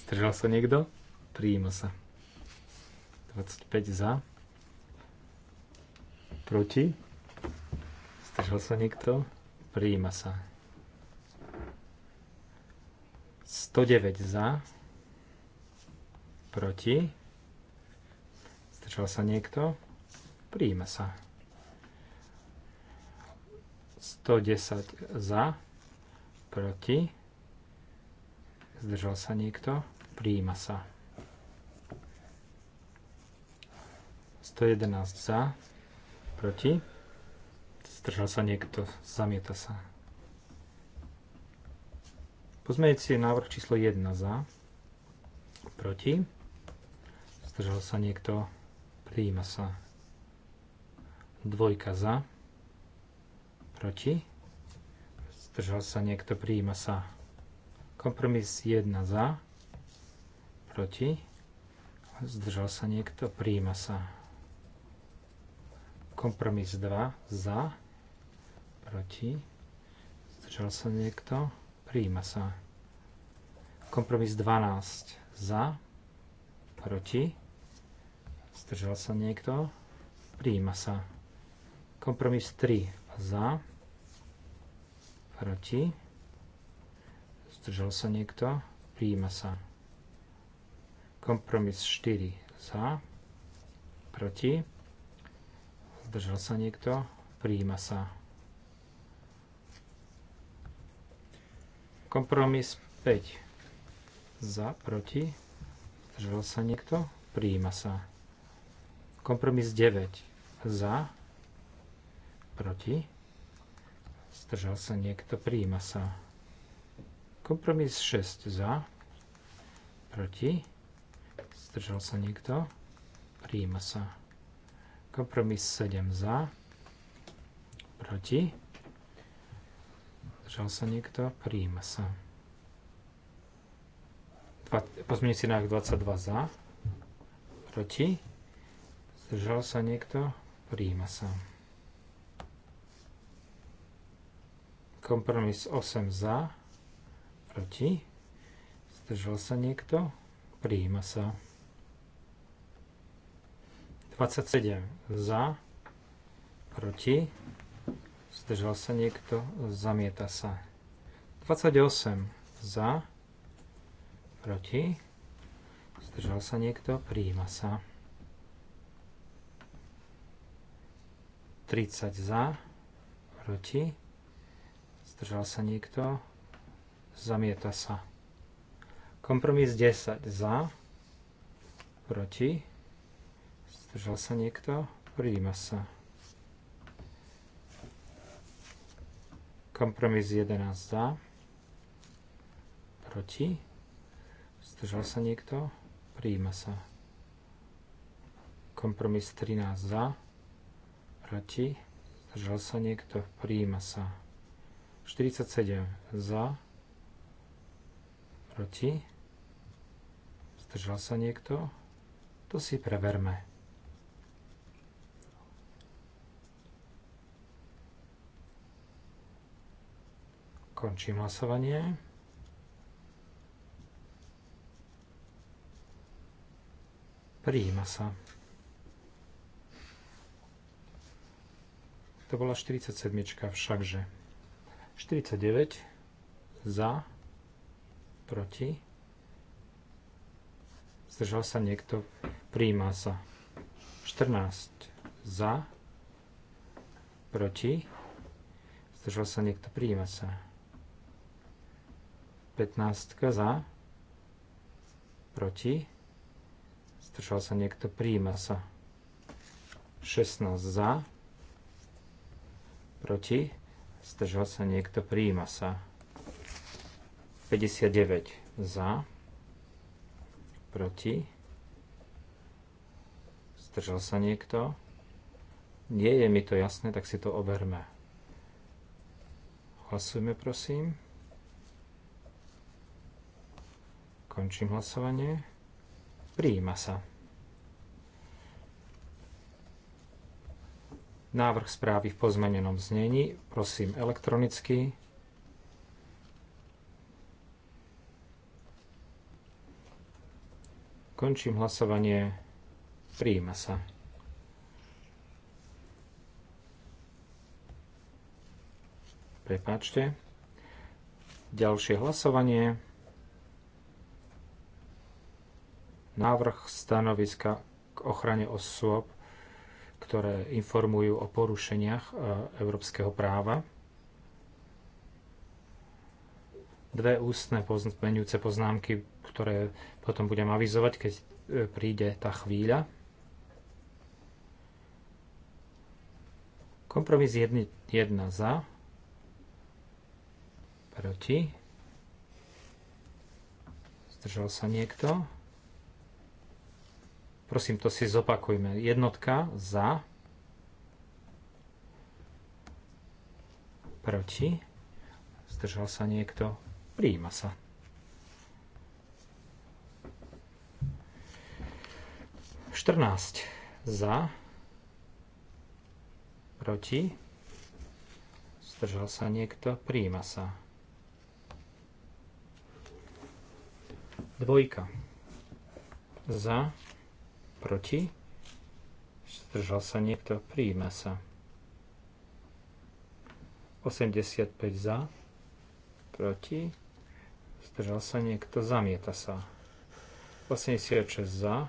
Zdržal sa niekto? Prijíma sa. 25 za. Proti. Zdržal sa niekto? Prijíma sa. 109 za, proti, zdržal sa niekto, príjme sa. 110 za, proti, zdržal sa niekto, príjme sa. 111 za, proti, zdržal sa niekto, zamieta sa. Pozmeňujúci návrh číslo 1 za, proti, zdržal sa niekto, prijíma sa. Dvojka za, proti, zdržal sa niekto, prijíma sa. Kompromis 1 za, proti, zdržal sa niekto, prijíma sa. Kompromis 2 za, proti, zdržal sa niekto, prijíma sa Prijíma sa. Kompromis 12 za, proti. Zdržal sa niekto. Prijíma sa. Kompromis 3 za, proti. Zdržal sa niekto. Prijíma sa. Kompromis 4 za, proti. Zdržal sa niekto. Prijíma sa Kompromis 5 za, proti, zdržal sa niekto, prijíma sa. Kompromis 9 za, proti, zdržal sa niekto, prijíma sa. Kompromis 6 za, proti, zdržal sa niekto, prijíma sa. Kompromis 7 za, proti, Zdržal sa niekto? Príjma sa. Pozmeňujúci návrh 22 za. Proti. Zdržal sa niekto? Príjma sa. Kompromis 8 za. Proti. Zdržal sa niekto? Príjma sa. 27 za. Proti zdržal sa niekto, zamieta sa. 28 za, proti, zdržal sa niekto, prijíma sa. 30 za, proti, zdržal sa niekto, zamieta sa. Kompromis 10 za, proti, zdržal sa niekto, prijíma sa. Kompromis 11 za. Proti. Zdržal sa niekto? Prijíma sa. Kompromis 13 za. Proti. Zdržal sa niekto? Prijíma sa. 47 za. Proti. Zdržal sa niekto? To si preverme. Končím hlasovanie. Prijíma sa. To bola 47, všakže. 49 za, proti. Zdržal sa niekto, prijíma sa. 14 za, proti. Zdržal sa niekto, prijíma sa. 15 za, proti, zdržal sa niekto, príjma sa. 16 za, proti, zdržal sa niekto, príjma sa. 59 za, proti, zdržal sa niekto. Nie je mi to jasné, tak si to overme. Hlasujme prosím. Končím hlasovanie. Prijíma sa. Návrh správy v pozmenenom znení. Prosím elektronicky. Končím hlasovanie. Prijíma sa. Prepáčte. Ďalšie hlasovanie. návrh stanoviska k ochrane osôb, ktoré informujú o porušeniach e, európskeho práva. Dve ústne pozmeňujúce poznámky, ktoré potom budem avizovať, keď e, príde tá chvíľa. Kompromis 1 za, proti, zdržal sa niekto. Prosím, to si zopakujme. Jednotka za, proti, zdržal sa niekto, prijíma sa. Štrnáct za, proti, zdržal sa niekto, prijíma sa. Dvojka za, proti, Proti? Zdržal sa niekto? Prijíma sa. 85 za. Proti? Zdržal sa niekto? Zamieta sa. 86 za.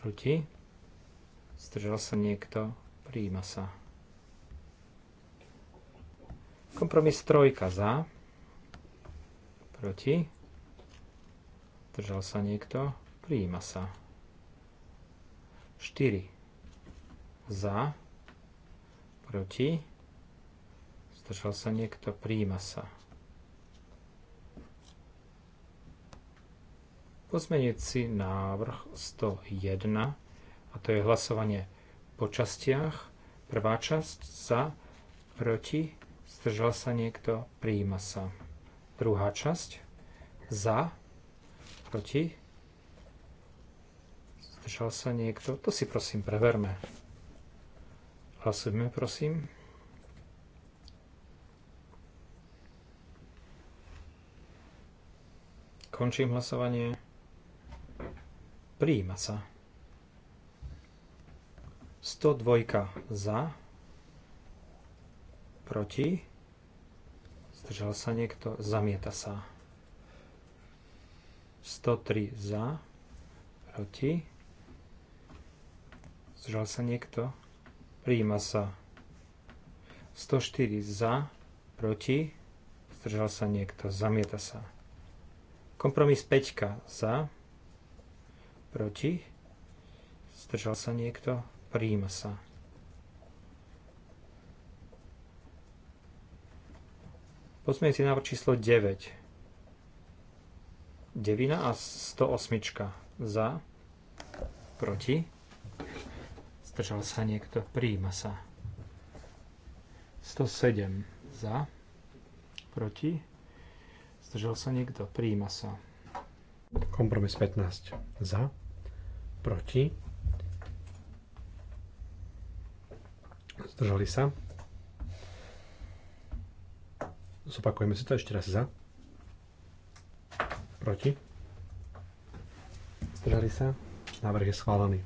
Proti? Zdržal sa niekto? Prijíma sa. Kompromis trojka za. Proti? Zdržal sa niekto? Prijíma sa. 4 za, proti, zdržal sa niekto, príjma sa. si návrh 101, a to je hlasovanie po častiach. Prvá časť za, proti, zdržal sa niekto, príjma sa. Druhá časť za, proti, Zdržal sa niekto? To si prosím preverme. Hlasujme, prosím. Končím hlasovanie. Prijíma sa. 102 za. Proti. Zdržal sa niekto? Zamieta sa. 103 za. Proti Zdržal sa niekto? príjma sa. 104 za, proti. Zdržal sa niekto? Zamieta sa. Kompromis 5 za, proti. Zdržal sa niekto? príjma sa. 8 si návrh číslo 9. 9 a 108 za, proti Zdržal sa niekto? Prijíma sa. 107 za. Proti. Zdržal sa niekto? Prijíma sa. Kompromis 15 za. Proti. Zdržali sa. Zopakujeme si to ešte raz za. Proti. Zdržali sa. Návrh je schválený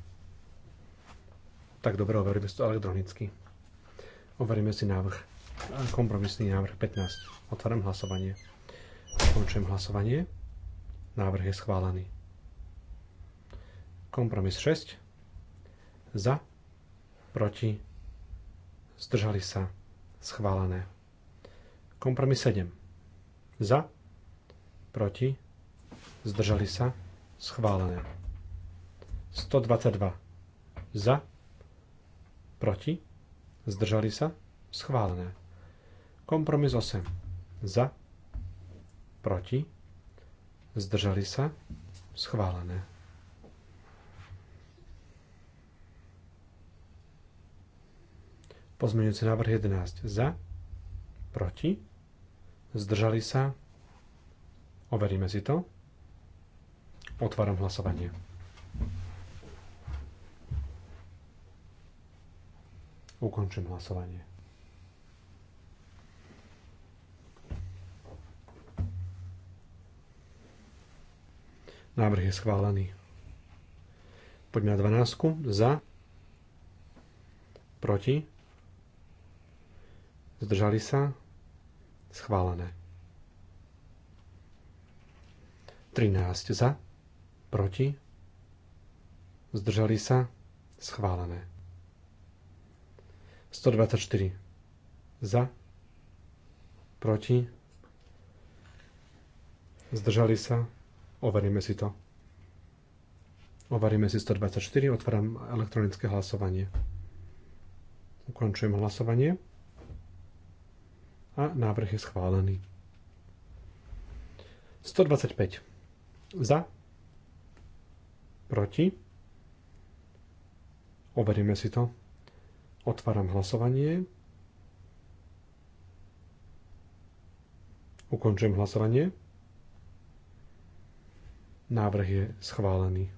tak dobre overíme si to elektronicky. Overíme si návrh, kompromisný návrh 15. Otváram hlasovanie. Končujem hlasovanie. Návrh je schválený. Kompromis 6. Za, proti, zdržali sa, schválené. Kompromis 7. Za, proti, zdržali sa, schválené. 122. Za, Proti? Zdržali sa? Schválené. Kompromis 8. Za? Proti? Zdržali sa? Schválené. Pozmeňujúci návrh 11. Za? Proti? Zdržali sa? Overíme si to. Otváram hlasovanie. Ukončím hlasovanie. Návrh je schválený. Poďme na 12. Za. Proti. Zdržali sa. Schválené. 13 za. Proti. Zdržali sa. Schválené. 124 za, proti, zdržali sa, overíme si to. Overíme si 124, otváram elektronické hlasovanie. Ukončujem hlasovanie a návrh je schválený. 125 za, proti, overíme si to. Otváram hlasovanie. Ukončujem hlasovanie. Návrh je schválený.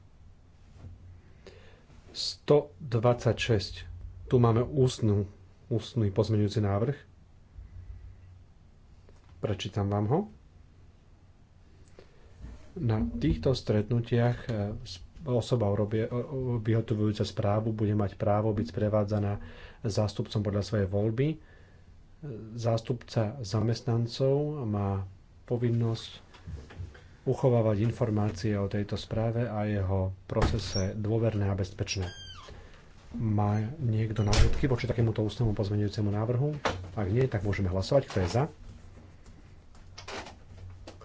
126. Tu máme ústnu, ústny pozmeňujúci návrh. Prečítam vám ho. Na týchto stretnutiach s eh, osoba vyhotovujúca správu bude mať právo byť sprevádzaná zástupcom podľa svojej voľby. Zástupca zamestnancov má povinnosť uchovávať informácie o tejto správe a jeho procese dôverné a bezpečné. Má niekto námietky voči takémuto ústnemu pozmeňujúcemu návrhu? Ak nie, tak môžeme hlasovať. Kto je za?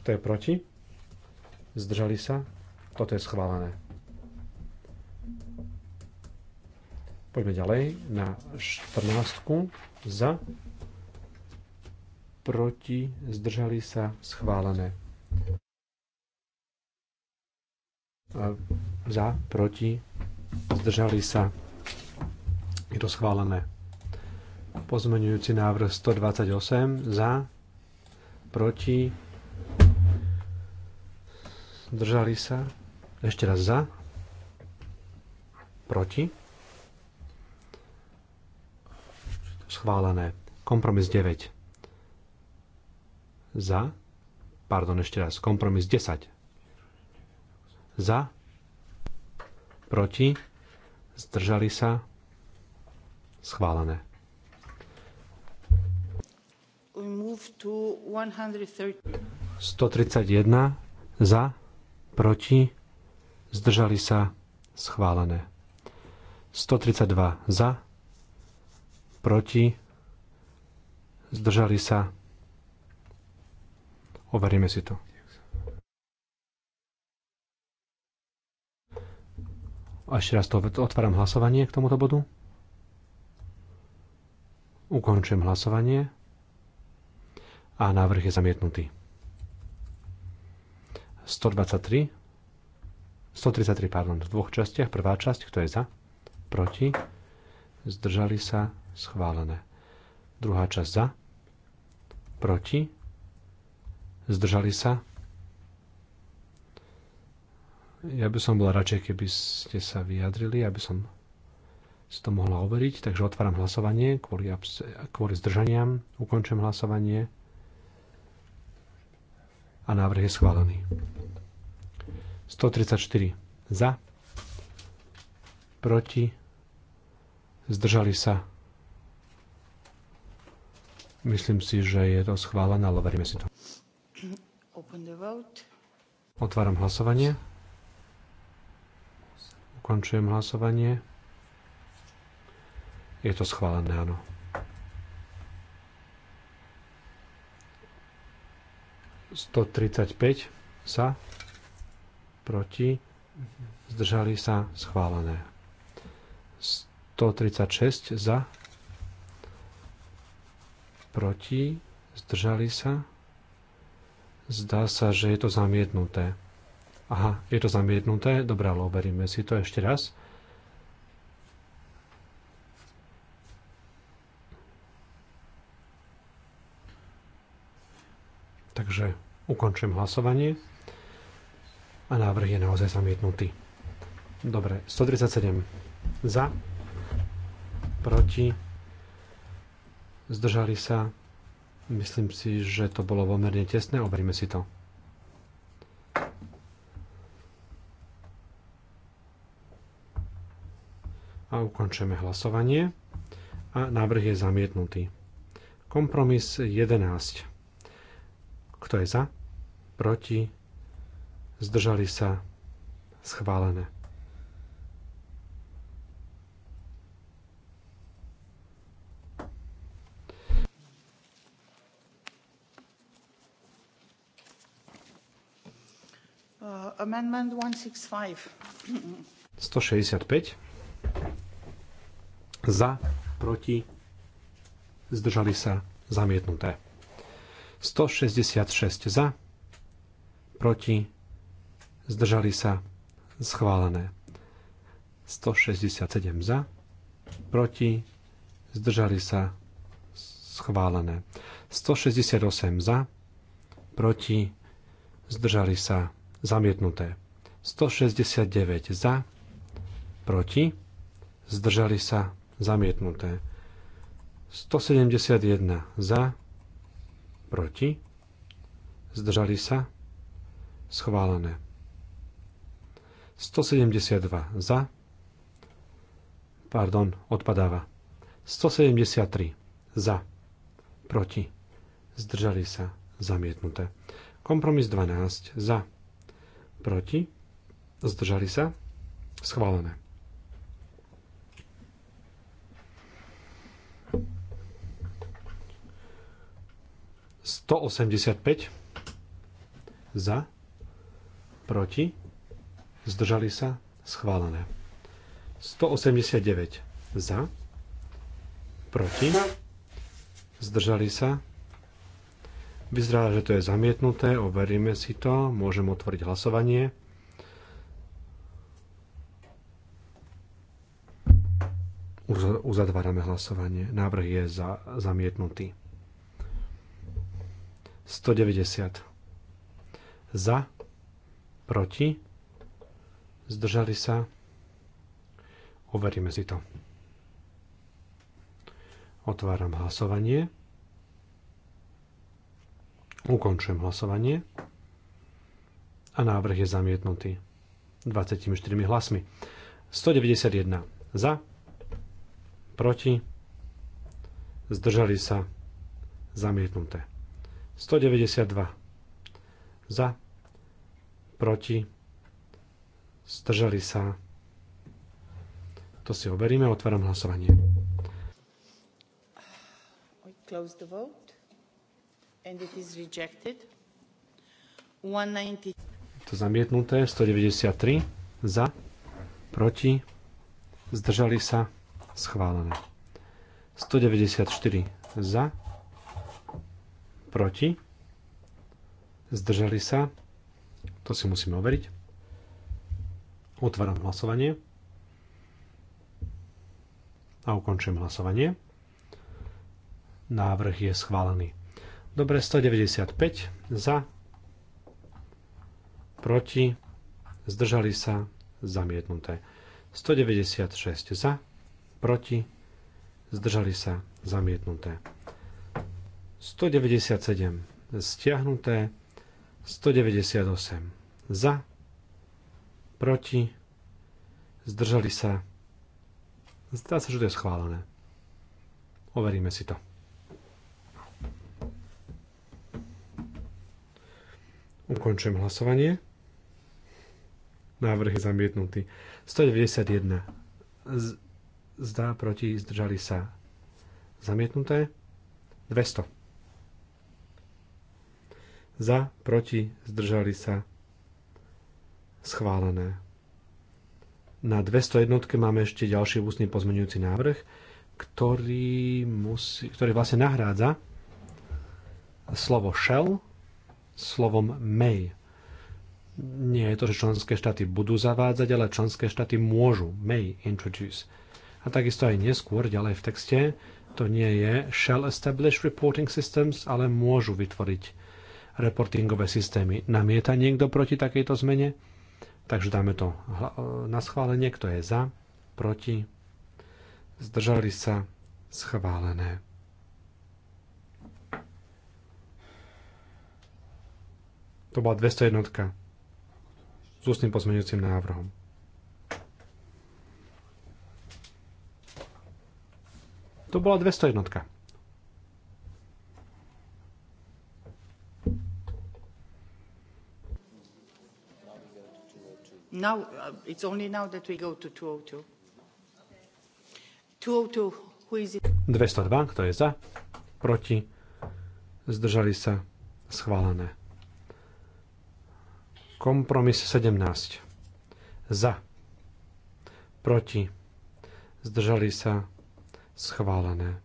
Kto je proti? Zdržali sa? Toto je schválené. Poďme ďalej na 14. Za, proti, zdržali sa, schválené. Za, proti, zdržali sa, je to schválené. Pozmenujúci návrh 128 za, proti, zdržali sa, ešte raz za, proti, schválené. Kompromis 9. Za. Pardon, ešte raz. Kompromis 10. Za. Proti. Zdržali sa. Schválené. We move to 131 za, proti, zdržali sa, schválené. 132 za, proti, zdržali sa. Overíme si to. A ešte raz to otváram hlasovanie k tomuto bodu. Ukončujem hlasovanie a návrh je zamietnutý. 123 133, pardon, v dvoch častiach. Prvá časť, kto je za, proti, zdržali sa, schválené. Druhá časť za, proti, zdržali sa. Ja by som bol radšej, keby ste sa vyjadrili, aby som si to mohla overiť, takže otváram hlasovanie kvôli, kvôli zdržaniam, ukončím hlasovanie a návrh je schválený. 134 za, proti, zdržali sa Myslím si, že je to schválené, ale veríme si to. Otváram hlasovanie. Ukončujem hlasovanie. Je to schválené, áno. Sto tridsaťpäť sa proti zdržali sa schválené. 136 za proti, zdržali sa. Zdá sa, že je to zamietnuté. Aha, je to zamietnuté? Dobre, ale overíme si to ešte raz. Takže ukončujem hlasovanie a návrh je naozaj zamietnutý. Dobre, 137 za, proti zdržali sa. Myslím si, že to bolo pomerne tesné, overíme si to. A ukončíme hlasovanie. A návrh je zamietnutý. Kompromis 11. Kto je za? Proti? Zdržali sa? Schválené. Amendment 165. 165. Za, proti, zdržali sa, zamietnuté. 166 za, proti, zdržali sa, schválené. 167 za, proti, zdržali sa, schválené. 168 za, proti, zdržali sa, Zamietnuté. 169 za, proti, zdržali sa, zamietnuté. 171 za, proti, zdržali sa, schválené. 172 za, pardon, odpadáva. 173 za, proti, zdržali sa, zamietnuté. Kompromis 12 za, proti, zdržali sa, schválené. Sto osemdesiat päť za, proti, zdržali sa, schválené. 189 za, proti, zdržali sa, Vyzerá, že to je zamietnuté, overíme si to, môžem otvoriť hlasovanie. Uzatvárame hlasovanie. Návrh je za, zamietnutý. 190. Za. Proti. Zdržali sa. Overíme si to. Otváram hlasovanie. Ukončujem hlasovanie. A návrh je zamietnutý. 24 hlasmi. 191 za, proti, zdržali sa, zamietnuté. 192 za, proti, zdržali sa. To si overíme, otváram hlasovanie. Close the vote. To zamietnuté, 193 za, proti, zdržali sa, schválené. 194 za, proti, zdržali sa, to si musíme overiť. Otváram hlasovanie a ukončujem hlasovanie. Návrh je schválený. Dobre, 195 za, proti, zdržali sa, zamietnuté. 196 za, proti, zdržali sa, zamietnuté. 197 stiahnuté, 198 za, proti, zdržali sa. Zdá sa, že to je schválené. Overíme si to. Ukončujem hlasovanie. Návrh je zamietnutý. 191. zdá proti, zdržali sa. Zamietnuté. 200. Za, proti, zdržali sa. Schválené. Na 201 máme ešte ďalší ústny pozmenujúci návrh, ktorý, musí, ktorý vlastne nahrádza slovo shell slovom may. Nie je to, že členské štáty budú zavádzať, ale členské štáty môžu may introduce. A takisto aj neskôr, ďalej v texte, to nie je shall establish reporting systems, ale môžu vytvoriť reportingové systémy. Namieta niekto proti takejto zmene? Takže dáme to na schválenie, kto je za, proti, zdržali sa, schválené. To bola 201 s ústnym pozmeňujúcim návrhom. To bola 201. Now, uh, it's only now that we go to 202. 202, who is it? 202, kto je za? Proti? Zdržali sa? Schválené. Kompromis 17. Za. Proti. Zdržali sa. Schválené.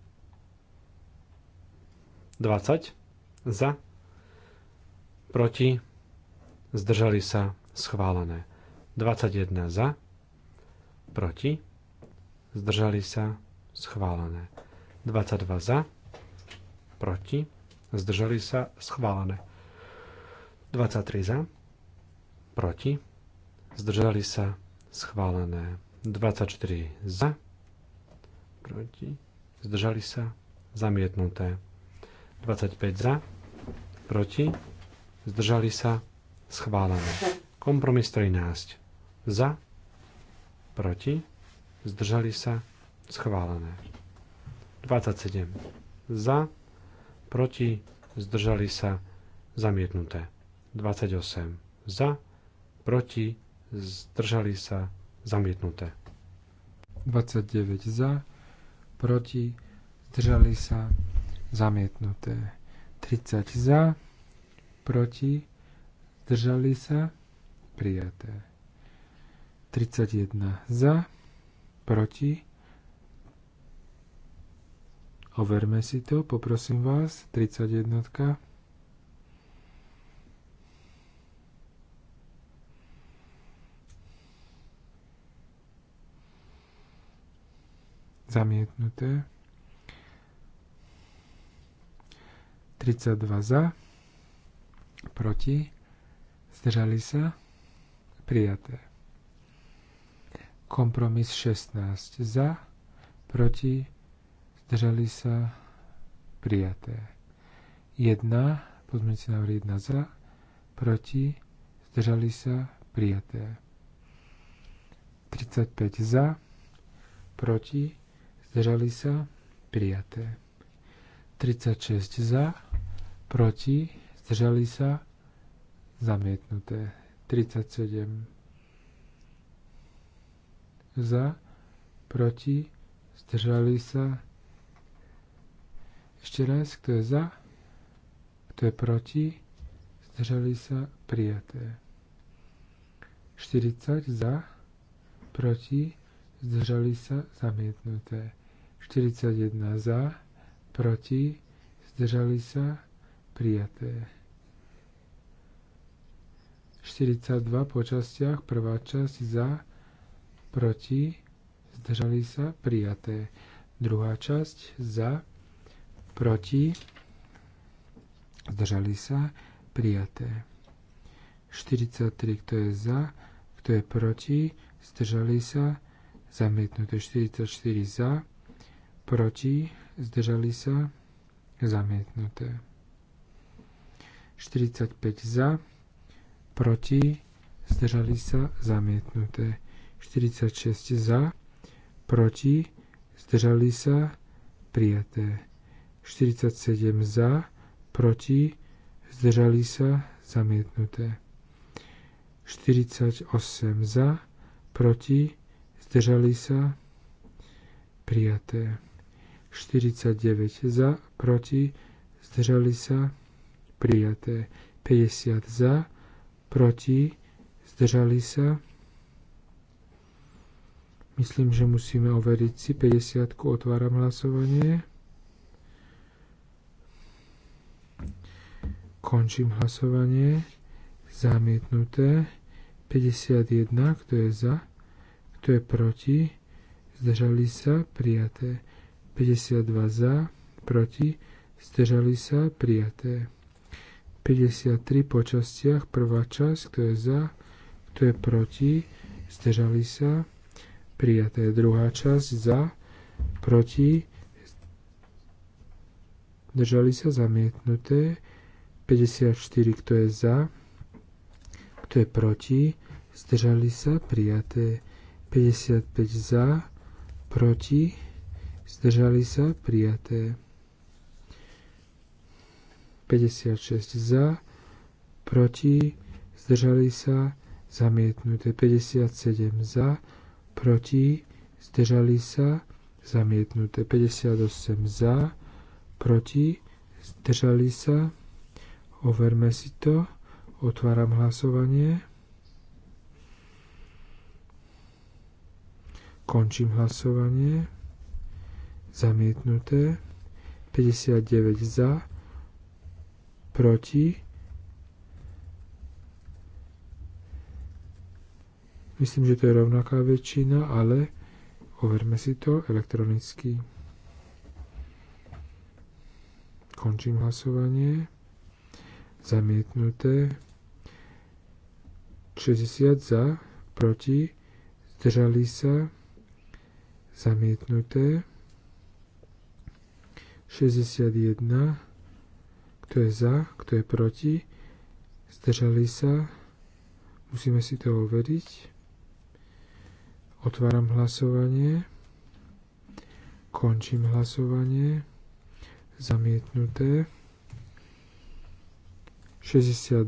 20. Za. Proti. Zdržali sa. Schválené. 21 za. Proti. Zdržali sa. Schválené. 22 za. Proti. Zdržali sa. Schválené. 23 za proti, zdržali sa schválené 24 za, proti, zdržali sa zamietnuté 25 za, proti, zdržali sa schválené. Kompromis 13 za, proti, zdržali sa schválené. 27 za, proti, zdržali sa zamietnuté. 28 za, proti, zdržali sa, zamietnuté. 29 za, proti, zdržali sa, zamietnuté. 30 za, proti, zdržali sa, prijaté. 31 za, proti, overme si to, poprosím vás, 31 Zamietnuté. 32 za. Proti. Zdržali sa. Prijaté. Kompromis 16 za. Proti. Zdržali sa. Prijaté. 1. Pozmeňujúci návrh 1 za. Proti. Zdržali sa. Prijaté. 35 za. Proti zdržali sa, prijaté. 36 za, proti, zdržali sa, zamietnuté. 37 za, proti, zdržali sa. Ešte raz, kto je za, kto je proti, zdržali sa, prijaté. 40 za, proti, zdržali sa, zamietnuté. 41 za, proti, zdržali sa, prijaté. 42 po častiach, prvá časť za, proti, zdržali sa, prijaté. Druhá časť za, proti, zdržali sa, prijaté. 43, kto je za, kto je proti, zdržali sa, zamietnuté 44 za, proti, zdržali sa, zamietnuté. 45 za, proti, zdržali sa, zamietnuté. 46 za, proti, zdržali sa, prijaté. 47 za, proti, zdržali sa, zamietnuté. 48 za, proti, zdržali sa, prijaté. 49 za, proti, zdržali sa, prijaté. 50 za, proti, zdržali sa. Myslím, že musíme overiť si 50. Otváram hlasovanie. Končím hlasovanie. Zamietnuté. 51, kto je za, kto je proti, zdržali sa, prijaté. 52 za, proti, zdržali sa, prijaté. 53 po častiach, prvá časť, kto je za, kto je proti, zdržali sa, prijaté. Druhá časť za, proti, zdržali sa, zamietnuté. 54, kto je za, kto je proti, zdržali sa, prijaté. 55 za, proti, zdržali sa, prijaté. 56 za, proti, zdržali sa, zamietnuté. 57 za, proti, zdržali sa, zamietnuté. 58 za, proti, zdržali sa, overme si to, otváram hlasovanie. Končím hlasovanie zamietnuté, 59 za, proti, myslím, že to je rovnaká väčšina, ale overme si to elektronicky. Končím hlasovanie. Zamietnuté. 60 za, proti, zdržali sa, zamietnuté. 61. Kto je za, kto je proti? Zdržali sa? Musíme si to overiť. Otváram hlasovanie. Končím hlasovanie. Zamietnuté. 62.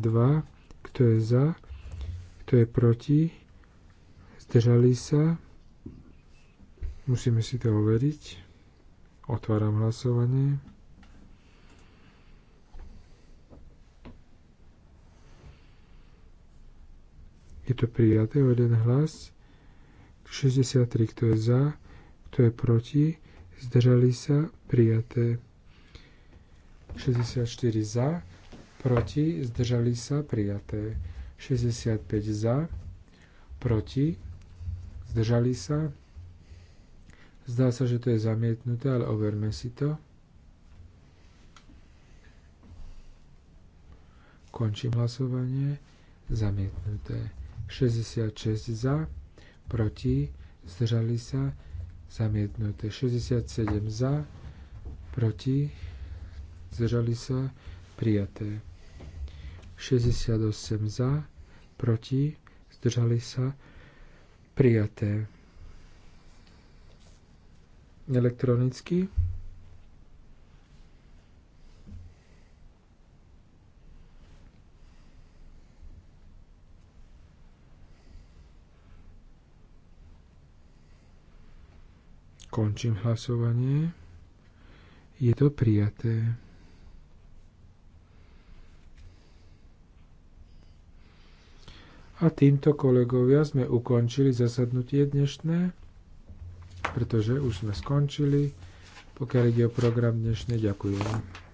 Kto je za? Kto je proti? Zdržali sa? Musíme si to overiť. Otváram hlasovanie. Je to prijaté o jeden hlas. 63, kto je za, kto je proti, zdržali sa, prijaté. 64 za, proti, zdržali sa, prijaté. 65 za, proti, zdržali sa, Zdá sa, že to je zamietnuté, ale overme si to. Končím hlasovanie. Zamietnuté. 66 za, proti, zdržali sa, zamietnuté. 67 za, proti, zdržali sa, prijaté. 68 za, proti, zdržali sa, prijaté elektronicky. Končím hlasovanie. Je to prijaté. A týmto kolegovia sme ukončili zasadnutie dnešné pretože už sme skončili. Pokiaľ ide o program dnešný, ďakujem.